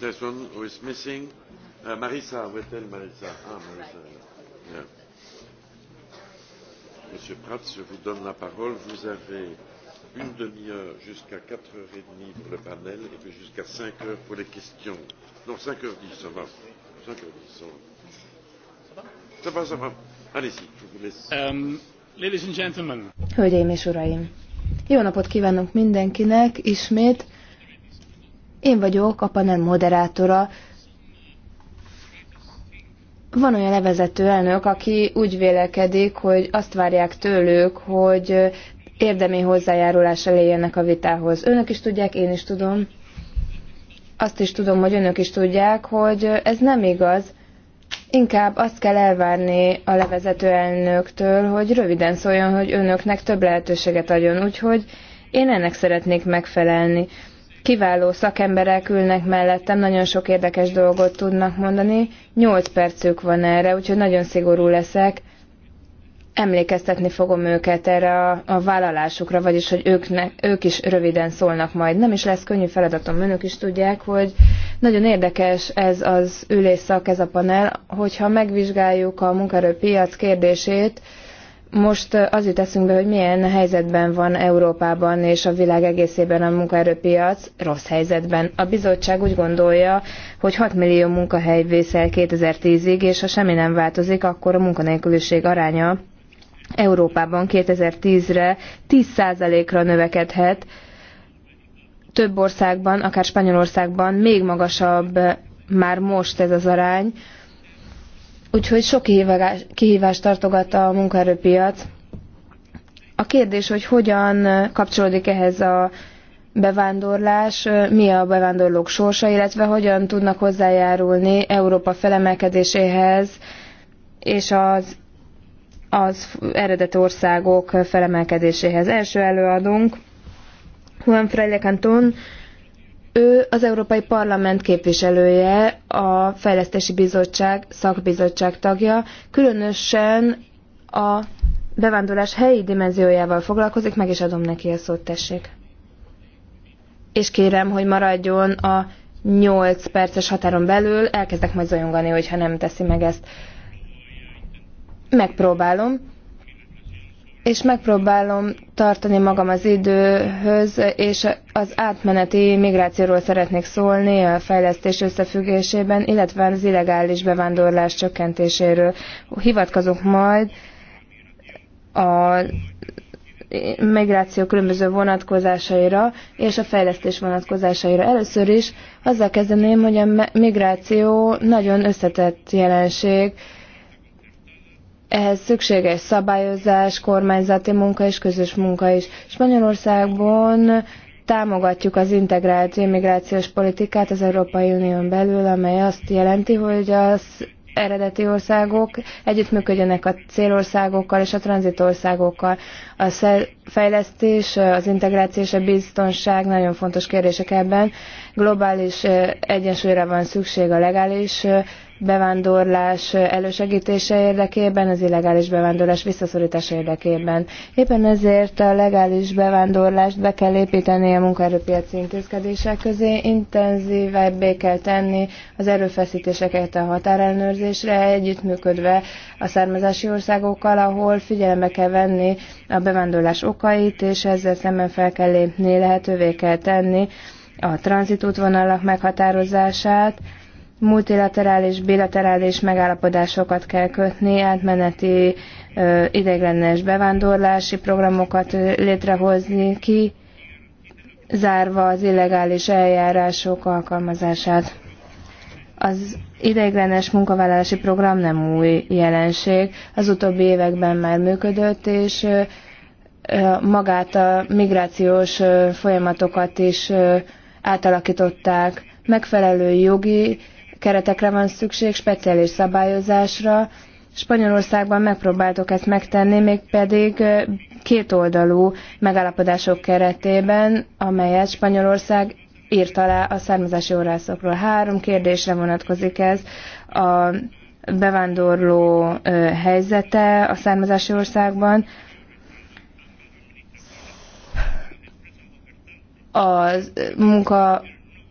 This one who is missing. Uh, où est-elle, Marisa Ah, Marisa. Yeah. Monsieur Prats, je vous donne la parole. Vous avez une demi-heure jusqu'à 4h30 pour le panel et puis jusqu'à 5h pour les questions. Non, 5h10, ça va. 5h10, ça va. Ça va, ça va. Allez-y, je vous laisse. Um, ladies and gentlemen. Hölgyeim és uraim, jó napot kívánok mindenkinek ismét. Én vagyok a panel moderátora, van olyan levezető elnök, aki úgy vélekedik, hogy azt várják tőlük, hogy érdemi hozzájárulás éljenek a vitához. Önök is tudják, én is tudom. Azt is tudom, hogy önök is tudják, hogy ez nem igaz. Inkább azt kell elvárni a levezető elnöktől, hogy röviden szóljon, hogy önöknek több lehetőséget adjon. Úgyhogy én ennek szeretnék megfelelni. Kiváló szakemberek ülnek mellettem, nagyon sok érdekes dolgot tudnak mondani. Nyolc percük van erre, úgyhogy nagyon szigorú leszek. Emlékeztetni fogom őket erre a, a vállalásukra, vagyis, hogy ne, ők is röviden szólnak majd. Nem is lesz könnyű feladatom, önök is tudják, hogy nagyon érdekes ez az ülésszak, ez a panel, hogyha megvizsgáljuk a munkaerőpiac kérdését, most az jut eszünkbe, hogy milyen helyzetben van Európában és a világ egészében a munkaerőpiac, rossz helyzetben. A bizottság úgy gondolja, hogy 6 millió munkahely vészel 2010-ig, és ha semmi nem változik, akkor a munkanélküliség aránya Európában 2010-re 10%-ra növekedhet, több országban, akár Spanyolországban még magasabb már most ez az arány, Úgyhogy sok kihívás, kihívást tartogat a munkaerőpiac. A kérdés, hogy hogyan kapcsolódik ehhez a bevándorlás, mi a bevándorlók sorsa, illetve hogyan tudnak hozzájárulni Európa felemelkedéséhez és az, az eredet országok felemelkedéséhez. Első előadunk. Juan Freile Canton, ő az Európai Parlament képviselője, a Fejlesztési Bizottság, szakbizottság tagja, különösen a bevándorlás helyi dimenziójával foglalkozik, meg is adom neki a szót, tessék. És kérem, hogy maradjon a 8 perces határon belül, elkezdek majd zajongani, hogyha nem teszi meg ezt. Megpróbálom és megpróbálom tartani magam az időhöz, és az átmeneti migrációról szeretnék szólni a fejlesztés összefüggésében, illetve az illegális bevándorlás csökkentéséről. Hivatkozunk majd a migráció különböző vonatkozásaira és a fejlesztés vonatkozásaira. Először is azzal kezdeném, hogy a migráció nagyon összetett jelenség, ehhez szükséges szabályozás, kormányzati munka és közös munka is. Spanyolországban támogatjuk az integrált immigrációs politikát az Európai Unión belül, amely azt jelenti, hogy az eredeti országok együttműködjenek a célországokkal és a tranzitországokkal. A fejlesztés, az integráció és a biztonság nagyon fontos kérdések ebben. Globális egyensúlyra van szükség a legális bevándorlás elősegítése érdekében, az illegális bevándorlás visszaszorítása érdekében. Éppen ezért a legális bevándorlást be kell építeni a munkaerőpiaci intézkedések közé, intenzívebbé kell tenni az erőfeszítéseket a határellenőrzésre, együttműködve a származási országokkal, ahol figyelembe kell venni a bevándorlás okait, és ezzel szemben fel kell lépni, lehetővé kell tenni a tranzitútvonalak meghatározását, multilaterális, bilaterális megállapodásokat kell kötni, átmeneti ideiglenes bevándorlási programokat létrehozni ki, zárva az illegális eljárások alkalmazását. Az ideiglenes munkavállalási program nem új jelenség, az utóbbi években már működött, és magát a migrációs folyamatokat is átalakították. Megfelelő jogi keretekre van szükség, speciális szabályozásra. Spanyolországban megpróbáltok ezt megtenni, mégpedig kétoldalú megállapodások keretében, amelyet Spanyolország írt alá a származási orrászokról. Három kérdésre vonatkozik ez. A bevándorló helyzete a származási országban, a munka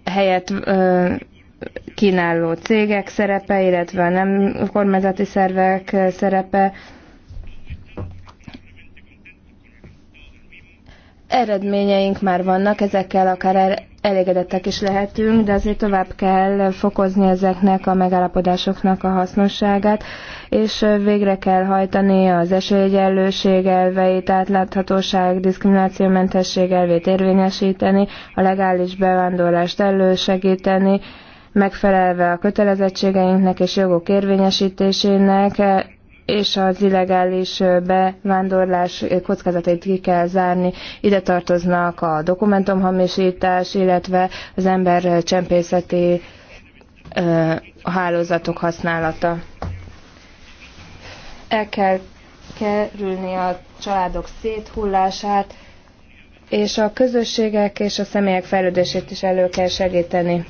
helyet kínáló cégek szerepe, illetve a nem kormányzati szervek szerepe. Eredményeink már vannak, ezekkel akár elégedettek is lehetünk, de azért tovább kell fokozni ezeknek a megállapodásoknak a hasznosságát, és végre kell hajtani az esélyegyenlőség elveit, átláthatóság, diszkriminációmentesség elvét érvényesíteni, a legális bevándorlást elősegíteni, megfelelve a kötelezettségeinknek és jogok érvényesítésének, és az illegális bevándorlás kockázatait ki kell zárni. Ide tartoznak a dokumentumhamisítás, illetve az ember csempészeti a hálózatok használata. El kell kerülni a családok széthullását, és a közösségek és a személyek fejlődését is elő kell segíteni.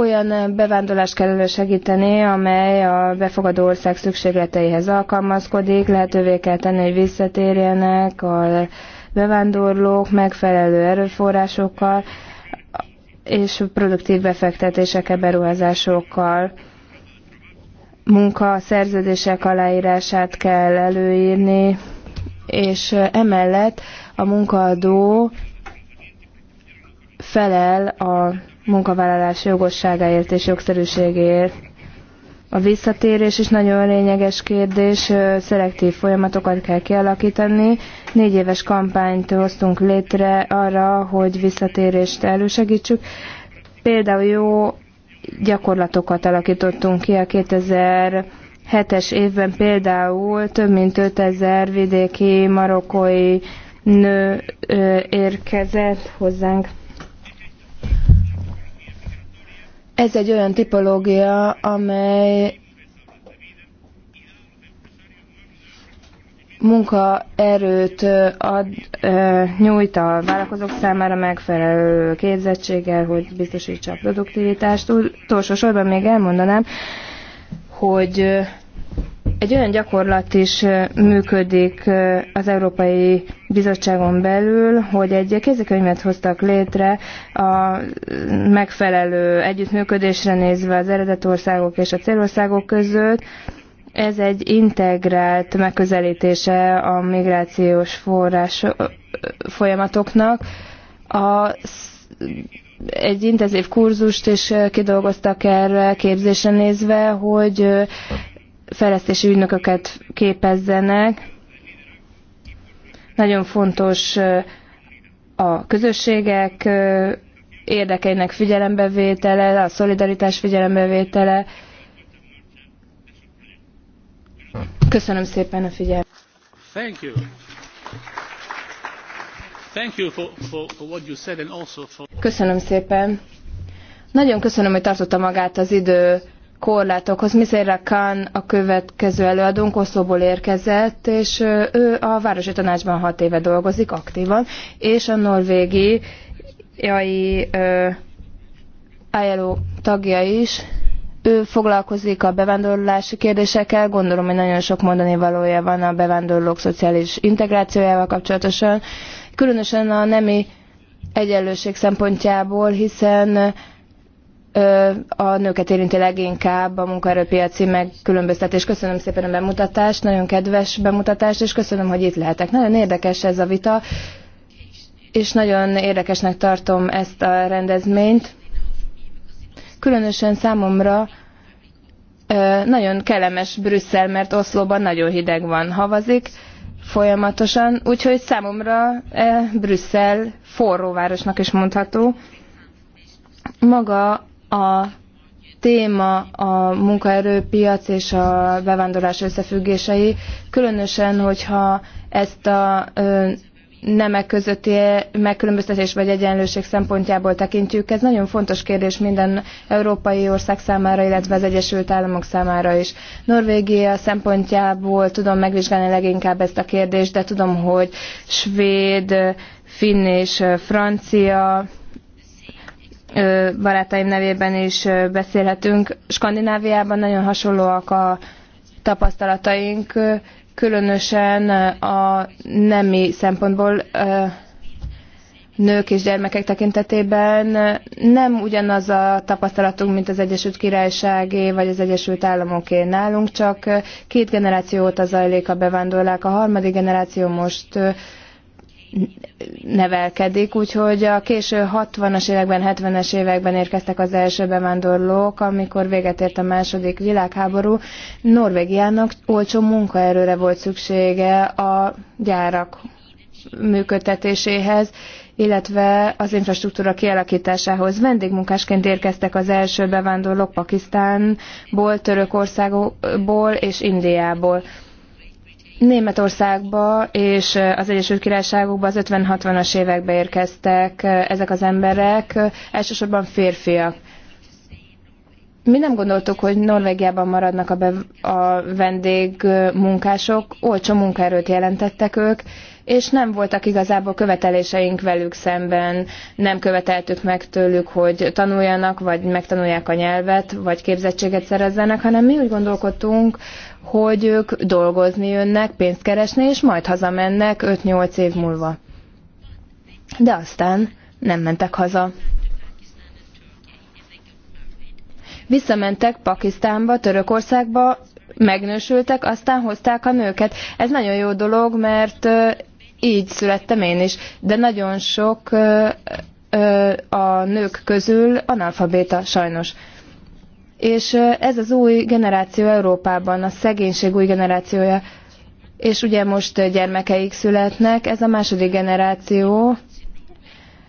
olyan bevándorlást kellene segíteni, amely a befogadó ország szükségleteihez alkalmazkodik, lehetővé kell tenni, hogy visszatérjenek a bevándorlók megfelelő erőforrásokkal és produktív befektetésekkel, beruházásokkal munka szerződések aláírását kell előírni, és emellett a munkaadó felel a munkavállalás jogosságáért és jogszerűségéért. A visszatérés is nagyon lényeges kérdés, szelektív folyamatokat kell kialakítani. Négy éves kampányt hoztunk létre arra, hogy visszatérést elősegítsük. Például jó gyakorlatokat alakítottunk ki a 2007-es évben például több mint 5000 vidéki marokkói nő érkezett hozzánk Ez egy olyan tipológia, amely munkaerőt ad, nyújt a vállalkozók számára megfelelő képzettséggel, hogy biztosítsa a produktivitást. Utolsó sorban még elmondanám, hogy egy olyan gyakorlat is működik az Európai Bizottságon belül, hogy egy kézikönyvet hoztak létre a megfelelő együttműködésre nézve az eredetországok és a célországok között. Ez egy integrált megközelítése a migrációs forrás folyamatoknak. A egy intenzív kurzust is kidolgoztak erre képzésre nézve, hogy fejlesztési ügynököket képezzenek. Nagyon fontos a közösségek érdekeinek figyelembevétele, a szolidaritás figyelembevétele. Köszönöm szépen a figyelmet. Thank you. Thank you for, for what you said and also for... Köszönöm szépen. Nagyon köszönöm, hogy tartotta magát az idő korlátokhoz. Mizéra Khan a következő előadónk Oszlóból érkezett, és ő a Városi Tanácsban hat éve dolgozik aktívan, és a norvégi jai ILO tagja is. Ő foglalkozik a bevándorlási kérdésekkel, gondolom, hogy nagyon sok mondani valója van a bevándorlók szociális integrációjával kapcsolatosan, különösen a nemi egyenlőség szempontjából, hiszen a nőket érinti leginkább a munkaerőpiaci megkülönböztetés. Köszönöm szépen a bemutatást, nagyon kedves bemutatást, és köszönöm, hogy itt lehetek. Nagyon érdekes ez a vita, és nagyon érdekesnek tartom ezt a rendezményt. Különösen számomra nagyon kellemes Brüsszel, mert Oszlóban nagyon hideg van, havazik folyamatosan, úgyhogy számomra Brüsszel forró városnak is mondható. Maga a téma a munkaerőpiac és a bevándorlás összefüggései, különösen, hogyha ezt a nemek közötti e, megkülönböztetés vagy egyenlőség szempontjából tekintjük. Ez nagyon fontos kérdés minden európai ország számára, illetve az Egyesült Államok számára is. Norvégia szempontjából tudom megvizsgálni leginkább ezt a kérdést, de tudom, hogy svéd, finn és francia barátaim nevében is beszélhetünk. Skandináviában nagyon hasonlóak a tapasztalataink, különösen a nemi szempontból nők és gyermekek tekintetében nem ugyanaz a tapasztalatunk, mint az Egyesült Királyságé vagy az Egyesült Államoké nálunk, csak két generáció óta zajlik a bevándorlás, a harmadik generáció most nevelkedik, úgyhogy a késő 60-as években, 70-es években érkeztek az első bevándorlók, amikor véget ért a második világháború. Norvégiának olcsó munkaerőre volt szüksége a gyárak működtetéséhez, illetve az infrastruktúra kialakításához. Vendégmunkásként érkeztek az első bevándorlók Pakisztánból, Törökországból és Indiából. Németországba és az Egyesült Királyságokba az 50-60-as évekbe érkeztek ezek az emberek, elsősorban férfiak. Mi nem gondoltuk, hogy Norvégiában maradnak a, be, a munkások, olcsó munkaerőt jelentettek ők, és nem voltak igazából követeléseink velük szemben, nem követeltük meg tőlük, hogy tanuljanak, vagy megtanulják a nyelvet, vagy képzettséget szerezzenek, hanem mi úgy gondolkodtunk, hogy ők dolgozni jönnek, pénzt keresni, és majd hazamennek 5-8 év múlva. De aztán nem mentek haza. Visszamentek Pakisztánba, Törökországba, megnősültek, aztán hozták a nőket. Ez nagyon jó dolog, mert így születtem én is, de nagyon sok a nők közül analfabéta sajnos és ez az új generáció Európában, a szegénység új generációja, és ugye most gyermekeik születnek, ez a második generáció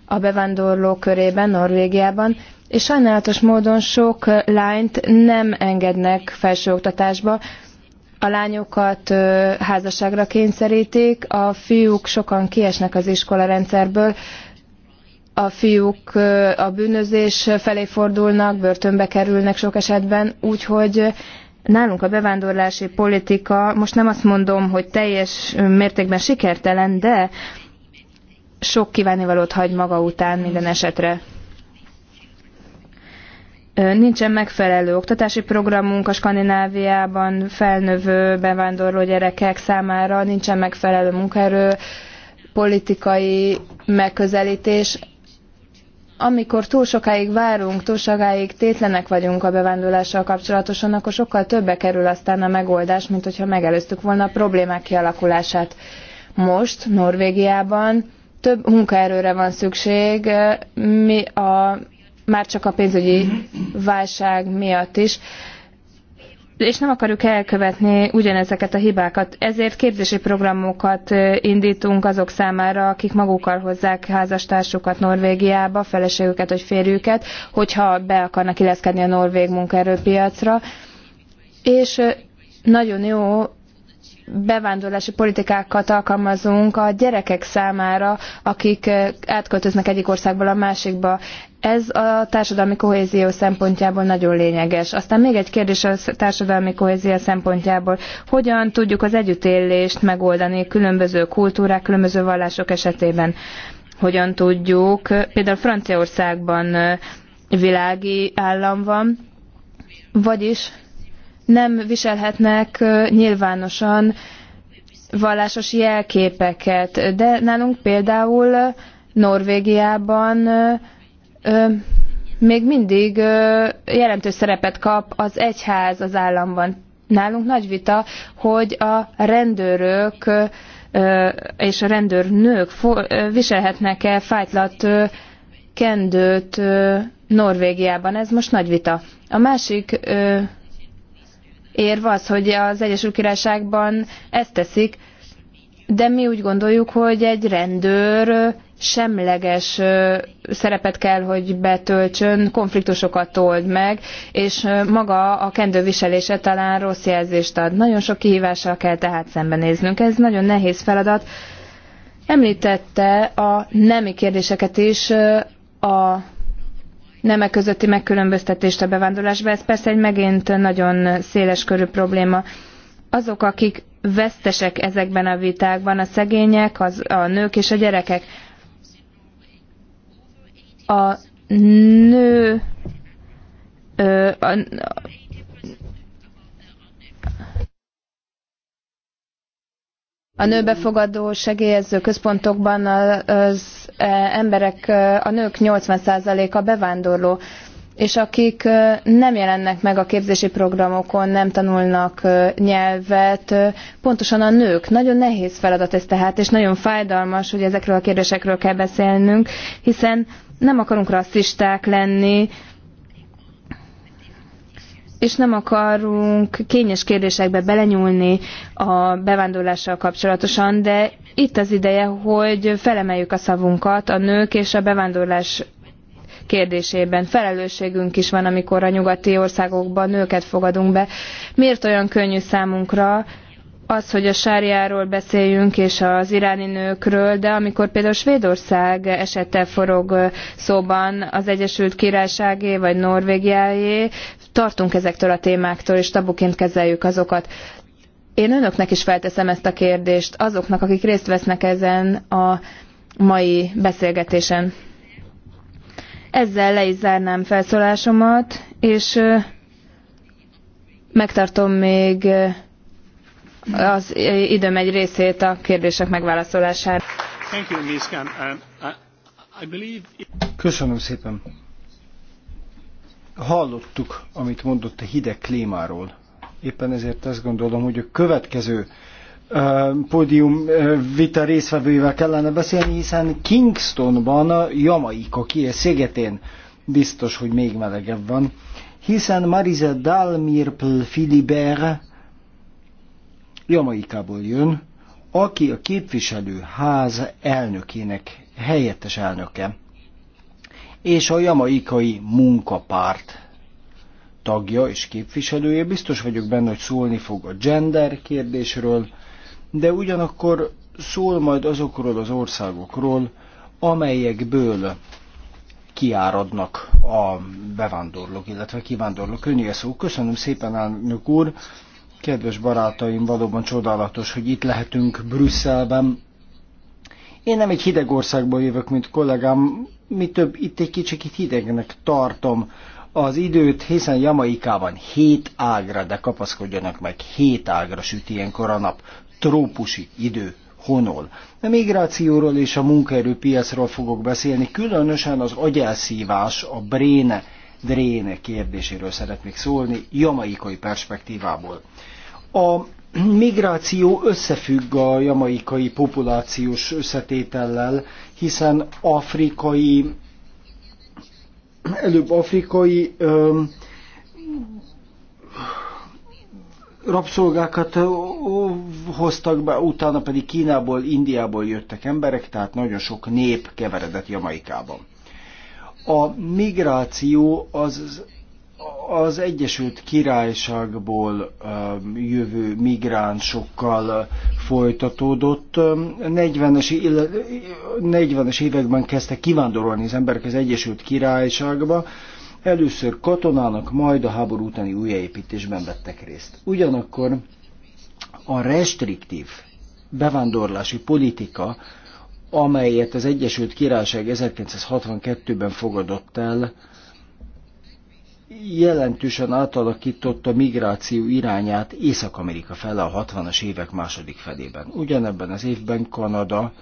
a bevándorló körében, Norvégiában, és sajnálatos módon sok lányt nem engednek felsőoktatásba, a lányokat házasságra kényszerítik, a fiúk sokan kiesnek az iskolarendszerből, a fiúk a bűnözés felé fordulnak, börtönbe kerülnek sok esetben, úgyhogy nálunk a bevándorlási politika, most nem azt mondom, hogy teljes mértékben sikertelen, de sok kívánivalót hagy maga után minden esetre. Nincsen megfelelő oktatási programunk a Skandináviában felnövő bevándorló gyerekek számára, nincsen megfelelő munkaerő, politikai megközelítés amikor túl sokáig várunk, túl sokáig tétlenek vagyunk a bevándorlással kapcsolatosan, akkor sokkal többe kerül aztán a megoldás, mint hogyha megelőztük volna a problémák kialakulását. Most Norvégiában több munkaerőre van szükség, eh, mi a, már csak a pénzügyi mhm. válság miatt is és nem akarjuk elkövetni ugyanezeket a hibákat. Ezért képzési programokat indítunk azok számára, akik magukkal hozzák házastársukat Norvégiába, feleségüket vagy férjüket, hogyha be akarnak illeszkedni a norvég munkaerőpiacra. És nagyon jó bevándorlási politikákat alkalmazunk a gyerekek számára, akik átköltöznek egyik országból a másikba. Ez a társadalmi kohézió szempontjából nagyon lényeges. Aztán még egy kérdés a társadalmi kohézió szempontjából. Hogyan tudjuk az együttélést megoldani különböző kultúrák, különböző vallások esetében? Hogyan tudjuk, például Franciaországban világi állam van, vagyis nem viselhetnek nyilvánosan vallásos jelképeket. De nálunk például Norvégiában még mindig jelentős szerepet kap az egyház az államban. Nálunk nagy vita, hogy a rendőrök és a rendőrnők viselhetnek-e fájtlat kendőt Norvégiában. Ez most nagy vita. A másik érv az, hogy az Egyesült Királyságban ezt teszik, de mi úgy gondoljuk, hogy egy rendőr semleges szerepet kell, hogy betöltsön, konfliktusokat old meg, és maga a kendőviselése talán rossz jelzést ad. Nagyon sok kihívással kell tehát szembenéznünk. Ez nagyon nehéz feladat. Említette a nemi kérdéseket is a nemek közötti megkülönböztetést a bevándorlásba. Ez persze egy megint nagyon széles körű probléma. Azok, akik vesztesek ezekben a vitákban, a szegények, az, a nők és a gyerekek. A nő a, a nőbefogadó segélyező központokban az e, emberek, e, a nők 80%-a bevándorló, és akik e, nem jelennek meg a képzési programokon, nem tanulnak nyelvet, pontosan a nők. Nagyon nehéz feladat ez tehát, és nagyon fájdalmas, hogy ezekről a kérdésekről kell beszélnünk, hiszen nem akarunk rasszisták lenni, és nem akarunk kényes kérdésekbe belenyúlni a bevándorlással kapcsolatosan, de itt az ideje, hogy felemeljük a szavunkat a nők és a bevándorlás kérdésében. Felelősségünk is van, amikor a nyugati országokban nőket fogadunk be. Miért olyan könnyű számunkra, az, hogy a sárjáról beszéljünk és az iráni nőkről, de amikor például Svédország esete forog szóban az Egyesült Királyságé vagy Norvégiáé, tartunk ezektől a témáktól, és tabuként kezeljük azokat. Én önöknek is felteszem ezt a kérdést, azoknak, akik részt vesznek ezen a mai beszélgetésen. Ezzel le is zárnám felszólásomat, és megtartom még az időm egy részét a kérdések megválaszolására. Uh, Köszönöm szépen. Hallottuk, amit mondott a hideg klímáról. Éppen ezért azt gondolom, hogy a következő uh, pódium uh, vita részvevőivel kellene beszélni, hiszen Kingstonban, Jamaika kies szigetén biztos, hogy még melegebb van, hiszen Marise Dalmirpl Filibert Jamaikából jön, aki a ház elnökének helyettes elnöke, és a jamaikai munkapárt tagja és képviselője. Biztos vagyok benne, hogy szólni fog a gender kérdésről, de ugyanakkor szól majd azokról az országokról, amelyekből kiáradnak a bevándorlók, illetve kivándorlók. Önnyi szó. Köszönöm szépen, elnök úr. Kedves barátaim, valóban csodálatos, hogy itt lehetünk Brüsszelben. Én nem egy hideg országból jövök, mint kollégám, mi több, itt egy kicsit hidegnek tartom az időt, hiszen Jamaikában hét ágra, de kapaszkodjanak meg, hét ágra süt ilyenkor a nap. Trópusi idő, honol. A migrációról és a munkaerőpiacról fogok beszélni, különösen az agyelszívás, a bréne Dréne kérdéséről szeretnék szólni, jamaikai perspektívából. A migráció összefügg a jamaikai populációs összetétellel, hiszen afrikai, előbb afrikai öm, rabszolgákat hoztak be, utána pedig Kínából, Indiából jöttek emberek, tehát nagyon sok nép keveredett Jamaikában. A migráció az az Egyesült Királyságból um, jövő migránsokkal folytatódott. 40-es, 40-es években kezdte kivándorolni az emberek az Egyesült Királyságba. Először katonának, majd a háború utáni újjáépítésben vettek részt. Ugyanakkor a restriktív bevándorlási politika amelyet az Egyesült Királyság 1962-ben fogadott el, jelentősen átalakította migráció irányát Észak-Amerika fele a 60-as évek második felében. Ugyanebben az évben Kanada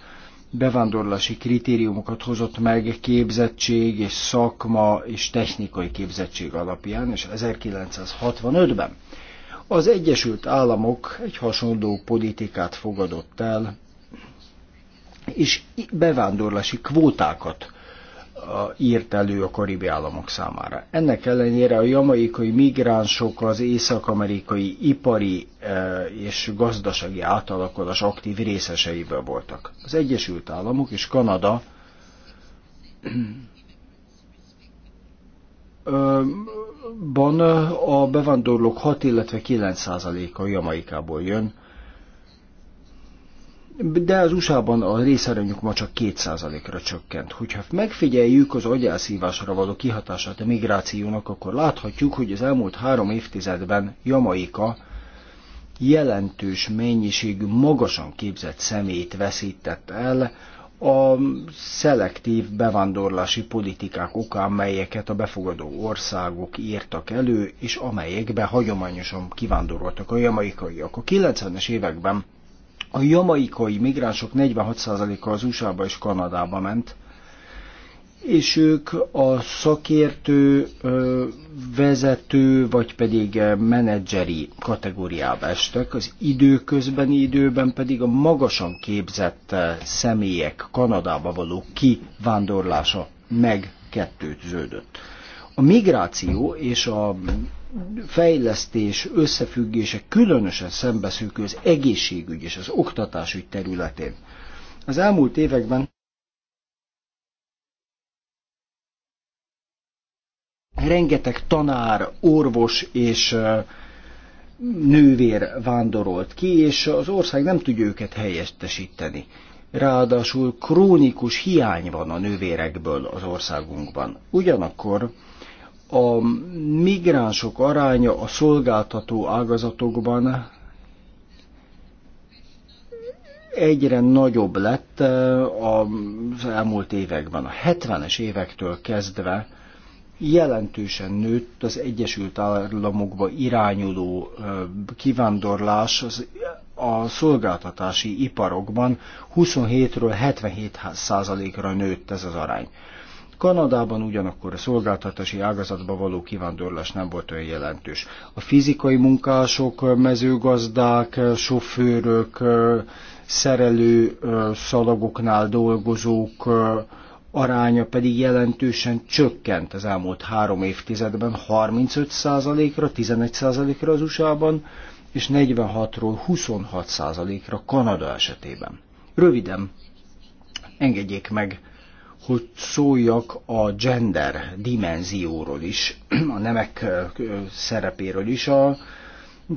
bevándorlási kritériumokat hozott meg képzettség és szakma és technikai képzettség alapján, és 1965-ben az Egyesült Államok egy hasonló politikát fogadott el, és bevándorlási kvótákat írt elő a karibi államok számára. Ennek ellenére a jamaikai migránsok az észak-amerikai ipari e, és gazdasági átalakulás aktív részeseiből voltak. Az Egyesült Államok és Kanada ban a bevándorlók 6, illetve 9 a Jamaikából jön, de az USA-ban a részarányuk ma csak 2%-ra csökkent. Hogyha megfigyeljük az agyelszívásra való kihatását a migrációnak, akkor láthatjuk, hogy az elmúlt három évtizedben Jamaika jelentős mennyiségű magasan képzett személyt veszített el a szelektív bevándorlási politikák okán, melyeket a befogadó országok írtak elő, és amelyekbe hagyományosan kivándoroltak a jamaikaiak. A 90-es években a jamaikai migránsok 46%-a az USA-ba és Kanadába ment, és ők a szakértő, vezető, vagy pedig menedzseri kategóriába estek, az időközbeni időben pedig a magasan képzett személyek Kanadába való kivándorlása megkettőződött. A migráció és a fejlesztés összefüggése különösen szembeszűkül az egészségügy és az oktatásügy területén. Az elmúlt években rengeteg tanár, orvos és nővér vándorolt ki, és az ország nem tudja őket helyettesíteni. Ráadásul krónikus hiány van a nővérekből az országunkban. Ugyanakkor a migránsok aránya a szolgáltató ágazatokban egyre nagyobb lett eh, az elmúlt években. A 70-es évektől kezdve jelentősen nőtt az Egyesült Államokba irányuló eh, kivándorlás az, a szolgáltatási iparokban 27-ről 77 százalékra nőtt ez az arány. Kanadában ugyanakkor a szolgáltatási ágazatba való kivándorlás nem volt olyan jelentős. A fizikai munkások, mezőgazdák, sofőrök, szerelő szalagoknál dolgozók, aránya pedig jelentősen csökkent az elmúlt három évtizedben 35%-ra, 11%-ra az USA-ban, és 46-ról 26%-ra Kanada esetében. Röviden, engedjék meg, hogy szóljak a gender dimenzióról is, a nemek szerepéről is. A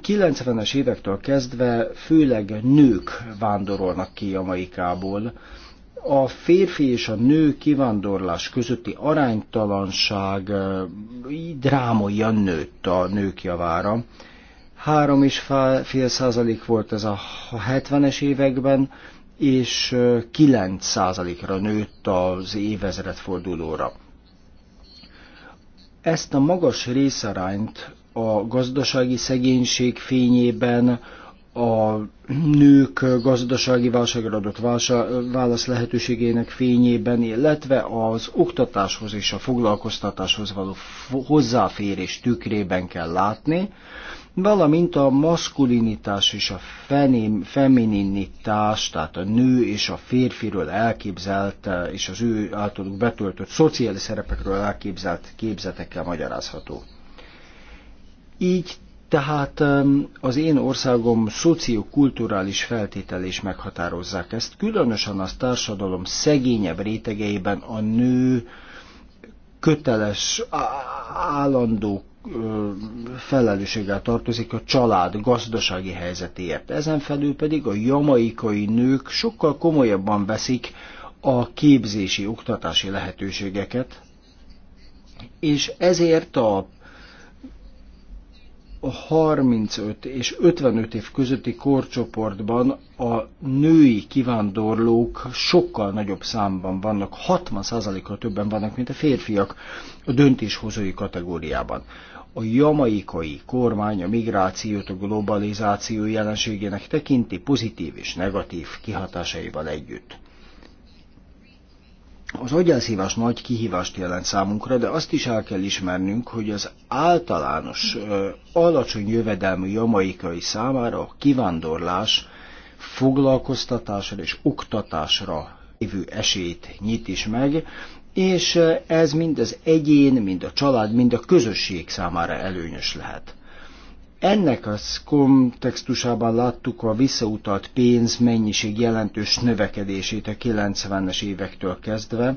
90-es évektől kezdve főleg nők vándorolnak ki Jamaikából. A férfi és a nő kivándorlás közötti aránytalanság drámaian nőtt a nők javára. 3,5 százalék volt ez a 70-es években, és 9%-ra nőtt az évezred fordulóra. Ezt a magas részarányt a gazdasági szegénység fényében a nők gazdasági válságra adott válasz lehetőségének fényében, illetve az oktatáshoz és a foglalkoztatáshoz való hozzáférés tükrében kell látni, valamint a maszkulinitás és a fenim, femininitás, tehát a nő és a férfiről elképzelt, és az ő általuk betöltött szociális szerepekről elképzelt képzetekkel magyarázható. Így tehát az én országom szociokulturális feltétel is meghatározzák ezt, különösen az társadalom szegényebb rétegeiben a nő köteles állandó felelősséggel tartozik a család gazdasági helyzetéért. Ezen felül pedig a jamaikai nők sokkal komolyabban veszik a képzési, oktatási lehetőségeket, és ezért a 35 és 55 év közötti korcsoportban a női kivándorlók sokkal nagyobb számban vannak, 60%-kal többen vannak, mint a férfiak a döntéshozói kategóriában a jamaikai kormány a migrációt a globalizáció jelenségének tekinti pozitív és negatív kihatásaival együtt. Az agyelszívás nagy kihívást jelent számunkra, de azt is el kell ismernünk, hogy az általános, alacsony jövedelmű jamaikai számára a kivándorlás foglalkoztatásra és oktatásra lévő esélyt nyit is meg, és ez mind az egyén, mind a család, mind a közösség számára előnyös lehet. Ennek az kontextusában láttuk a visszautalt pénz mennyiség jelentős növekedését a 90-es évektől kezdve.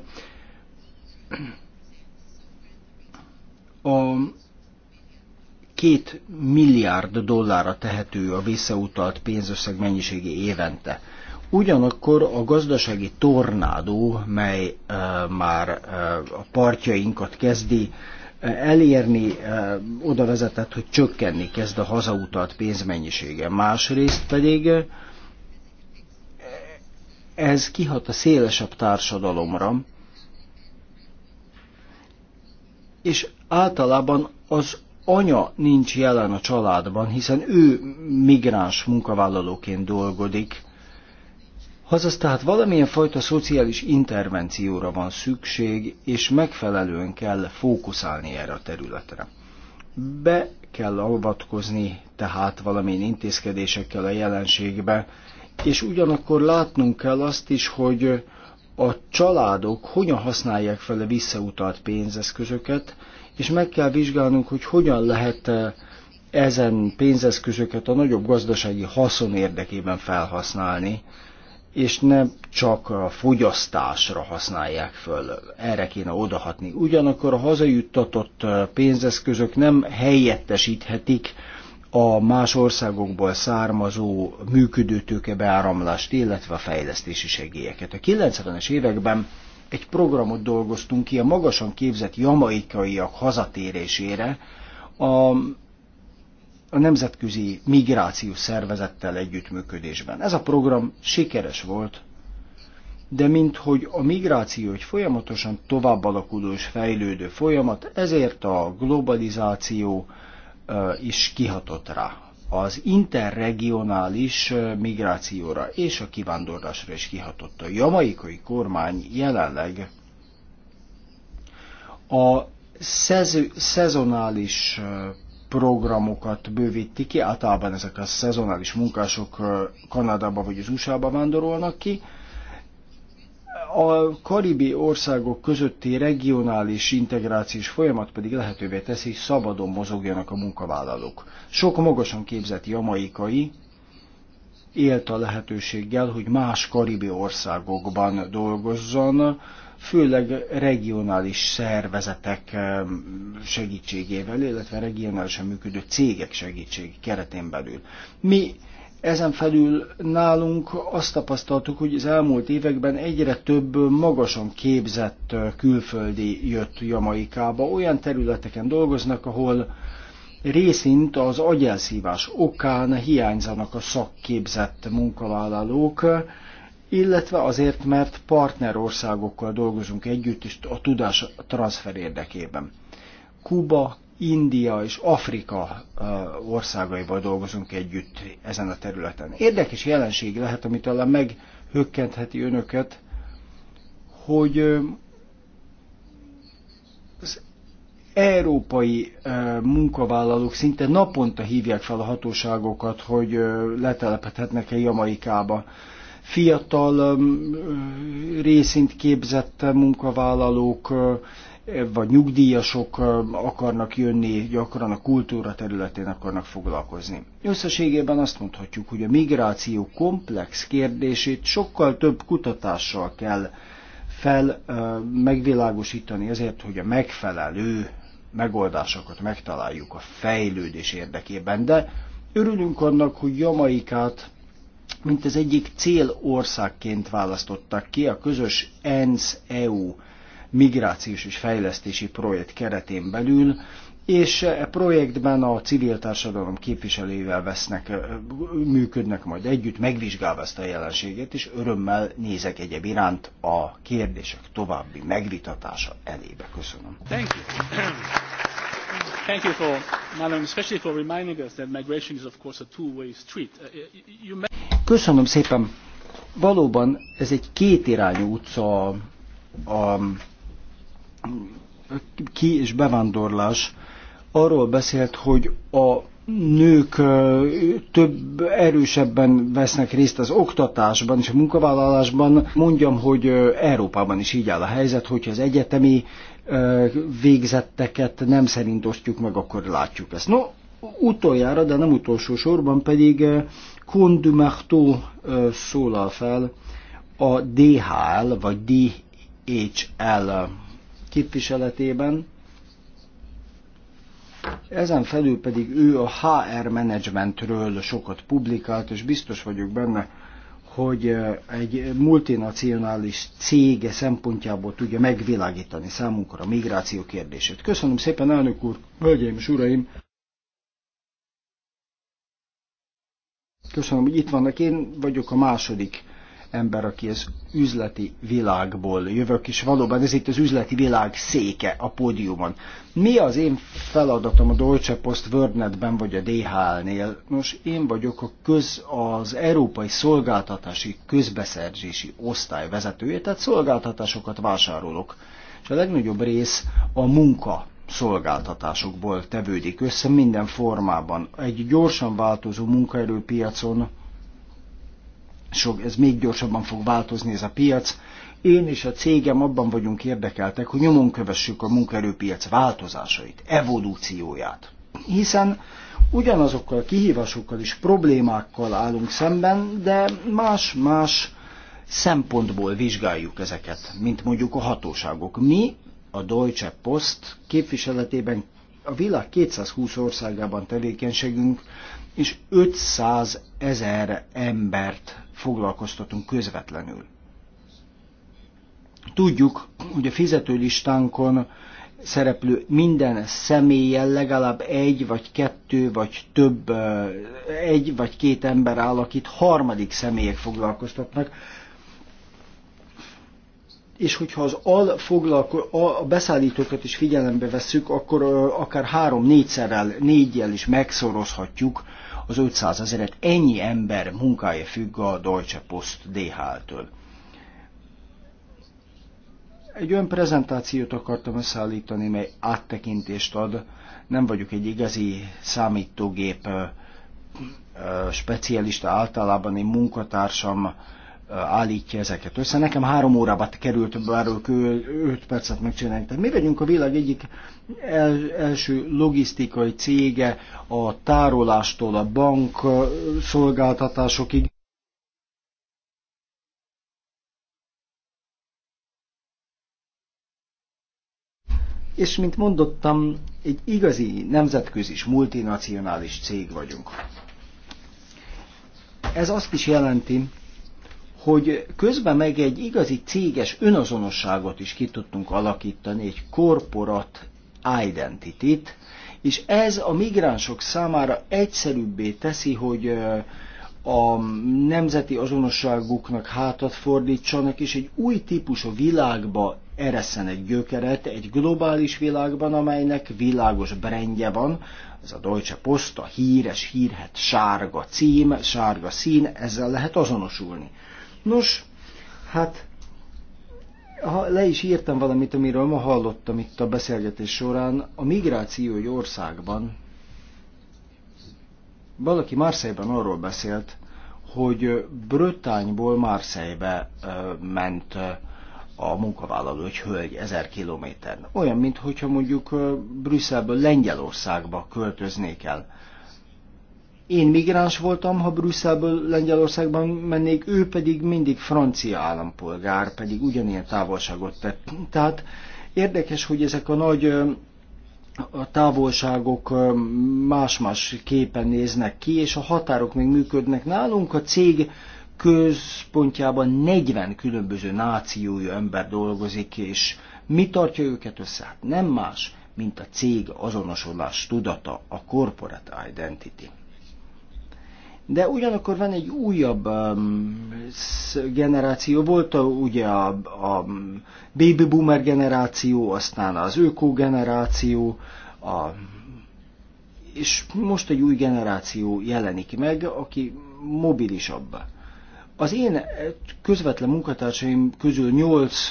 A két milliárd dollárra tehető a visszautalt pénzösszeg mennyisége évente. Ugyanakkor a gazdasági tornádó, mely e, már e, a partjainkat kezdi e, elérni, e, oda vezetett, hogy csökkenni kezd a hazautalt pénzmennyisége. Másrészt pedig ez kihat a szélesebb társadalomra, és általában az anya nincs jelen a családban, hiszen ő migráns munkavállalóként dolgozik, Azaz tehát valamilyen fajta szociális intervencióra van szükség, és megfelelően kell fókuszálni erre a területre. Be kell avatkozni tehát valamilyen intézkedésekkel a jelenségbe, és ugyanakkor látnunk kell azt is, hogy a családok hogyan használják fel a visszautalt pénzeszközöket, és meg kell vizsgálnunk, hogy hogyan lehet eh, ezen pénzeszközöket a nagyobb gazdasági haszon érdekében felhasználni, és nem csak a fogyasztásra használják föl, erre kéne odahatni. Ugyanakkor a hazajuttatott pénzeszközök nem helyettesíthetik a más országokból származó működőtőke beáramlást, illetve a fejlesztési segélyeket. A 90-es években egy programot dolgoztunk ki a magasan képzett jamaikaiak hazatérésére, a a Nemzetközi Migrációs Szervezettel együttműködésben. Ez a program sikeres volt, de minthogy a migráció egy folyamatosan tovább alakuló és fejlődő folyamat, ezért a globalizáció is kihatott rá. Az interregionális migrációra és a kivándorlásra is kihatott. A jamaikai kormány jelenleg a szezonális programokat bővíti ki, általában ezek a szezonális munkások Kanadába vagy az USA-ba vándorolnak ki. A karibi országok közötti regionális integrációs folyamat pedig lehetővé teszi, hogy szabadon mozogjanak a munkavállalók. Sok magasan képzett jamaikai élt a lehetőséggel, hogy más karibi országokban dolgozzon, főleg regionális szervezetek segítségével, illetve regionálisan működő cégek segítség keretén belül. Mi ezen felül nálunk azt tapasztaltuk, hogy az elmúlt években egyre több magasan képzett külföldi jött Jamaikába. Olyan területeken dolgoznak, ahol részint az agyelszívás okán hiányzanak a szakképzett munkavállalók, illetve azért, mert partnerországokkal dolgozunk együtt, is a tudás transfer érdekében. Kuba, India és Afrika eh, országaival dolgozunk együtt ezen a területen. Érdekes jelenség lehet, amit talán meghökkentheti önöket, hogy eh, az európai eh, munkavállalók szinte naponta hívják fel a hatóságokat, hogy letelepedhetnek-e Jamaikába fiatal részint képzett munkavállalók vagy nyugdíjasok akarnak jönni, gyakran a kultúra területén akarnak foglalkozni. Összességében azt mondhatjuk, hogy a migráció komplex kérdését sokkal több kutatással kell fel megvilágosítani azért, hogy a megfelelő megoldásokat megtaláljuk a fejlődés érdekében. De örülünk annak, hogy Jamaikát mint az egyik célországként választották ki a közös ENSZ-EU migrációs és fejlesztési projekt keretén belül, és e projektben a civil társadalom képviselőivel vesznek, működnek majd együtt, megvizsgálva ezt a jelenséget, és örömmel nézek egyéb iránt a kérdések további megvitatása elébe. Köszönöm. Thank you. Thank you for, Madam, especially for reminding us that migration is of course a two-way street. Uh, Köszönöm szépen. Valóban ez egy kétirányú utca a, a ki- és bevándorlás. Arról beszélt, hogy a nők több erősebben vesznek részt az oktatásban és a munkavállalásban. Mondjam, hogy Európában is így áll a helyzet, hogyha az egyetemi végzetteket nem szerint osztjuk meg, akkor látjuk ezt. No, utoljára, de nem utolsó sorban pedig Conde Marteau szólal fel a DHL vagy DHL képviseletében. Ezen felül pedig ő a HR managementről sokat publikált, és biztos vagyok benne, hogy egy multinacionális cége szempontjából tudja megvilágítani számunkra a migráció kérdését. Köszönöm szépen, elnök úr, hölgyeim és uraim! Köszönöm, hogy itt vannak. Én vagyok a második ember, aki az üzleti világból jövök, és valóban ez itt az üzleti világ széke a pódiumon. Mi az én feladatom a Deutsche Post WordNetben vagy a DHL-nél? Nos, én vagyok a köz, az Európai Szolgáltatási Közbeszerzési Osztály vezetője, tehát szolgáltatásokat vásárolok. És a legnagyobb rész a munka szolgáltatásokból tevődik össze minden formában. Egy gyorsan változó munkaerőpiacon sok, ez még gyorsabban fog változni ez a piac. Én és a cégem abban vagyunk érdekeltek, hogy nyomon kövessük a munkaerőpiac változásait, evolúcióját. Hiszen ugyanazokkal a kihívásokkal és problémákkal állunk szemben, de más-más szempontból vizsgáljuk ezeket, mint mondjuk a hatóságok. Mi a Deutsche Post képviseletében a világ 220 országában tevékenységünk, és 500 ezer embert foglalkoztatunk közvetlenül. Tudjuk, hogy a fizetőlistánkon szereplő minden személyen legalább egy vagy kettő vagy több, eh, egy vagy két ember áll, akit harmadik személyek foglalkoztatnak. És hogyha az al foglalko- a beszállítókat is figyelembe vesszük, akkor eh, akár három-négyszerrel, négyjel is megszorozhatjuk az 500 ezeret. Ennyi ember munkája függ a Deutsche Post dh től Egy olyan prezentációt akartam összeállítani, mely áttekintést ad. Nem vagyok egy igazi számítógép specialista, általában én munkatársam állítja ezeket össze. Nekem három órába került ők 5 percet megcsinálni. Tehát mi vagyunk a világ egyik el, első logisztikai cége a tárolástól a bank szolgáltatásokig. És mint mondottam, egy igazi nemzetközi és multinacionális cég vagyunk. Ez azt is jelenti, hogy közben meg egy igazi céges önazonosságot is ki tudtunk alakítani, egy korporat identity és ez a migránsok számára egyszerűbbé teszi, hogy a nemzeti azonosságuknak hátat fordítsanak, és egy új típusú világba egy gyökeret, egy globális világban, amelynek világos brendje van, ez a Deutsche Post, a híres, hírhet sárga cím, sárga szín, ezzel lehet azonosulni. Nos, hát ha le is írtam valamit, amiről ma hallottam itt a beszélgetés során. A migráció egy országban, valaki Marseille-ben arról beszélt, hogy Brötányból Marseille-be ment a munkavállaló egy hölgy ezer kilométeren. Olyan, mintha mondjuk Brüsszelből Lengyelországba költöznék el. Én migráns voltam, ha Brüsszelből Lengyelországban mennék, ő pedig mindig francia állampolgár, pedig ugyanilyen távolságot tett. Tehát érdekes, hogy ezek a nagy a távolságok más-más képen néznek ki, és a határok még működnek nálunk. A cég központjában 40 különböző nációjú ember dolgozik, és mi tartja őket össze? Hát nem más, mint a cég azonosulás tudata, a corporate identity. De ugyanakkor van egy újabb um, generáció, volt a, ugye a, a baby boomer generáció, aztán az öko generáció, a, és most egy új generáció jelenik meg, aki mobilisabb. Az én eh, közvetlen munkatársaim közül 8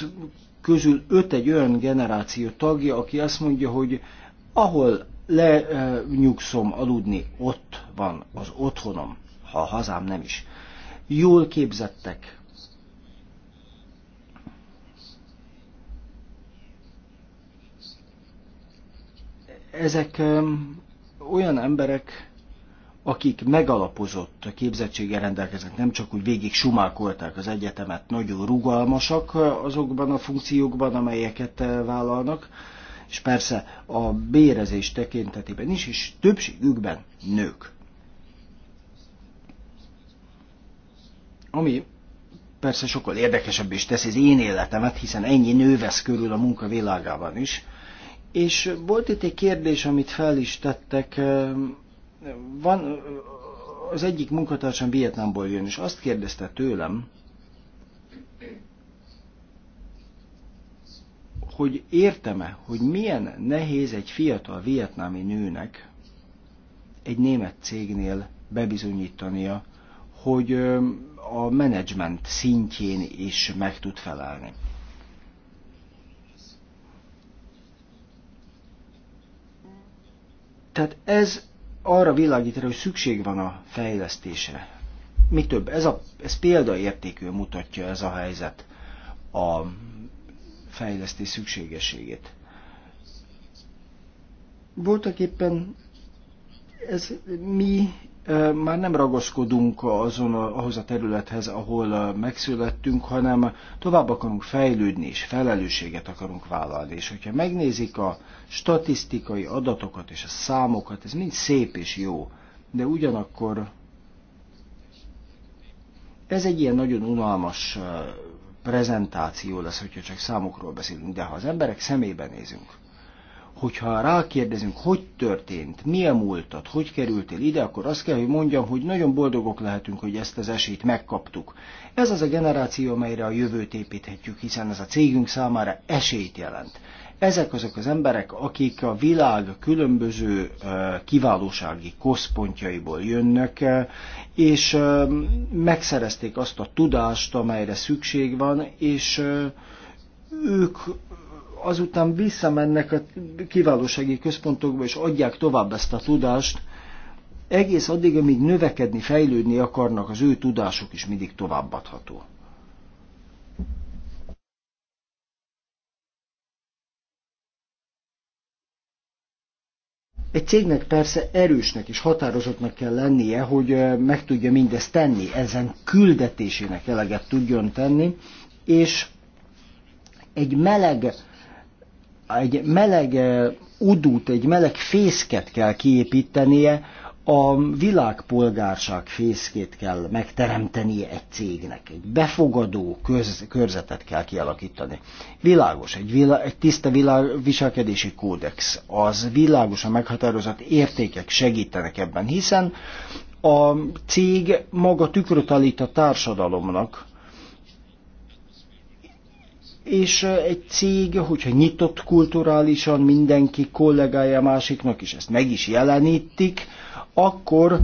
közül 5 egy olyan generáció tagja, aki azt mondja, hogy ahol lenyugszom eh, aludni, ott van az otthonom a hazám nem is. Jól képzettek, ezek olyan emberek, akik megalapozott képzettséggel rendelkeznek, nem csak úgy végig sumálkolták az egyetemet, nagyon rugalmasak azokban a funkciókban, amelyeket eh, vállalnak, és persze a bérezés tekintetében is, és többségükben nők. Ami persze sokkal érdekesebb is teszi az én életemet, hiszen ennyi nő vesz körül a munka világában is. És volt itt egy kérdés, amit fel is tettek. Van, az egyik munkatársam Vietnamból jön, és azt kérdezte tőlem, hogy értem-e, hogy milyen nehéz egy fiatal vietnámi nőnek egy német cégnél bebizonyítania, hogy a menedzsment szintjén is meg tud felelni. Tehát ez arra világít hogy szükség van a fejlesztésre. Mi több, ez, a, ez példaértékű mutatja ez a helyzet a fejlesztés szükségességét. Voltak éppen ez mi már nem ragaszkodunk azon ahhoz a területhez, ahol megszülettünk, hanem tovább akarunk fejlődni, és felelősséget akarunk vállalni. És hogyha megnézik a statisztikai adatokat és a számokat, ez mind szép és jó, de ugyanakkor ez egy ilyen nagyon unalmas prezentáció lesz, hogyha csak számokról beszélünk, de ha az emberek szemébe nézünk, hogyha rákérdezünk, hogy történt, milyen múltat, hogy kerültél ide, akkor azt kell, hogy mondjam, hogy nagyon boldogok lehetünk, hogy ezt az esélyt megkaptuk. Ez az a generáció, amelyre a jövőt építhetjük, hiszen ez a cégünk számára esélyt jelent. Ezek azok az emberek, akik a világ különböző kiválósági koszpontjaiból jönnek, és megszerezték azt a tudást, amelyre szükség van, és ők azután visszamennek a kiválósági központokba, és adják tovább ezt a tudást, egész addig, amíg növekedni, fejlődni akarnak, az ő tudásuk is mindig továbbadható. Egy cégnek persze erősnek és határozottnak kell lennie, hogy meg tudja mindezt tenni, ezen küldetésének eleget tudjon tenni, és egy meleg egy meleg eh, udút, egy meleg fészket kell kiépítenie, a világpolgárság fészkét kell megteremtenie egy cégnek, egy befogadó köz, körzetet kell kialakítani. Világos, egy, vilá, egy tiszta világ, viselkedési kódex, az világosan meghatározott értékek segítenek ebben, hiszen a cég maga tükröt állít a társadalomnak, és egy cég, hogyha nyitott kulturálisan mindenki kollégája másiknak, és ezt meg is jelenítik, akkor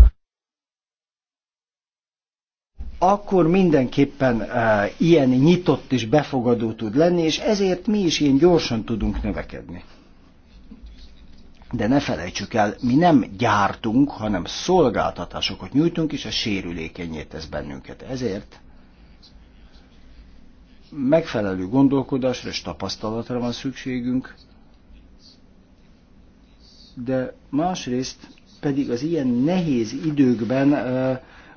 akkor mindenképpen e, ilyen nyitott és befogadó tud lenni, és ezért mi is ilyen gyorsan tudunk növekedni. De ne felejtsük el, mi nem gyártunk, hanem szolgáltatásokat nyújtunk, és a sérülékenyét tesz bennünket. Ezért megfelelő gondolkodásra és tapasztalatra van szükségünk, de másrészt pedig az ilyen nehéz időkben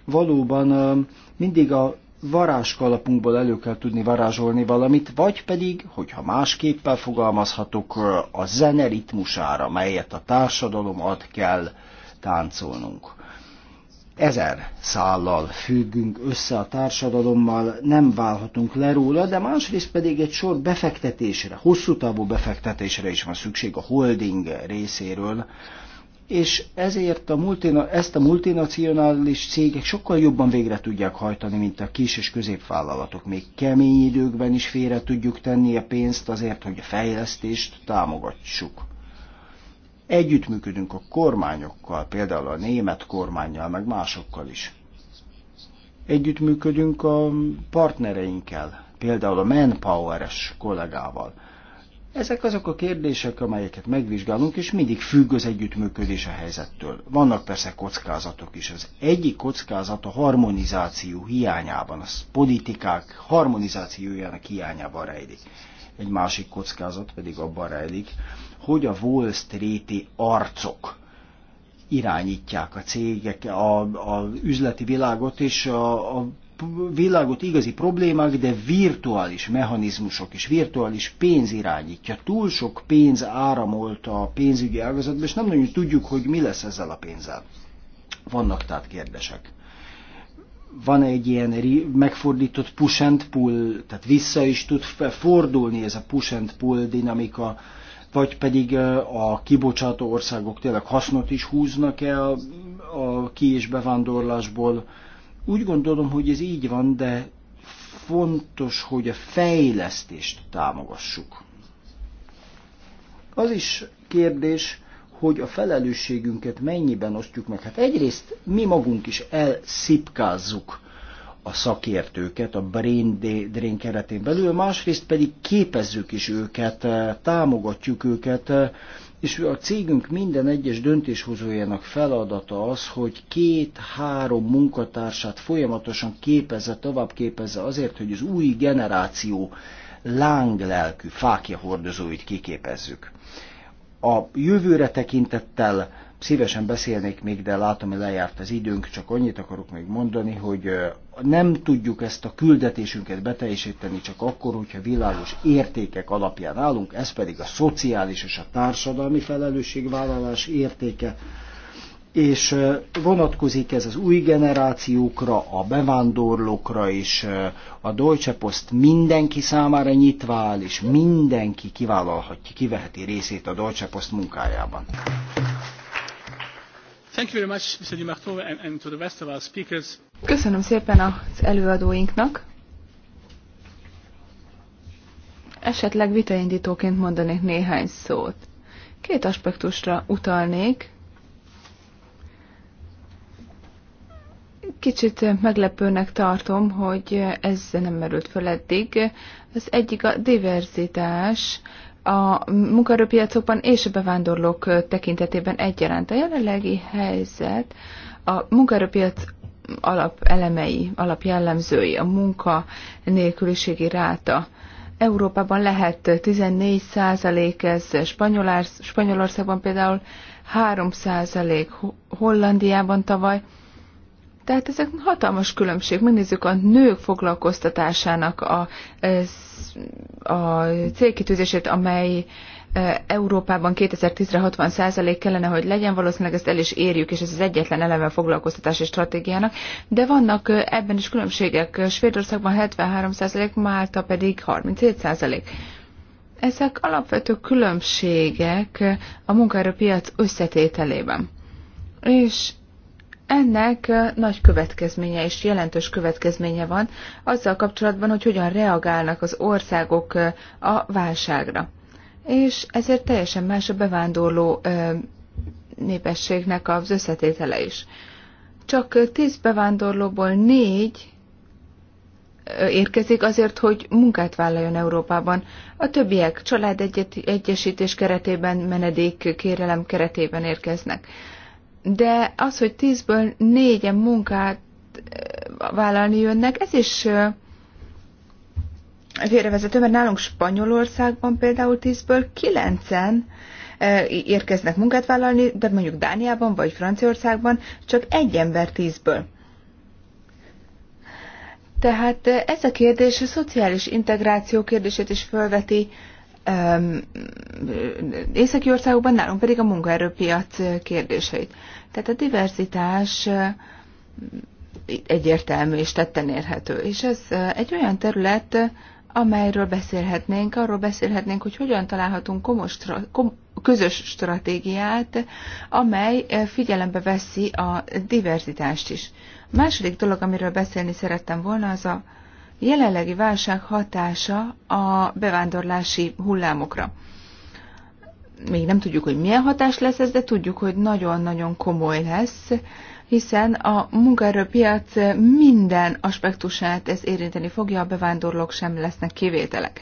valóban mindig a varázskalapunkból elő kell tudni varázsolni valamit, vagy pedig, hogyha másképpen fogalmazhatok, a zene ritmusára, melyet a társadalom ad kell táncolnunk ezer szállal függünk össze a társadalommal, nem válhatunk le róla, de másrészt pedig egy sor befektetésre, hosszú távú befektetésre is van szükség a holding részéről, és ezért a multina, ezt a multinacionális cégek sokkal jobban végre tudják hajtani, mint a kis és középvállalatok. Még kemény időkben is félre tudjuk tenni a pénzt azért, hogy a fejlesztést támogassuk. Együttműködünk a kormányokkal, például a német kormányjal, meg másokkal is. Együttműködünk a partnereinkkel, például a Manpower-es kollégával. Ezek azok a kérdések, amelyeket megvizsgálunk, és mindig függ az együttműködés a helyzettől. Vannak persze kockázatok is. Az egyik kockázat a harmonizáció hiányában, az politikák harmonizációjának hiányában rejlik. Egy másik kockázat pedig abban rejlik, hogy a Wall Street-i arcok irányítják a cégek, a, a üzleti világot, és a, a világot igazi problémák, de virtuális mechanizmusok és virtuális pénz irányítja. Túl sok pénz áramolt a pénzügyi ágazatban, és nem nagyon tudjuk, hogy mi lesz ezzel a pénzzel. Vannak tehát kérdések van egy ilyen megfordított push and pull, tehát vissza is tud fordulni ez a push and pull dinamika, vagy pedig a kibocsátó országok tényleg hasznot is húznak el a ki- és bevándorlásból. Úgy gondolom, hogy ez így van, de fontos, hogy a fejlesztést támogassuk. Az is kérdés, hogy a felelősségünket mennyiben osztjuk meg. Hát egyrészt mi magunk is elszipkázzuk a szakértőket a brain drain keretén belül, másrészt pedig képezzük is őket, eh, támogatjuk őket, eh, és a cégünk minden egyes döntéshozójának feladata az, hogy két-három munkatársát folyamatosan képezze, tovább képezze azért, hogy az új generáció lánglelkű fákja hordozóit kiképezzük. A jövőre tekintettel szívesen beszélnék még, de látom, hogy lejárt az időnk, csak annyit akarok még mondani, hogy nem tudjuk ezt a küldetésünket beteljesíteni csak akkor, hogyha világos értékek alapján állunk, ez pedig a szociális és a társadalmi felelősségvállalás értéke, és vonatkozik ez az új generációkra, a bevándorlókra is. A Deutsche Post mindenki számára nyitva áll, és mindenki kivállalhatja, kiveheti részét a Deutsche Post munkájában. Thank you very much, Mr. and, and to the rest of our speakers. Köszönöm szépen az előadóinknak. Esetleg vitaindítóként mondanék néhány szót. Két aspektusra utalnék, Kicsit meglepőnek tartom, hogy ez nem merült föl eddig. Az egyik a diverzitás a munkaerőpiacokban és a bevándorlók tekintetében egyaránt. A jelenlegi helyzet a munkaerőpiac alapelemei, alapjellemzői, a munka nélküliségi ráta. Európában lehet 14 százalék, ez Spanyolországban például 3 százalék, Hollandiában tavaly tehát ezek hatalmas különbség. Megnézzük a nők foglalkoztatásának a, a célkitűzését, amely e, Európában 2010-re 60 százalék kellene, hogy legyen, valószínűleg ezt el is érjük, és ez az egyetlen eleve a foglalkoztatási stratégiának, de vannak e, ebben is különbségek. Svédországban 73 százalék, Málta pedig 37 százalék. Ezek alapvető különbségek a munkaerőpiac összetételében. És ennek nagy következménye és jelentős következménye van azzal kapcsolatban, hogy hogyan reagálnak az országok a válságra. És ezért teljesen más a bevándorló népességnek az összetétele is. Csak tíz bevándorlóból négy érkezik azért, hogy munkát vállaljon Európában. A többiek családegyesítés keretében, menedék kérelem keretében érkeznek. De az, hogy tízből négyen munkát eh, vállalni jönnek, ez is eh, félrevezető, mert nálunk Spanyolországban például tízből kilencen eh, érkeznek munkát vállalni, de mondjuk Dániában vagy Franciaországban csak egy ember tízből. Tehát ez a kérdés a szociális integráció kérdését is felveti, északi országokban, nálunk pedig a munkaerőpiac kérdéseit. Tehát a diverzitás egyértelmű és tetten érhető. És ez egy olyan terület, amelyről beszélhetnénk, arról beszélhetnénk, hogy hogyan találhatunk komos, kom, közös stratégiát, amely figyelembe veszi a diverzitást is. A második dolog, amiről beszélni szerettem volna, az a jelenlegi válság hatása a bevándorlási hullámokra. Még nem tudjuk, hogy milyen hatás lesz ez, de tudjuk, hogy nagyon-nagyon komoly lesz, hiszen a munkaerőpiac minden aspektusát ez érinteni fogja, a bevándorlók sem lesznek kivételek.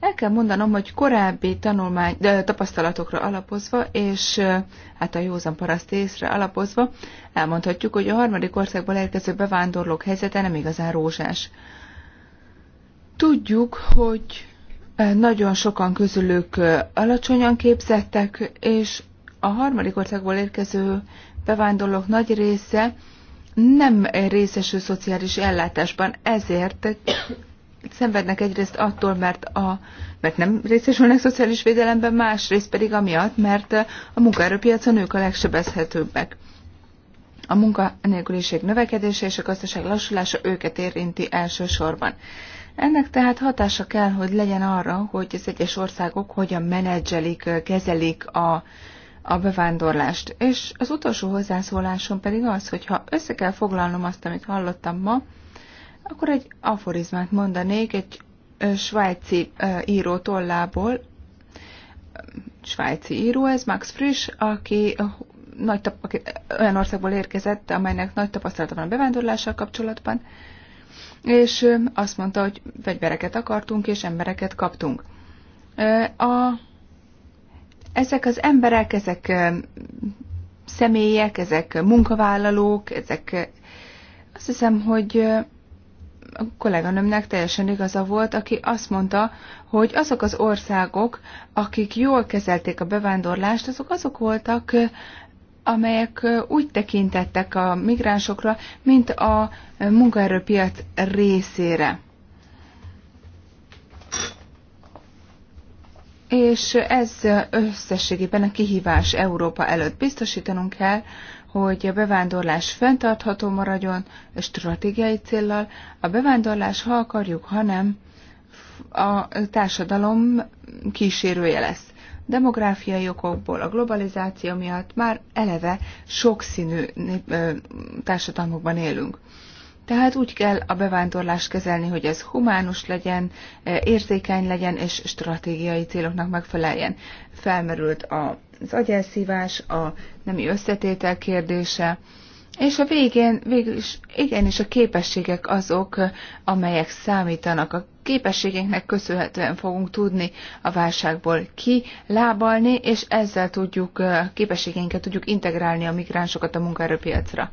El kell mondanom, hogy korábbi tanulmány, de tapasztalatokra alapozva, és hát a józan paraszt észre alapozva, elmondhatjuk, hogy a harmadik országból érkező bevándorlók helyzete nem igazán rózsás. Tudjuk, hogy e, nagyon sokan közülük e, alacsonyan képzettek, és a harmadik országból érkező bevándorlók nagy része nem részesül szociális ellátásban, ezért szenvednek egyrészt attól, mert, a, mert nem részesülnek szociális védelemben, másrészt pedig amiatt, mert a munkaerőpiacon ők a legsebezhetőbbek. A munkanélküliség növekedése és a gazdaság lassulása őket érinti elsősorban. Ennek tehát hatása kell, hogy legyen arra, hogy az egyes országok hogyan menedzselik, kezelik a, a bevándorlást. És az utolsó hozzászólásom pedig az, hogy ha össze kell foglalnom azt, amit hallottam ma, akkor egy aforizmát mondanék egy svájci író tollából, svájci író, ez Max Frisch, aki nagy, tap- olyan országból érkezett, amelynek nagy tapasztalata van a bevándorlással kapcsolatban, és azt mondta, hogy fegyvereket akartunk, és embereket kaptunk. A, ezek az emberek, ezek személyek, ezek munkavállalók, ezek azt hiszem, hogy a kolléganőmnek teljesen igaza volt, aki azt mondta, hogy azok az országok, akik jól kezelték a bevándorlást, azok azok voltak, amelyek úgy tekintettek a migránsokra, mint a munkaerőpiac részére. És ez összességében a kihívás Európa előtt. Biztosítanunk kell, hogy a bevándorlás fenntartható maradjon stratégiai céllal. A bevándorlás, ha akarjuk, hanem a társadalom kísérője lesz. Demográfiai okokból, a globalizáció miatt már eleve sokszínű társadalmakban élünk. Tehát úgy kell a bevándorlást kezelni, hogy ez humánus legyen, érzékeny legyen és stratégiai céloknak megfeleljen. Felmerült az agyelszívás, a nemi összetétel kérdése, és a végén végül is igenis a képességek azok, amelyek számítanak. A képességeinknek köszönhetően fogunk tudni a válságból kilábalni, és ezzel tudjuk, képességeinket tudjuk integrálni a migránsokat a munkaerőpiacra.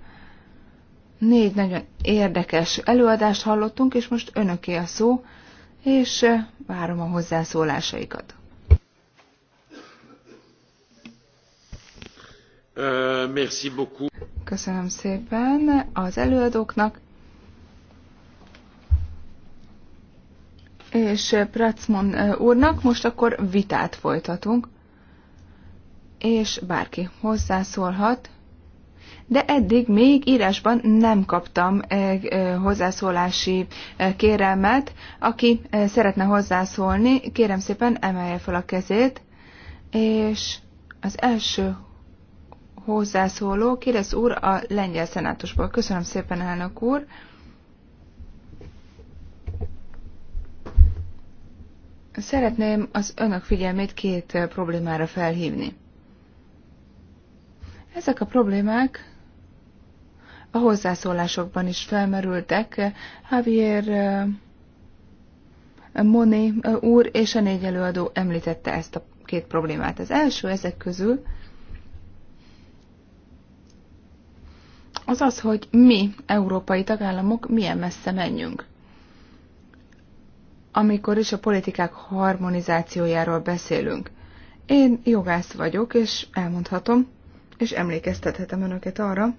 Négy nagyon érdekes előadást hallottunk, és most önöké a szó, és várom a hozzászólásaikat. Euh, Köszönöm szépen az előadóknak. És eh, Pratsmon eh, úrnak most akkor vitát folytatunk, és bárki hozzászólhat, de eddig még írásban nem kaptam eh, hozzászólási kérelmet. Aki szeretne hozzászólni, kérem szépen emelje fel a kezét, és az első hozzászóló. Kérdez úr a lengyel szenátusból. Köszönöm szépen, elnök úr. Szeretném az önök figyelmét két problémára felhívni. Ezek a problémák a hozzászólásokban is felmerültek. Javier Moné úr és a négy előadó említette ezt a két problémát. Az első ezek közül az az, hogy mi, európai tagállamok, milyen messze menjünk. Amikor is a politikák harmonizációjáról beszélünk. Én jogász vagyok, és elmondhatom, és emlékeztethetem önöket arra,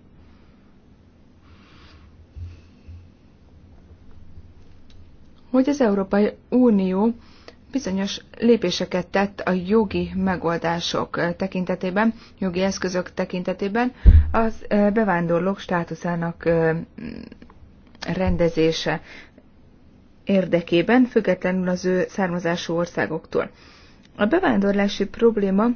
hogy az Európai Unió bizonyos lépéseket tett a jogi megoldások tekintetében, jogi eszközök tekintetében az bevándorlók státuszának rendezése érdekében, függetlenül az ő származású országoktól. A bevándorlási probléma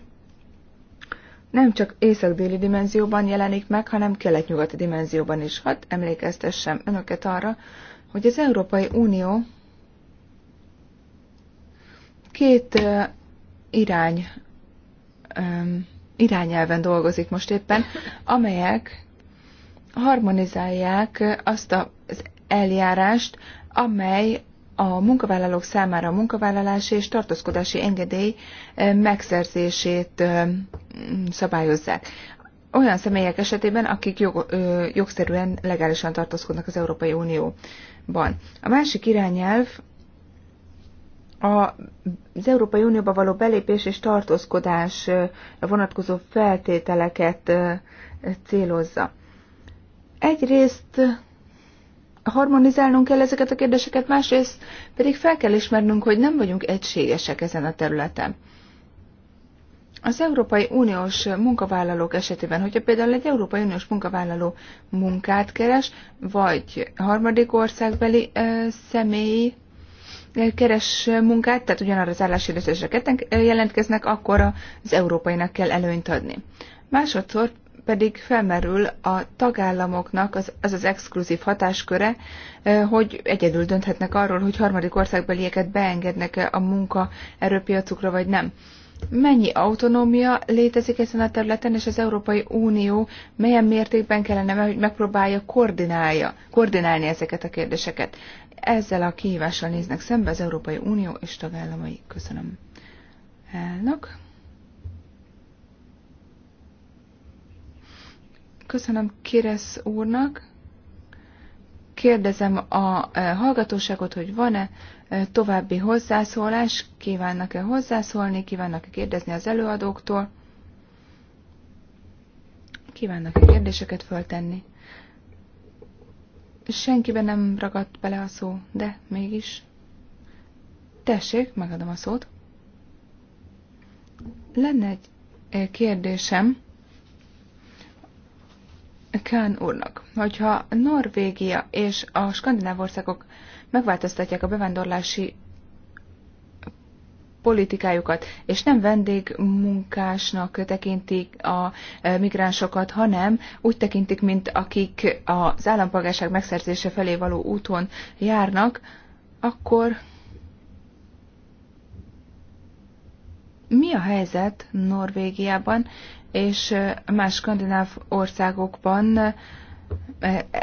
nem csak észak-déli dimenzióban jelenik meg, hanem kelet-nyugati dimenzióban is. Hat emlékeztessem önöket arra, hogy az Európai Unió Két irány irányelven dolgozik most éppen, amelyek harmonizálják azt az eljárást, amely a munkavállalók számára a munkavállalási és tartózkodási engedély megszerzését szabályozzák. Olyan személyek esetében, akik jog, jogszerűen legálisan tartózkodnak az Európai Unióban. A másik irányelv az Európai Unióba való belépés és tartózkodás vonatkozó feltételeket célozza. Egyrészt harmonizálnunk kell ezeket a kérdéseket, másrészt pedig fel kell ismernünk, hogy nem vagyunk egységesek ezen a területen. Az Európai Uniós munkavállalók esetében, hogyha például egy Európai Uniós munkavállaló munkát keres, vagy harmadik országbeli e, személy, keres munkát, tehát ugyanarra az álláshirdetésre ketten jelentkeznek, akkor az európainak kell előnyt adni. Másodszor pedig felmerül a tagállamoknak az az, az exkluzív hatásköre, eh, hogy egyedül dönthetnek arról, hogy harmadik országbelieket beengednek a munkaerőpiacukra, vagy nem. Mennyi autonómia létezik ezen a területen, és az Európai Unió milyen mértékben kellene, hogy megpróbálja koordinálja, koordinálni ezeket a kérdéseket? Ezzel a kihívással néznek szembe az Európai Unió és tagállamai. Köszönöm. Elnök. Köszönöm Kéresz úrnak. Kérdezem a eh, hallgatóságot, hogy van-e eh, további hozzászólás, kívánnak-e hozzászólni, kívánnak-e kérdezni az előadóktól, kívánnak-e kérdéseket föltenni. Senkiben nem ragadt bele a szó, de mégis. Tessék, megadom a szót. Lenne egy e, kérdésem Kán úrnak, hogyha Norvégia és a skandináv országok megváltoztatják a bevándorlási politikájukat, és nem vendégmunkásnak tekintik a e, migránsokat, hanem úgy tekintik, mint akik az állampolgárság megszerzése felé való úton járnak, akkor mi a helyzet Norvégiában és más skandináv országokban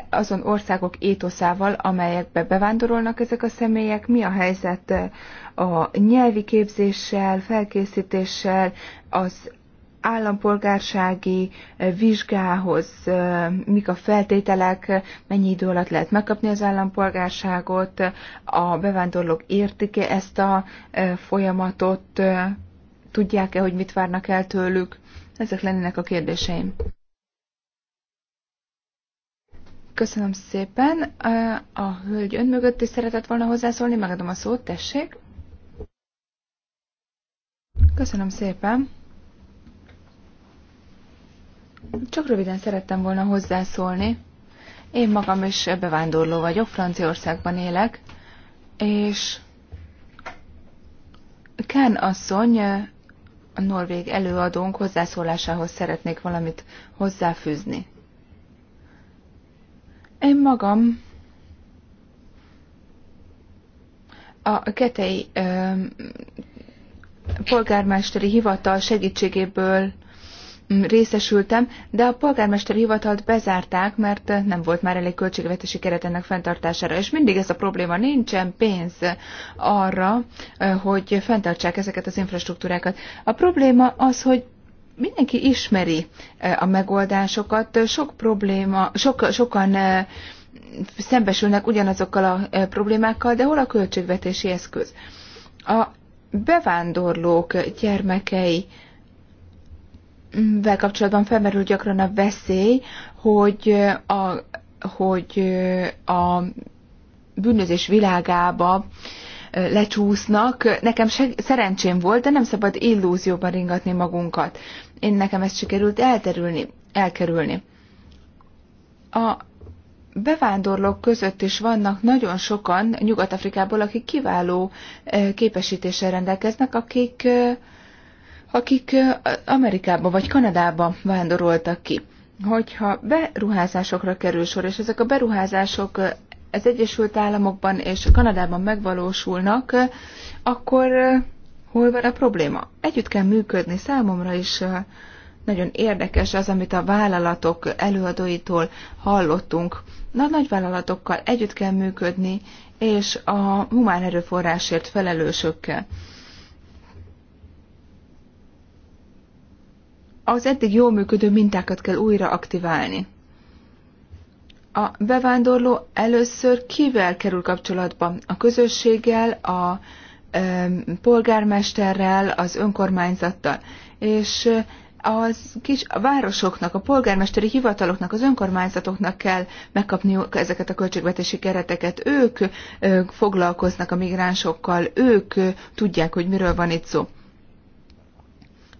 azon országok étoszával, amelyekbe bevándorolnak ezek a személyek, mi a helyzet eh, a nyelvi képzéssel, felkészítéssel, az állampolgársági eh, vizsgához eh, mik a feltételek, mennyi idő alatt lehet megkapni az állampolgárságot, a bevándorlók értik-e ezt a folyamatot, tudják-e, hogy mit várnak el tőlük. Ezek lennének a kérdéseim. Köszönöm szépen. A hölgy ön mögött is szeretett volna hozzászólni, megadom a szót, tessék. Köszönöm szépen. Csak röviden szerettem volna hozzászólni. Én magam is bevándorló vagyok, Franciaországban élek, és Kán asszony, a norvég előadónk hozzászólásához szeretnék valamit hozzáfűzni. Én magam a ketei polgármesteri hivatal segítségéből mm, részesültem, de a polgármesteri hivatalt bezárták, mert nem volt már elég költségvetési keret ennek fenntartására, és mindig ez a probléma, nincsen pénz arra, hogy fenntartsák ezeket az infrastruktúrákat. A probléma az, hogy mindenki ismeri eh, a megoldásokat, sok probléma, sok, sokan eh, szembesülnek ugyanazokkal a eh, problémákkal, de hol a költségvetési eszköz? A bevándorlók gyermekei vel kapcsolatban felmerül gyakran a veszély, hogy a, hogy a bűnözés világába lecsúsznak. Nekem seg- szerencsém volt, de nem szabad illúzióban ringatni magunkat. Én nekem ezt sikerült elterülni, elkerülni. A bevándorlók között is vannak nagyon sokan Nyugat-Afrikából, akik kiváló képesítéssel rendelkeznek, akik, akik Amerikába vagy Kanadába vándoroltak ki hogyha beruházásokra kerül sor, és ezek a beruházások az Egyesült Államokban és Kanadában megvalósulnak, akkor hol van a probléma? Együtt kell működni. Számomra is nagyon érdekes az, amit a vállalatok előadóitól hallottunk. Na, nagy vállalatokkal együtt kell működni, és a humán erőforrásért felelősökkel. Az eddig jól működő mintákat kell újra aktiválni a bevándorló először kivel kerül kapcsolatba? A közösséggel, a polgármesterrel, az önkormányzattal. És az kis a városoknak, a polgármesteri hivataloknak, az önkormányzatoknak kell megkapniuk ezeket a költségvetési kereteket. Ők, e, foglalkoznak a migránsokkal, ők tudják, hogy miről van itt szó.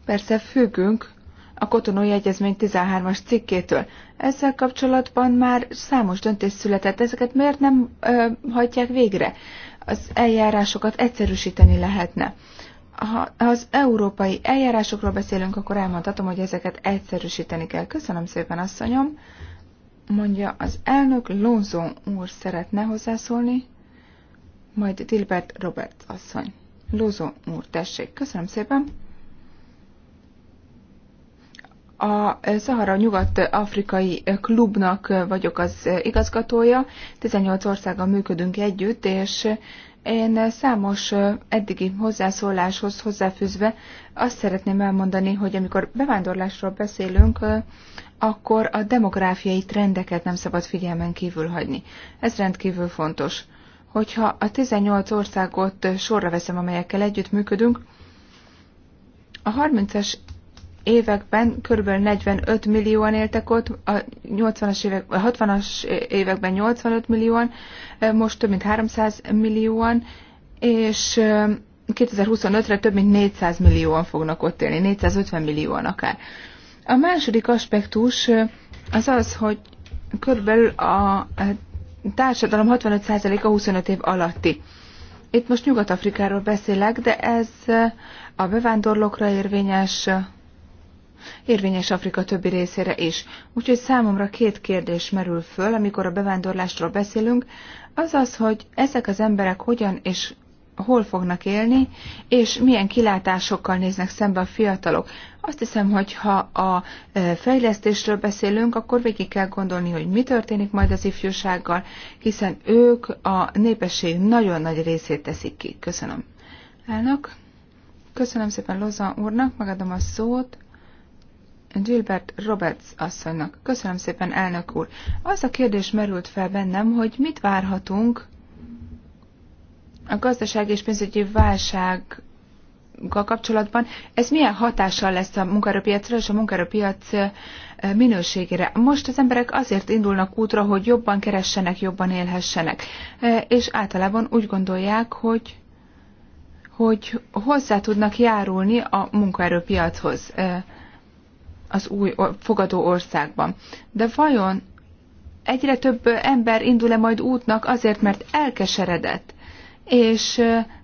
Persze függünk a kotonói egyezmény 13-as cikkétől. Ezzel kapcsolatban már számos döntés született, ezeket miért nem ö, hajtják végre? Az eljárásokat egyszerűsíteni lehetne. Ha az európai eljárásokról beszélünk, akkor elmondhatom, hogy ezeket egyszerűsíteni kell. Köszönöm szépen, asszonyom. Mondja az elnök, Lonzo úr szeretne hozzászólni, majd Dilbert Robert asszony. Lózó úr, tessék, köszönöm szépen a Szahara Nyugat-Afrikai Klubnak vagyok az igazgatója. 18 országgal működünk együtt, és én számos eddigi hozzászóláshoz hozzáfűzve azt szeretném elmondani, hogy amikor bevándorlásról beszélünk, akkor a demográfiai trendeket nem szabad figyelmen kívül hagyni. Ez rendkívül fontos. Hogyha a 18 országot sorra veszem, amelyekkel együtt működünk, a 30 es években kb. 45 millióan éltek ott, a, 80-as évek, 60-as években 85 millióan, most több mint 300 millióan, és 2025-re több mint 400 millióan fognak ott élni, 450 millióan akár. A második aspektus az az, hogy körülbelül a társadalom 65%-a 25 év alatti. Itt most Nyugat-Afrikáról beszélek, de ez a bevándorlókra érvényes, érvényes Afrika többi részére is. Úgyhogy számomra két kérdés merül föl, amikor a bevándorlásról beszélünk, az az, hogy ezek az emberek hogyan és hol fognak élni, és milyen kilátásokkal néznek szembe a fiatalok. Azt hiszem, hogy ha a e, fejlesztésről beszélünk, akkor végig kell gondolni, hogy mi történik majd az ifjúsággal, hiszen ők a népesség nagyon nagy részét teszik ki. Köszönöm. Elnök, köszönöm szépen Loza úrnak, megadom a szót. Gilbert Roberts asszonynak. Köszönöm szépen, elnök úr. Az a kérdés merült fel bennem, hogy mit várhatunk a gazdaság és pénzügyi válság kapcsolatban, ez milyen hatással lesz a munkaerőpiacra és a munkaerőpiac minőségére. Most az emberek azért indulnak útra, hogy jobban keressenek, jobban élhessenek. És általában úgy gondolják, hogy hogy hozzá tudnak járulni a munkaerőpiachoz az új fogadó országban. De vajon egyre több ember indul-e majd útnak azért, mert elkeseredett, és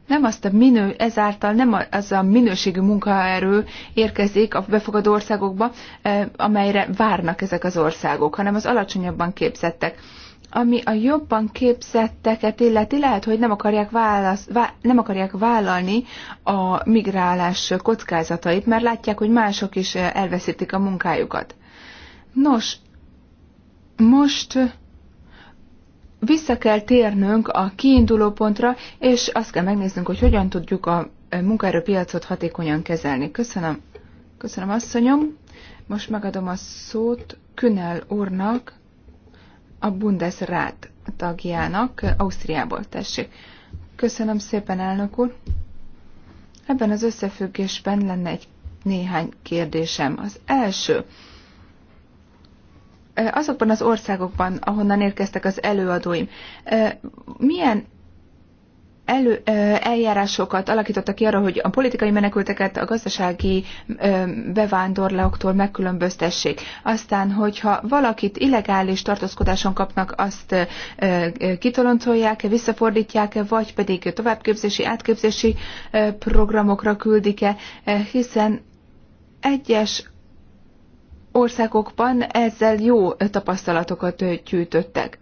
nem azt a minő, ezáltal nem az a minőségű munkaerő érkezik a befogadó országokba, amelyre várnak ezek az országok, hanem az alacsonyabban képzettek ami a jobban képzetteket illeti, lehet, hogy nem akarják, válasz, vá, nem akarják vállalni a migrálás kockázatait, mert látják, hogy mások is elveszítik a munkájukat. Nos, most vissza kell térnünk a kiinduló pontra, és azt kell megnéznünk, hogy hogyan tudjuk a munkaerőpiacot hatékonyan kezelni. Köszönöm. Köszönöm, asszonyom. Most megadom a szót Künel úrnak a Bundesrat tagjának Ausztriából. Tessék. Köszönöm szépen, elnök úr. Ebben az összefüggésben lenne egy néhány kérdésem. Az első, e, azokban az országokban, ahonnan érkeztek az előadóim, e, milyen elő, eljárásokat alakítottak ki arra, hogy a politikai menekülteket a gazdasági bevándorlóktól megkülönböztessék. Aztán, hogyha valakit illegális tartózkodáson kapnak, azt kitoloncolják-e, visszafordítják-e, vagy pedig továbbképzési, átképzési programokra küldik-e, hiszen egyes országokban ezzel jó tapasztalatokat gyűjtöttek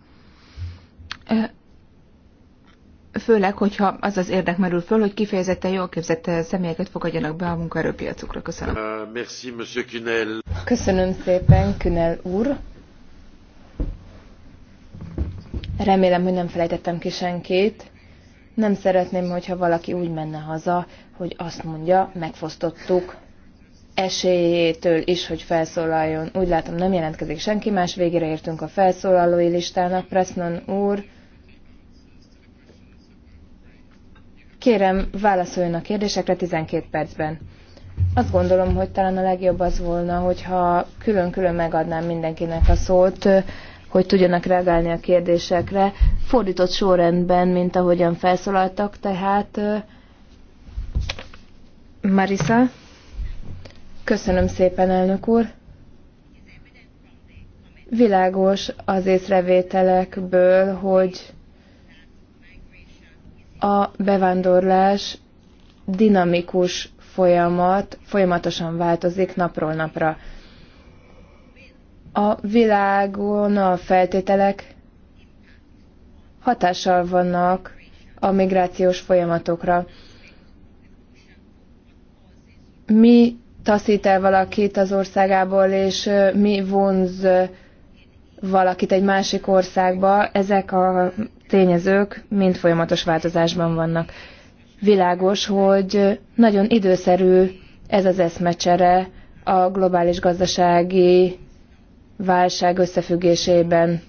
főleg, hogyha az az érdek merül föl, hogy kifejezetten jól képzett személyeket fogadjanak be a munkaerőpiacukra. Köszönöm. Uh, merci, monsieur Kunel. Köszönöm szépen, Kunel úr. Remélem, hogy nem felejtettem ki senkit. Nem szeretném, hogyha valaki úgy menne haza, hogy azt mondja, megfosztottuk esélyétől is, hogy felszólaljon. Úgy látom, nem jelentkezik senki más, végére értünk a felszólalói listának. Presnon úr, Kérem, válaszoljon a kérdésekre 12 percben. Azt gondolom, hogy talán a legjobb az volna, hogyha külön-külön megadnám mindenkinek a szót, hogy tudjanak reagálni a kérdésekre. Fordított sorrendben, mint ahogyan felszólaltak, tehát Marisa, köszönöm szépen, elnök úr. Világos az észrevételekből, hogy a bevándorlás dinamikus folyamat, folyamatosan változik napról napra. A világon a feltételek hatással vannak a migrációs folyamatokra. Mi taszít el valakit az országából, és mi vonz valakit egy másik országba, ezek a tényezők mind folyamatos változásban vannak. Világos, hogy nagyon időszerű ez az eszmecsere a globális gazdasági válság összefüggésében.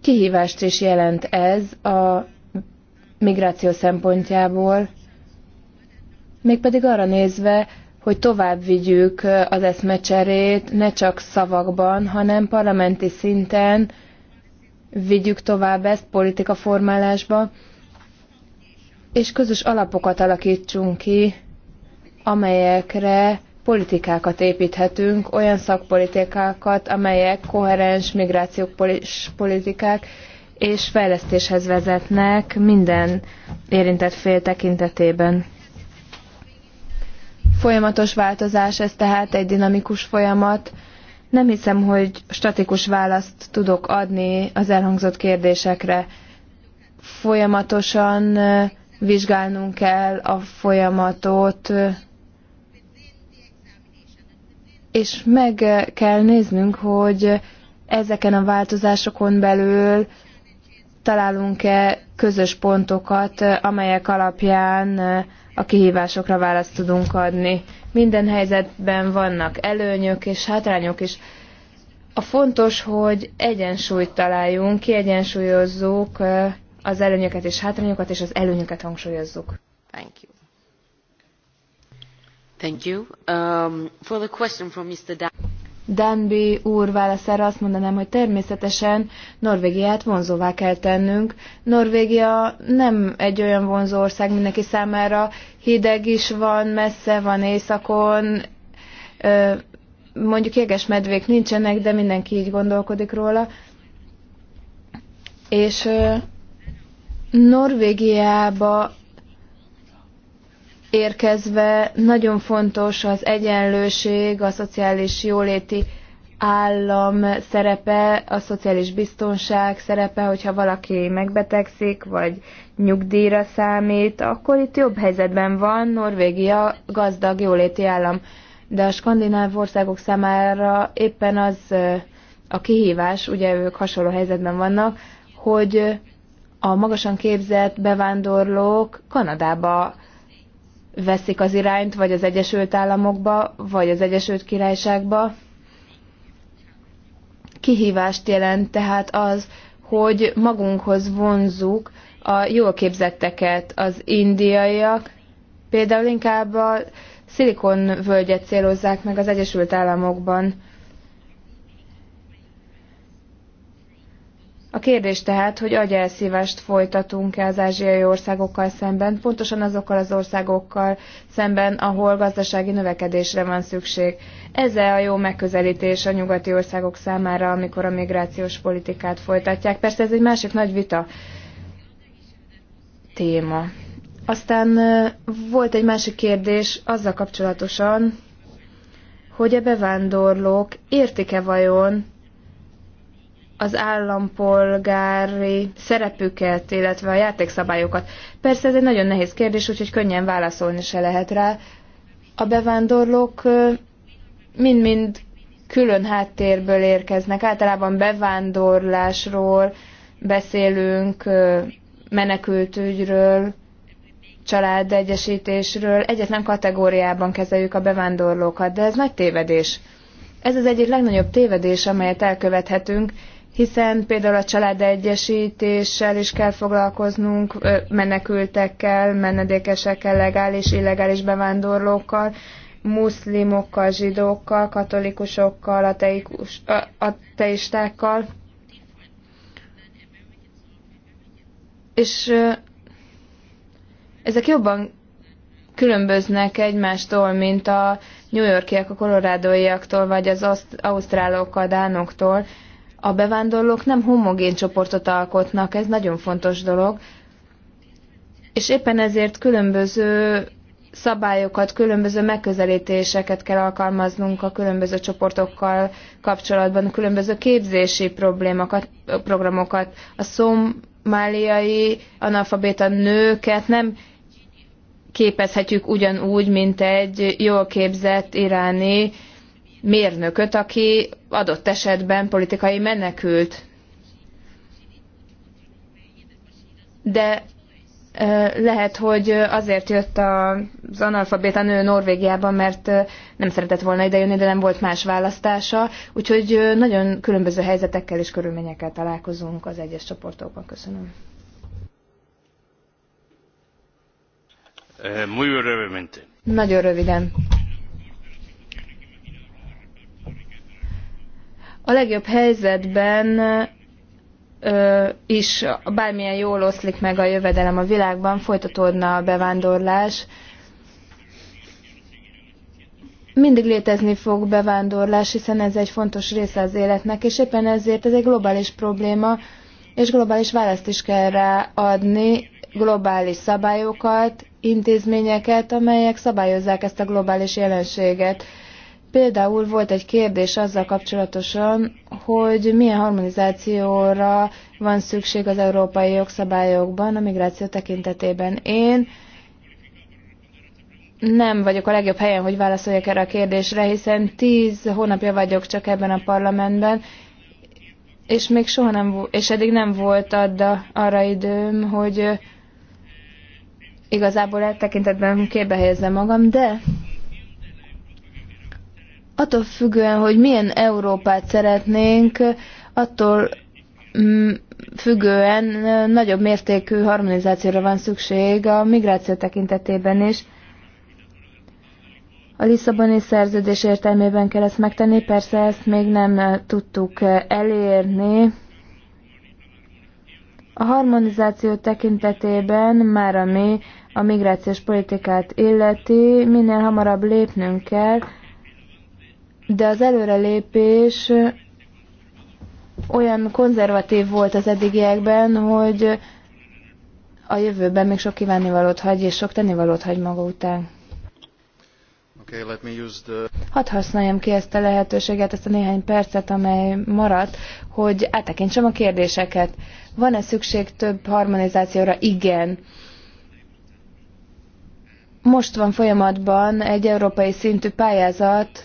Kihívást is jelent ez a migráció szempontjából, mégpedig arra nézve, hogy tovább vigyük az eszmecserét, ne csak szavakban, hanem parlamenti szinten, vigyük tovább ezt politika formálásba, és közös alapokat alakítsunk ki, amelyekre politikákat építhetünk, olyan szakpolitikákat, amelyek koherens migrációs politikák és fejlesztéshez vezetnek minden érintett fél tekintetében. Folyamatos változás, ez tehát egy dinamikus folyamat, nem hiszem, hogy statikus választ tudok adni az elhangzott kérdésekre. Folyamatosan vizsgálnunk kell a folyamatot, és meg kell néznünk, hogy ezeken a változásokon belül találunk-e közös pontokat, amelyek alapján a kihívásokra választ tudunk adni. Minden helyzetben vannak előnyök és hátrányok is. A fontos, hogy egyensúlyt találjunk, kiegyensúlyozzuk az előnyöket és hátrányokat, és az előnyöket hangsúlyozzuk. Thank you. Thank you. Um, for the question from Mr. Da Danby úr válaszára azt mondanám, hogy természetesen Norvégiát vonzóvá kell tennünk. Norvégia nem egy olyan vonzó ország mindenki számára, hideg is van, messze van éjszakon, mondjuk jeges medvék nincsenek, de mindenki így gondolkodik róla. És Norvégiába érkezve nagyon fontos az egyenlőség, a szociális jóléti állam szerepe, a szociális biztonság szerepe, hogyha valaki megbetegszik, vagy nyugdíjra számít, akkor itt jobb helyzetben van Norvégia gazdag jóléti állam. De a skandináv országok számára éppen az a kihívás, ugye ők hasonló helyzetben vannak, hogy a magasan képzett bevándorlók Kanadába veszik az irányt, vagy az Egyesült Államokba, vagy az Egyesült Királyságba. Kihívást jelent tehát az, hogy magunkhoz vonzuk a jól képzetteket, az indiaiak, például inkább a szilikonvölgyet célozzák meg az Egyesült Államokban. A kérdés tehát, hogy agyelszívást folytatunk-e az ázsiai országokkal szemben, pontosan azokkal az országokkal szemben, ahol gazdasági növekedésre van szükség. ez -e a jó megközelítés a nyugati országok számára, amikor a migrációs politikát folytatják. Persze ez egy másik nagy vita téma. Aztán volt egy másik kérdés azzal kapcsolatosan, hogy a bevándorlók értik-e vajon az állampolgári szerepüket, illetve a játékszabályokat. Persze ez egy nagyon nehéz kérdés, úgyhogy könnyen válaszolni se lehet rá. A bevándorlók mind-mind külön háttérből érkeznek. Általában bevándorlásról beszélünk, menekültügyről, családegyesítésről. Egyetlen kategóriában kezeljük a bevándorlókat, de ez nagy tévedés. Ez az egyik legnagyobb tévedés, amelyet elkövethetünk, hiszen például a családegyesítéssel is kell foglalkoznunk, menekültekkel, menedékesekkel, legális, illegális bevándorlókkal, muszlimokkal, zsidókkal, katolikusokkal, ateikus, ateistákkal. És ezek jobban különböznek egymástól, mint a New Yorkiak, a kolorádóiaktól, vagy az ausztrálok, a dánoktól a bevándorlók nem homogén csoportot alkotnak, ez nagyon fontos dolog, és éppen ezért különböző szabályokat, különböző megközelítéseket kell alkalmaznunk a különböző csoportokkal kapcsolatban, különböző képzési problémakat, programokat. A szomáliai analfabéta nőket nem képezhetjük ugyanúgy, mint egy jól képzett iráni mérnököt, aki adott esetben politikai menekült. De lehet, hogy azért jött az analfabéta nő Norvégiába, mert nem szeretett volna idejönni, de nem volt más választása. Úgyhogy nagyon különböző helyzetekkel és körülményekkel találkozunk az egyes csoportokban. Köszönöm. Eh, nagyon röviden. a legjobb helyzetben ö, is bármilyen jól oszlik meg a jövedelem a világban, folytatódna a bevándorlás. Mindig létezni fog bevándorlás, hiszen ez egy fontos része az életnek, és éppen ezért ez egy globális probléma, és globális választ is kell ráadni, adni, globális szabályokat, intézményeket, amelyek szabályozzák ezt a globális jelenséget. Például volt egy kérdés azzal kapcsolatosan, hogy milyen harmonizációra van szükség az európai jogszabályokban a migráció tekintetében. Én nem vagyok a legjobb helyen, hogy válaszoljak erre a kérdésre, hiszen tíz hónapja vagyok csak ebben a parlamentben, és még soha nem, és eddig nem volt adda arra időm, hogy igazából eltekintetben képbe helyezzem magam, de attól függően, hogy milyen Európát szeretnénk, attól mm, függően nagyobb mértékű harmonizációra van szükség a migráció tekintetében is. A Lisszaboni szerződés értelmében kell ezt megtenni, persze ezt még nem tudtuk elérni. A harmonizáció tekintetében már ami a migrációs politikát illeti, minél hamarabb lépnünk kell, de az előrelépés olyan konzervatív volt az eddigiekben, hogy a jövőben még sok kívánivalót hagy, és sok tennivalót hagy maga után. Okay, let me use the... Hadd használjam ki ezt a lehetőséget, ezt a néhány percet, amely maradt, hogy áttekintsem a kérdéseket. Van-e szükség több harmonizációra? Igen. Most van folyamatban egy európai szintű pályázat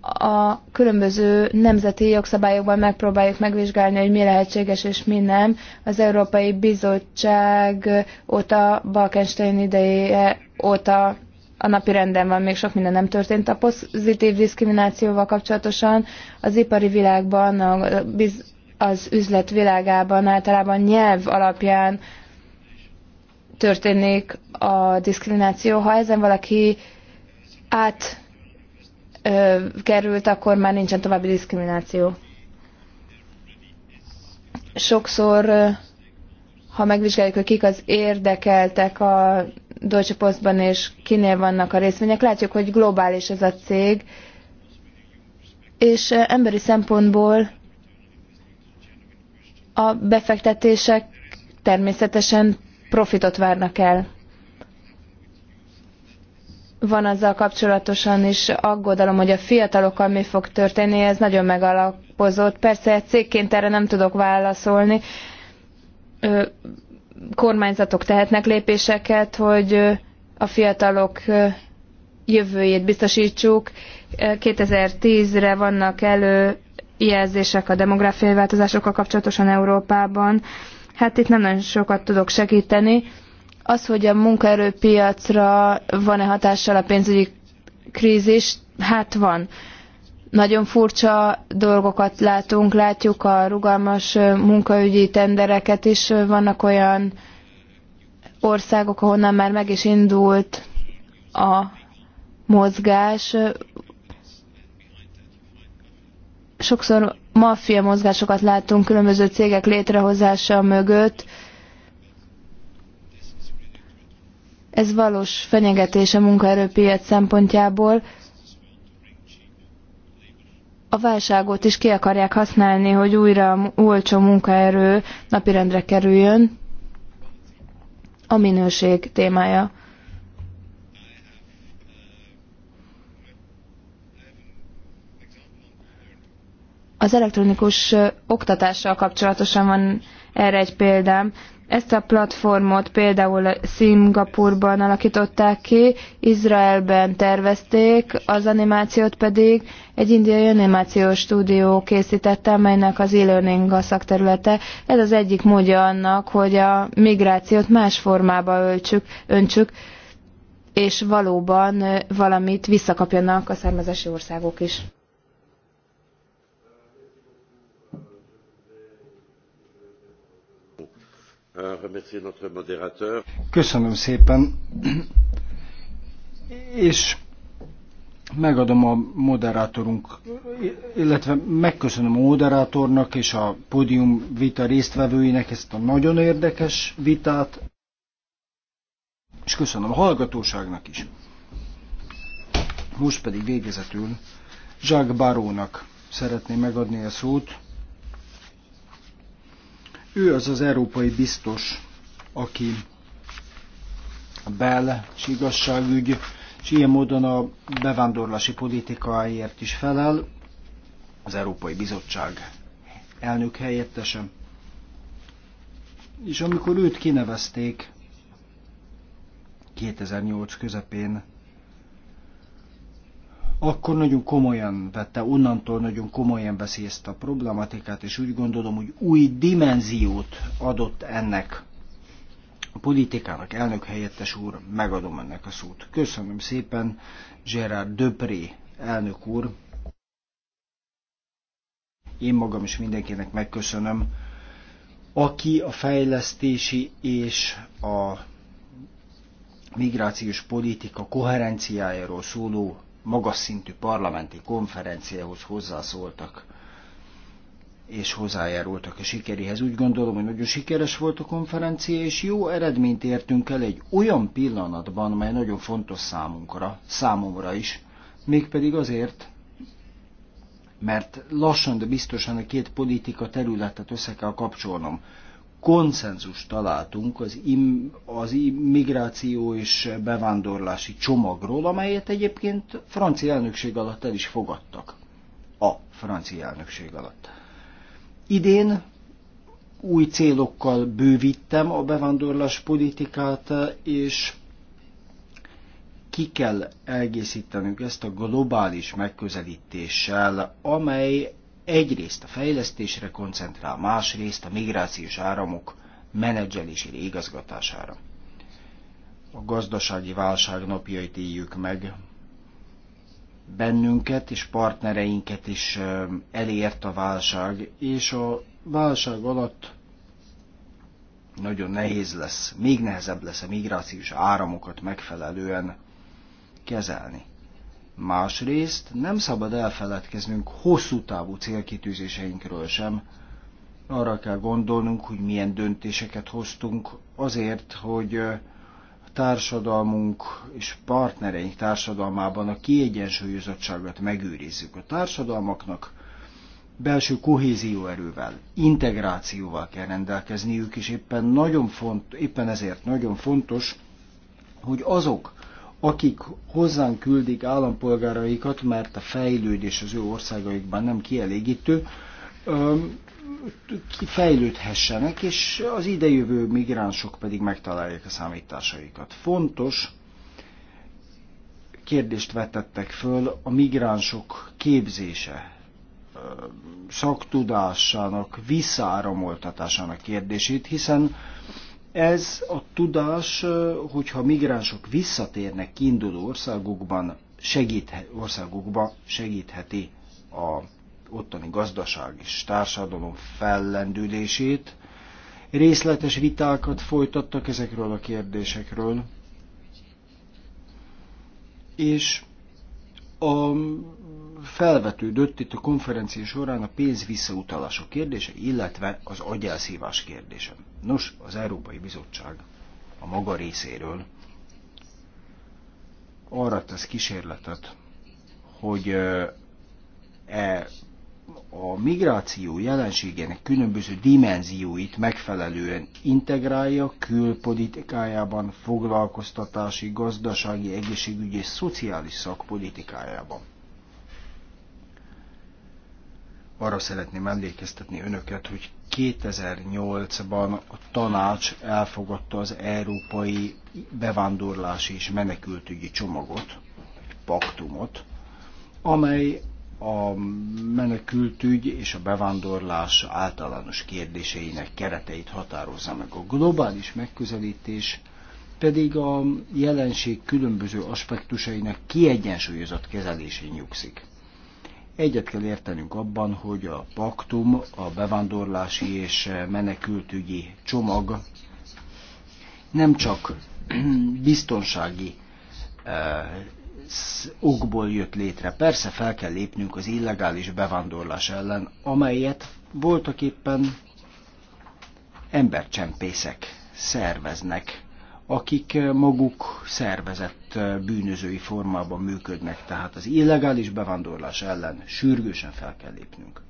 a különböző nemzeti jogszabályokban megpróbáljuk megvizsgálni, hogy mi lehetséges és mi nem. Az Európai Bizottság óta, Balkenstein ideje óta a napi renden van, még sok minden nem történt. A pozitív diszkriminációval kapcsolatosan az ipari világban, a biz, az üzlet világában általában nyelv alapján történik a diszkrimináció. Ha ezen valaki át került, akkor már nincsen további diszkrimináció. Sokszor, ha megvizsgáljuk, hogy kik az érdekeltek a Deutsche Postban, és kinél vannak a részvények, látjuk, hogy globális ez a cég, és emberi szempontból a befektetések természetesen profitot várnak el van azzal kapcsolatosan is aggodalom, hogy a fiatalokkal mi fog történni, ez nagyon megalapozott. Persze cégként erre nem tudok válaszolni. Kormányzatok tehetnek lépéseket, hogy a fiatalok jövőjét biztosítsuk. 2010-re vannak előjelzések a demográfiai változásokkal kapcsolatosan Európában. Hát itt nem nagyon sokat tudok segíteni. Az, hogy a munkaerőpiacra van-e hatással a pénzügyi krízis, hát van. Nagyon furcsa dolgokat látunk, látjuk a rugalmas munkaügyi tendereket is, vannak olyan országok, ahonnan már meg is indult a mozgás. Sokszor maffia mozgásokat különböző cégek létrehozása mögött, Ez valós fenyegetés a munkaerőpiac szempontjából. A válságot is ki akarják használni, hogy újra olcsó munkaerő napirendre kerüljön. A minőség témája. Az elektronikus oktatással kapcsolatosan van erre egy példám. Ezt a platformot például Szingapurban alakították ki, Izraelben tervezték, az animációt pedig egy indiai animációs stúdió készítette, amelynek az e-learning a szakterülete. Ez az egyik módja annak, hogy a migrációt más formába öltsük, öntsük, és valóban valamit visszakapjanak a származási országok is. Köszönöm szépen, és megadom a moderátorunk, illetve megköszönöm a moderátornak és a pódium vita résztvevőinek ezt a nagyon érdekes vitát, és köszönöm a hallgatóságnak is. Most pedig végezetül Jacques Barónak szeretném megadni a szót, ő az az európai biztos, aki a bel és igazságügy, és ilyen módon a bevándorlási politikáért is felel, az Európai Bizottság elnök helyettese. És amikor őt kinevezték 2008 közepén, akkor nagyon komolyan vette, onnantól nagyon komolyan veszi ezt a problematikát, és úgy gondolom, hogy új dimenziót adott ennek a politikának. Elnök helyettes úr, megadom ennek a szót. Köszönöm szépen, Gerard Döpré, elnök úr. Én magam is mindenkinek megköszönöm, aki a fejlesztési és a migrációs politika koherenciájáról szóló magas szintű parlamenti konferenciához hozzászóltak és hozzájárultak a sikeréhez. Úgy gondolom, hogy nagyon sikeres volt a konferencia, és jó eredményt értünk el egy olyan pillanatban, mely nagyon fontos számunkra, számomra is, mégpedig azért, mert lassan, de biztosan a két politika területet össze kell kapcsolnom konszenzus találtunk az, im, az immigráció és bevándorlási csomagról, amelyet egyébként francia elnökség alatt el is fogadtak. A francia elnökség alatt. Idén új célokkal bővítem a bevándorlás politikát, és ki kell egészítenünk ezt a globális megközelítéssel, amely egyrészt a fejlesztésre koncentrál, másrészt a migrációs áramok menedzselésére, igazgatására. A gazdasági válság napjait éljük meg, bennünket és partnereinket is elért a válság, és a válság alatt nagyon nehéz lesz, még nehezebb lesz a migrációs áramokat megfelelően kezelni. Másrészt nem szabad elfeledkeznünk hosszú távú célkitűzéseinkről sem. Arra kell gondolnunk, hogy milyen döntéseket hoztunk azért, hogy a társadalmunk és partnereink társadalmában a kiegyensúlyozottságot megőrizzük. A társadalmaknak belső kohézió erővel, integrációval kell rendelkezniük, és éppen, nagyon font, éppen ezért nagyon fontos, hogy azok, akik hozzánk küldik állampolgáraikat, mert a fejlődés az ő országaikban nem kielégítő, fejlődhessenek, és az idejövő migránsok pedig megtalálják a számításaikat. Fontos kérdést vetettek föl a migránsok képzése, szaktudásának, visszaáramoltatásának kérdését, hiszen ez a tudás, hogyha migránsok visszatérnek kiinduló országokban, segíthet, országokba segítheti a ottani gazdaság és társadalom fellendülését. Részletes vitákat folytattak ezekről a kérdésekről, és a felvetődött itt a konferencia során a pénz visszautalása kérdése, illetve az agyelszívás kérdése. Nos, az Európai Bizottság a maga részéről arra tesz kísérletet, hogy e a migráció jelenségének különböző dimenzióit megfelelően integrálja külpolitikájában, foglalkoztatási, gazdasági, egészségügyi és szociális szakpolitikájában arra szeretném emlékeztetni önöket, hogy 2008-ban a tanács elfogadta az európai bevándorlási és menekültügyi csomagot, egy paktumot, amely a menekültügy és a bevándorlás általános kérdéseinek kereteit határozza meg. A globális megközelítés pedig a jelenség különböző aspektusainak kiegyensúlyozott kezelésén nyugszik. Egyet kell értenünk abban, hogy a paktum, a bevándorlási és menekültügyi csomag nem csak *clears throat* biztonsági eh, okból jött létre. Persze fel kell lépnünk az illegális bevándorlás ellen, amelyet voltak éppen embercsempészek szerveznek, akik eh, maguk szervezett szervezett eh, bűnözői formában működnek. Tehát az illegális bevándorlás ellen sürgősen fel kell lépnünk.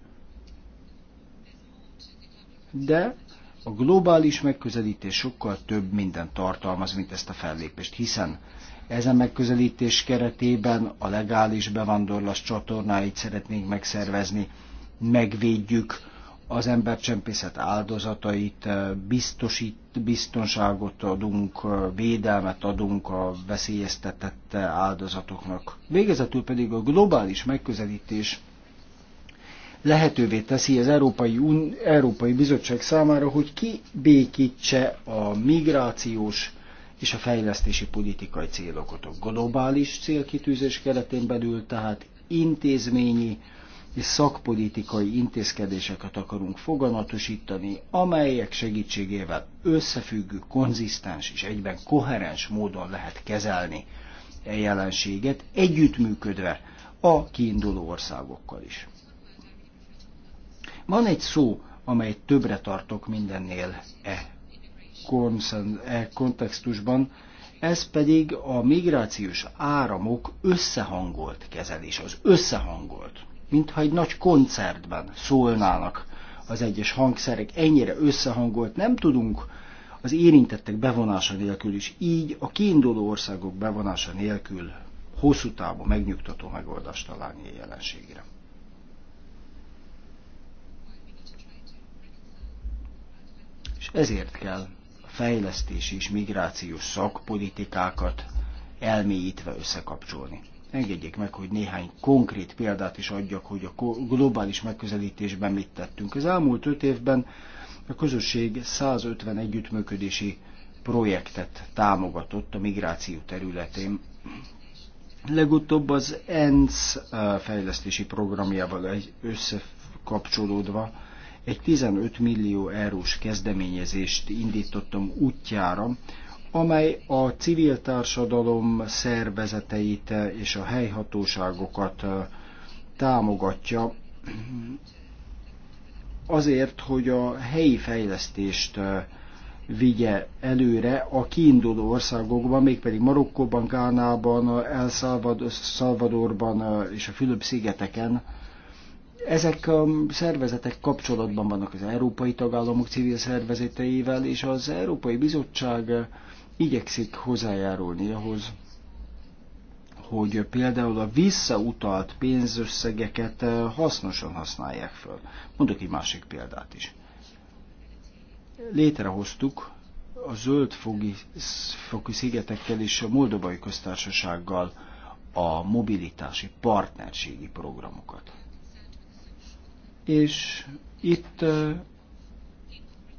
De a globális megközelítés sokkal több minden tartalmaz, mint ezt a fellépést, hiszen ezen megközelítés keretében a legális bevándorlás csatornáit szeretnénk megszervezni, megvédjük az embercsempészet áldozatait, eh, biztosít, biztonságot adunk, eh, védelmet adunk a veszélyeztetett áldozatoknak. Végezetül pedig a globális megközelítés lehetővé teszi az Európai, Un- Európai Bizottság számára, hogy kibékítse a migrációs és a fejlesztési politikai célokat. A globális célkitűzés keretén belül tehát intézményi, és szakpolitikai intézkedéseket akarunk foganatosítani, amelyek segítségével összefüggő, konzisztens és egyben koherens módon lehet kezelni e jelenséget, együttműködve a kiinduló országokkal is. Van egy szó, amely többre tartok mindennél e, konszen, e kontextusban, ez pedig a migrációs áramok összehangolt kezelés, az összehangolt mintha egy nagy koncertben szólnának az egyes hangszerek, ennyire összehangolt nem tudunk az érintettek bevonása nélkül is, így a kiinduló országok bevonása nélkül hosszú távú megnyugtató megoldást találni a jelenségre. És ezért kell a fejlesztési és migrációs szakpolitikákat elmélyítve összekapcsolni. Engedjék meg, hogy néhány konkrét példát is adjak, hogy a globális megközelítésben mit tettünk. Az elmúlt öt évben a közösség 150 együttműködési projektet támogatott a migráció területén. Legutóbb az ENSZ eh, fejlesztési programjával összekapcsolódva egy 15 millió eurós kezdeményezést indítottam útjára, amely a civil társadalom szervezeteit és a helyhatóságokat támogatja azért, hogy a helyi fejlesztést vigye előre a kiinduló országokban, mégpedig Marokkóban, Gánában, El Salvadorban és a Fülöp-szigeteken. Ezek a szervezetek kapcsolatban vannak az európai tagállamok civil szervezeteivel, és az Európai Bizottság igyekszik hozzájárulni ahhoz, hogy például a visszautalt pénzösszegeket eh, hasznosan használják föl. Mondok egy másik példát is. Létrehoztuk a zöld fogi, szigetekkel és a Moldovai Köztársasággal a mobilitási partnerségi programokat. És itt eh,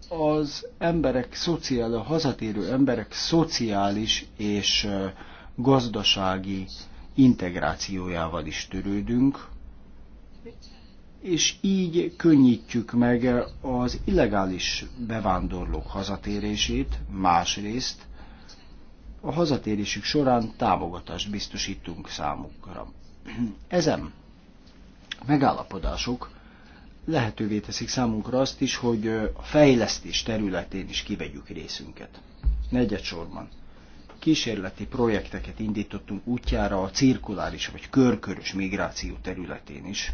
az emberek szociál, a hazatérő emberek szociális és gazdasági integrációjával is törődünk, és így könnyítjük meg az illegális bevándorlók hazatérését, másrészt a hazatérésük során támogatást biztosítunk számukra. Ezen megállapodások lehetővé teszik számunkra azt is, hogy a fejlesztés területén is kivegyük részünket. Negyedsorban kísérleti projekteket indítottunk útjára a cirkuláris vagy körkörös migráció területén is.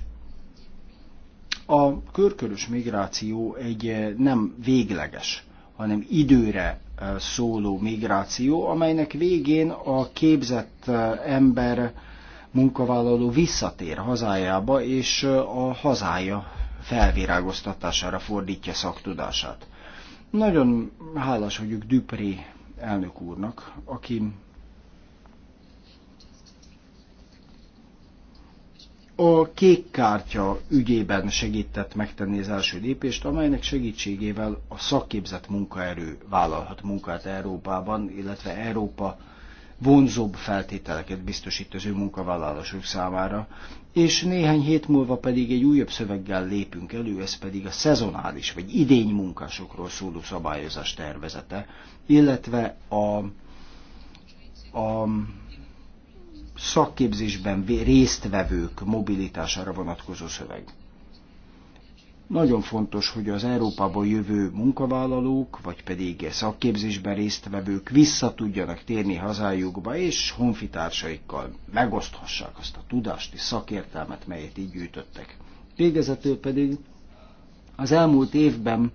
A körkörös migráció egy nem végleges, hanem időre szóló migráció, amelynek végén a képzett ember munkavállaló visszatér hazájába, és a hazája felvirágoztatására fordítja szaktudását. Nagyon hálás vagyok Dupré elnök úrnak, aki a kék kártya ügyében segített megtenni az első lépést, amelynek segítségével a szakképzett munkaerő vállalhat munkát Európában, illetve Európa vonzóbb feltételeket biztosít az ő munkavállalásuk számára és néhány hét múlva pedig egy újabb szöveggel lépünk elő, ez pedig a szezonális vagy idény munkásokról szóló szabályozás tervezete, illetve a, a szakképzésben résztvevők mobilitására vonatkozó szöveg. Nagyon fontos, hogy az Európából jövő munkavállalók, vagy pedig szakképzésben résztvevők vissza tudjanak térni hazájukba, és honfitársaikkal megoszthassák azt a tudást és szakértelmet, melyet így gyűjtöttek. Végezetül pedig az elmúlt évben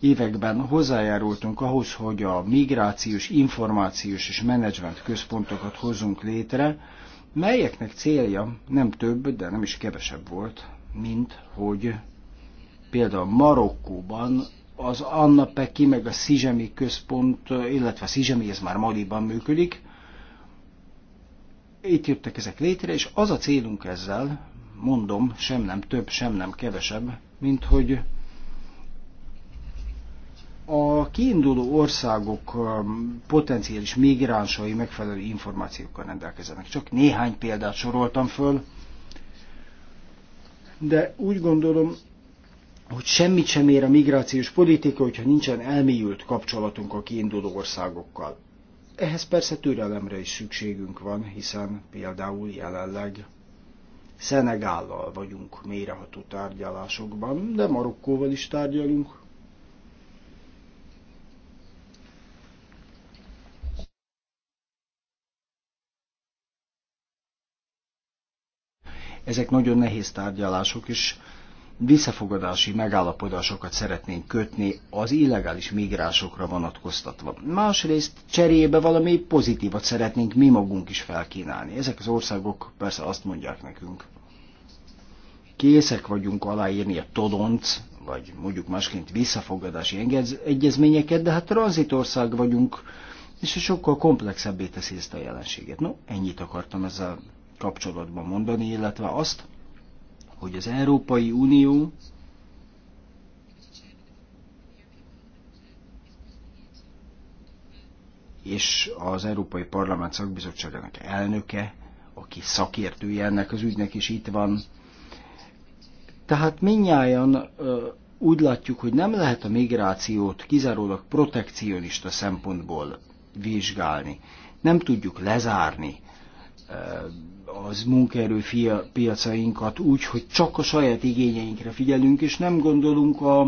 években hozzájárultunk ahhoz, hogy a migrációs, információs és menedzsment központokat hozunk létre, melyeknek célja nem több, de nem is kevesebb volt, mint hogy Például Marokkóban az Annapeki meg a Szizsemi központ, illetve a Szizsemi, ez már Maliban működik. Itt jöttek ezek létre, és az a célunk ezzel, mondom, sem nem több, sem nem kevesebb, mint hogy a kiinduló országok um, potenciális migránsai megfelelő információkkal rendelkezenek. Csak néhány példát soroltam föl, de úgy gondolom, hogy semmit sem ér a migrációs politika, hogyha nincsen elmélyült kapcsolatunk a kiinduló országokkal. Ehhez persze türelemre is szükségünk van, hiszen például jelenleg Szenegállal vagyunk mélyreható tárgyalásokban, de Marokkóval is tárgyalunk. Ezek nagyon nehéz tárgyalások, és visszafogadási megállapodásokat szeretnénk kötni az illegális migránsokra vonatkoztatva. Másrészt cserébe valami pozitívat szeretnénk mi magunk is felkínálni. Ezek az országok persze azt mondják nekünk. Készek vagyunk aláírni a todonc, vagy mondjuk másként visszafogadási egyezményeket, de hát tranzitország vagyunk, és sokkal komplexebbé teszi ezt a jelenséget. No, ennyit akartam ezzel kapcsolatban mondani, illetve azt, hogy az Európai Unió és az Európai Parlament szakbizottságának elnöke, aki szakértője ennek az ügynek is itt van. Tehát minnyáján úgy látjuk, hogy nem lehet a migrációt kizárólag protekcionista szempontból vizsgálni. Nem tudjuk lezárni az munkaerő piacainkat úgy, hogy csak a saját igényeinkre figyelünk, és nem gondolunk a,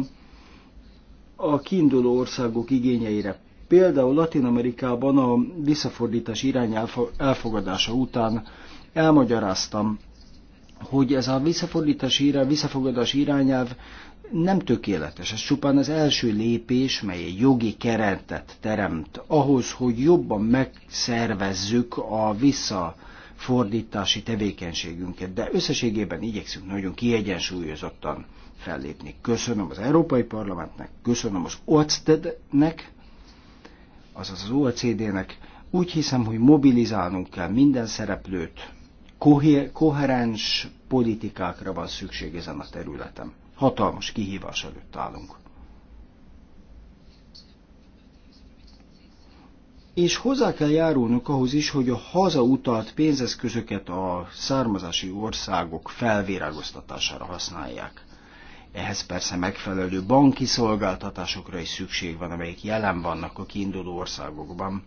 a kiinduló országok igényeire. Például Latin Amerikában a visszafordítás irány elfogadása után elmagyaráztam, hogy ez a visszafordítás irány, visszafogadás irányelv nem tökéletes, ez csupán az első lépés, mely egy jogi keretet teremt ahhoz, hogy jobban megszervezzük a vissza fordítási tevékenységünket, de összességében igyekszünk nagyon kiegyensúlyozottan fellépni. Köszönöm az Európai Parlamentnek, köszönöm az OCD-nek, azaz az ocd nek Úgy hiszem, hogy mobilizálnunk kell minden szereplőt, koherens politikákra van szükség ezen a területen. Hatalmas kihívás előtt állunk. és hozzá kell járulnunk ahhoz is, hogy a hazautalt pénzeszközöket a származási országok felvirágoztatására használják. Ehhez persze megfelelő banki szolgáltatásokra is szükség van, amelyek jelen vannak a kiinduló országokban.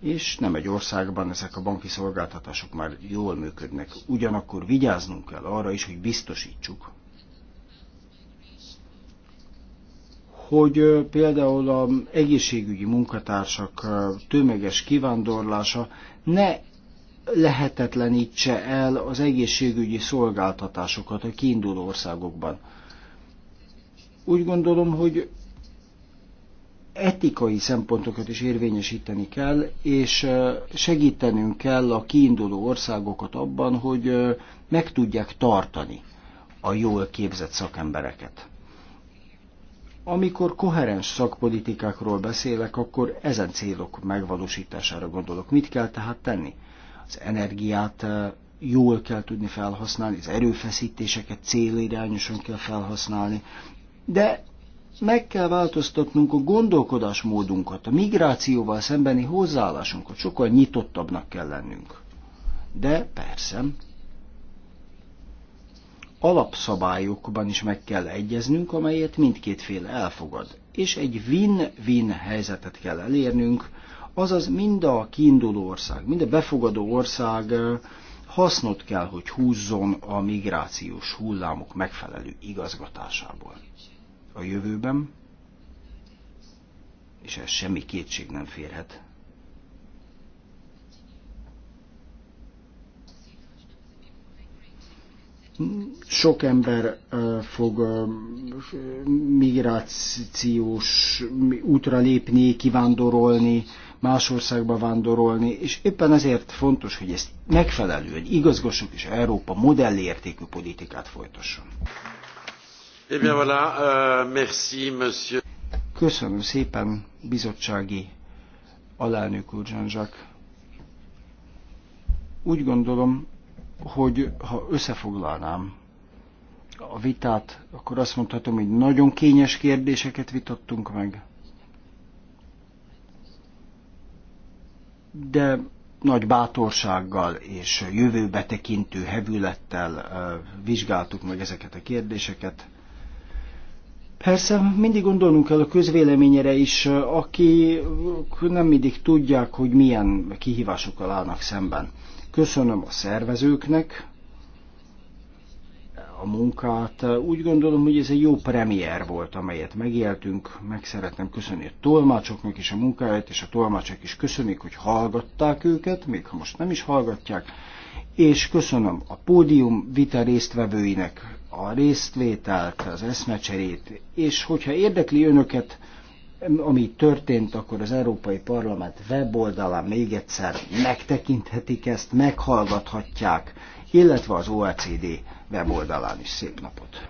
És nem egy országban ezek a banki szolgáltatások már jól működnek. Ugyanakkor vigyáznunk kell arra is, hogy biztosítsuk, hogy például a egészségügyi munkatársak tömeges kivándorlása ne lehetetlenítse el az egészségügyi szolgáltatásokat a kiinduló országokban. Úgy gondolom, hogy etikai szempontokat is érvényesíteni kell, és segítenünk kell a kiinduló országokat abban, hogy meg tudják tartani a jól képzett szakembereket. Amikor koherens szakpolitikákról beszélek, akkor ezen célok megvalósítására gondolok. Mit kell tehát tenni? Az energiát eh, jól kell tudni felhasználni, az erőfeszítéseket célirányosan kell felhasználni, de meg kell változtatnunk a gondolkodásmódunkat, a migrációval szembeni hozzáállásunkat, sokkal nyitottabbnak kell lennünk. De persze, alapszabályokban is meg kell egyeznünk, amelyet mindkét fél elfogad. És egy win-win helyzetet kell elérnünk, azaz mind a kiinduló ország, mind a befogadó ország hasznot kell, hogy húzzon a migrációs hullámok megfelelő igazgatásából. A jövőben, és ez semmi kétség nem férhet sok ember fog migrációs útra lépni, kivándorolni, más országba vándorolni, és éppen ezért fontos, hogy ezt megfelelő hogy igazgassuk, és Európa modellértékű politikát folytasson. Eh bien voilà, euh, merci, monsieur. Köszönöm szépen, bizottsági alelnök úr Zsanzsak. Úgy gondolom, hogy ha összefoglalnám a vitát, akkor azt mondhatom, hogy nagyon kényes kérdéseket vitattunk meg. De nagy bátorsággal és jövőbe tekintő hevülettel vizsgáltuk meg ezeket a kérdéseket. Persze mindig gondolnunk kell a közvéleményre is, aki nem mindig tudják, hogy milyen kihívásokkal állnak szemben köszönöm a szervezőknek a munkát. Úgy gondolom, hogy ez egy jó premier volt, amelyet megéltünk. Meg szeretném köszönni a tolmácsoknak is a munkáját, és a tolmácsok is köszönik, hogy hallgatták őket, még ha most nem is hallgatják. És köszönöm a pódium vita résztvevőinek a résztvételt, az eszmecserét, és hogyha érdekli önöket, ami történt, akkor az Európai Parlament weboldalán még egyszer megtekinthetik ezt, meghallgathatják, illetve az OECD weboldalán is szép napot.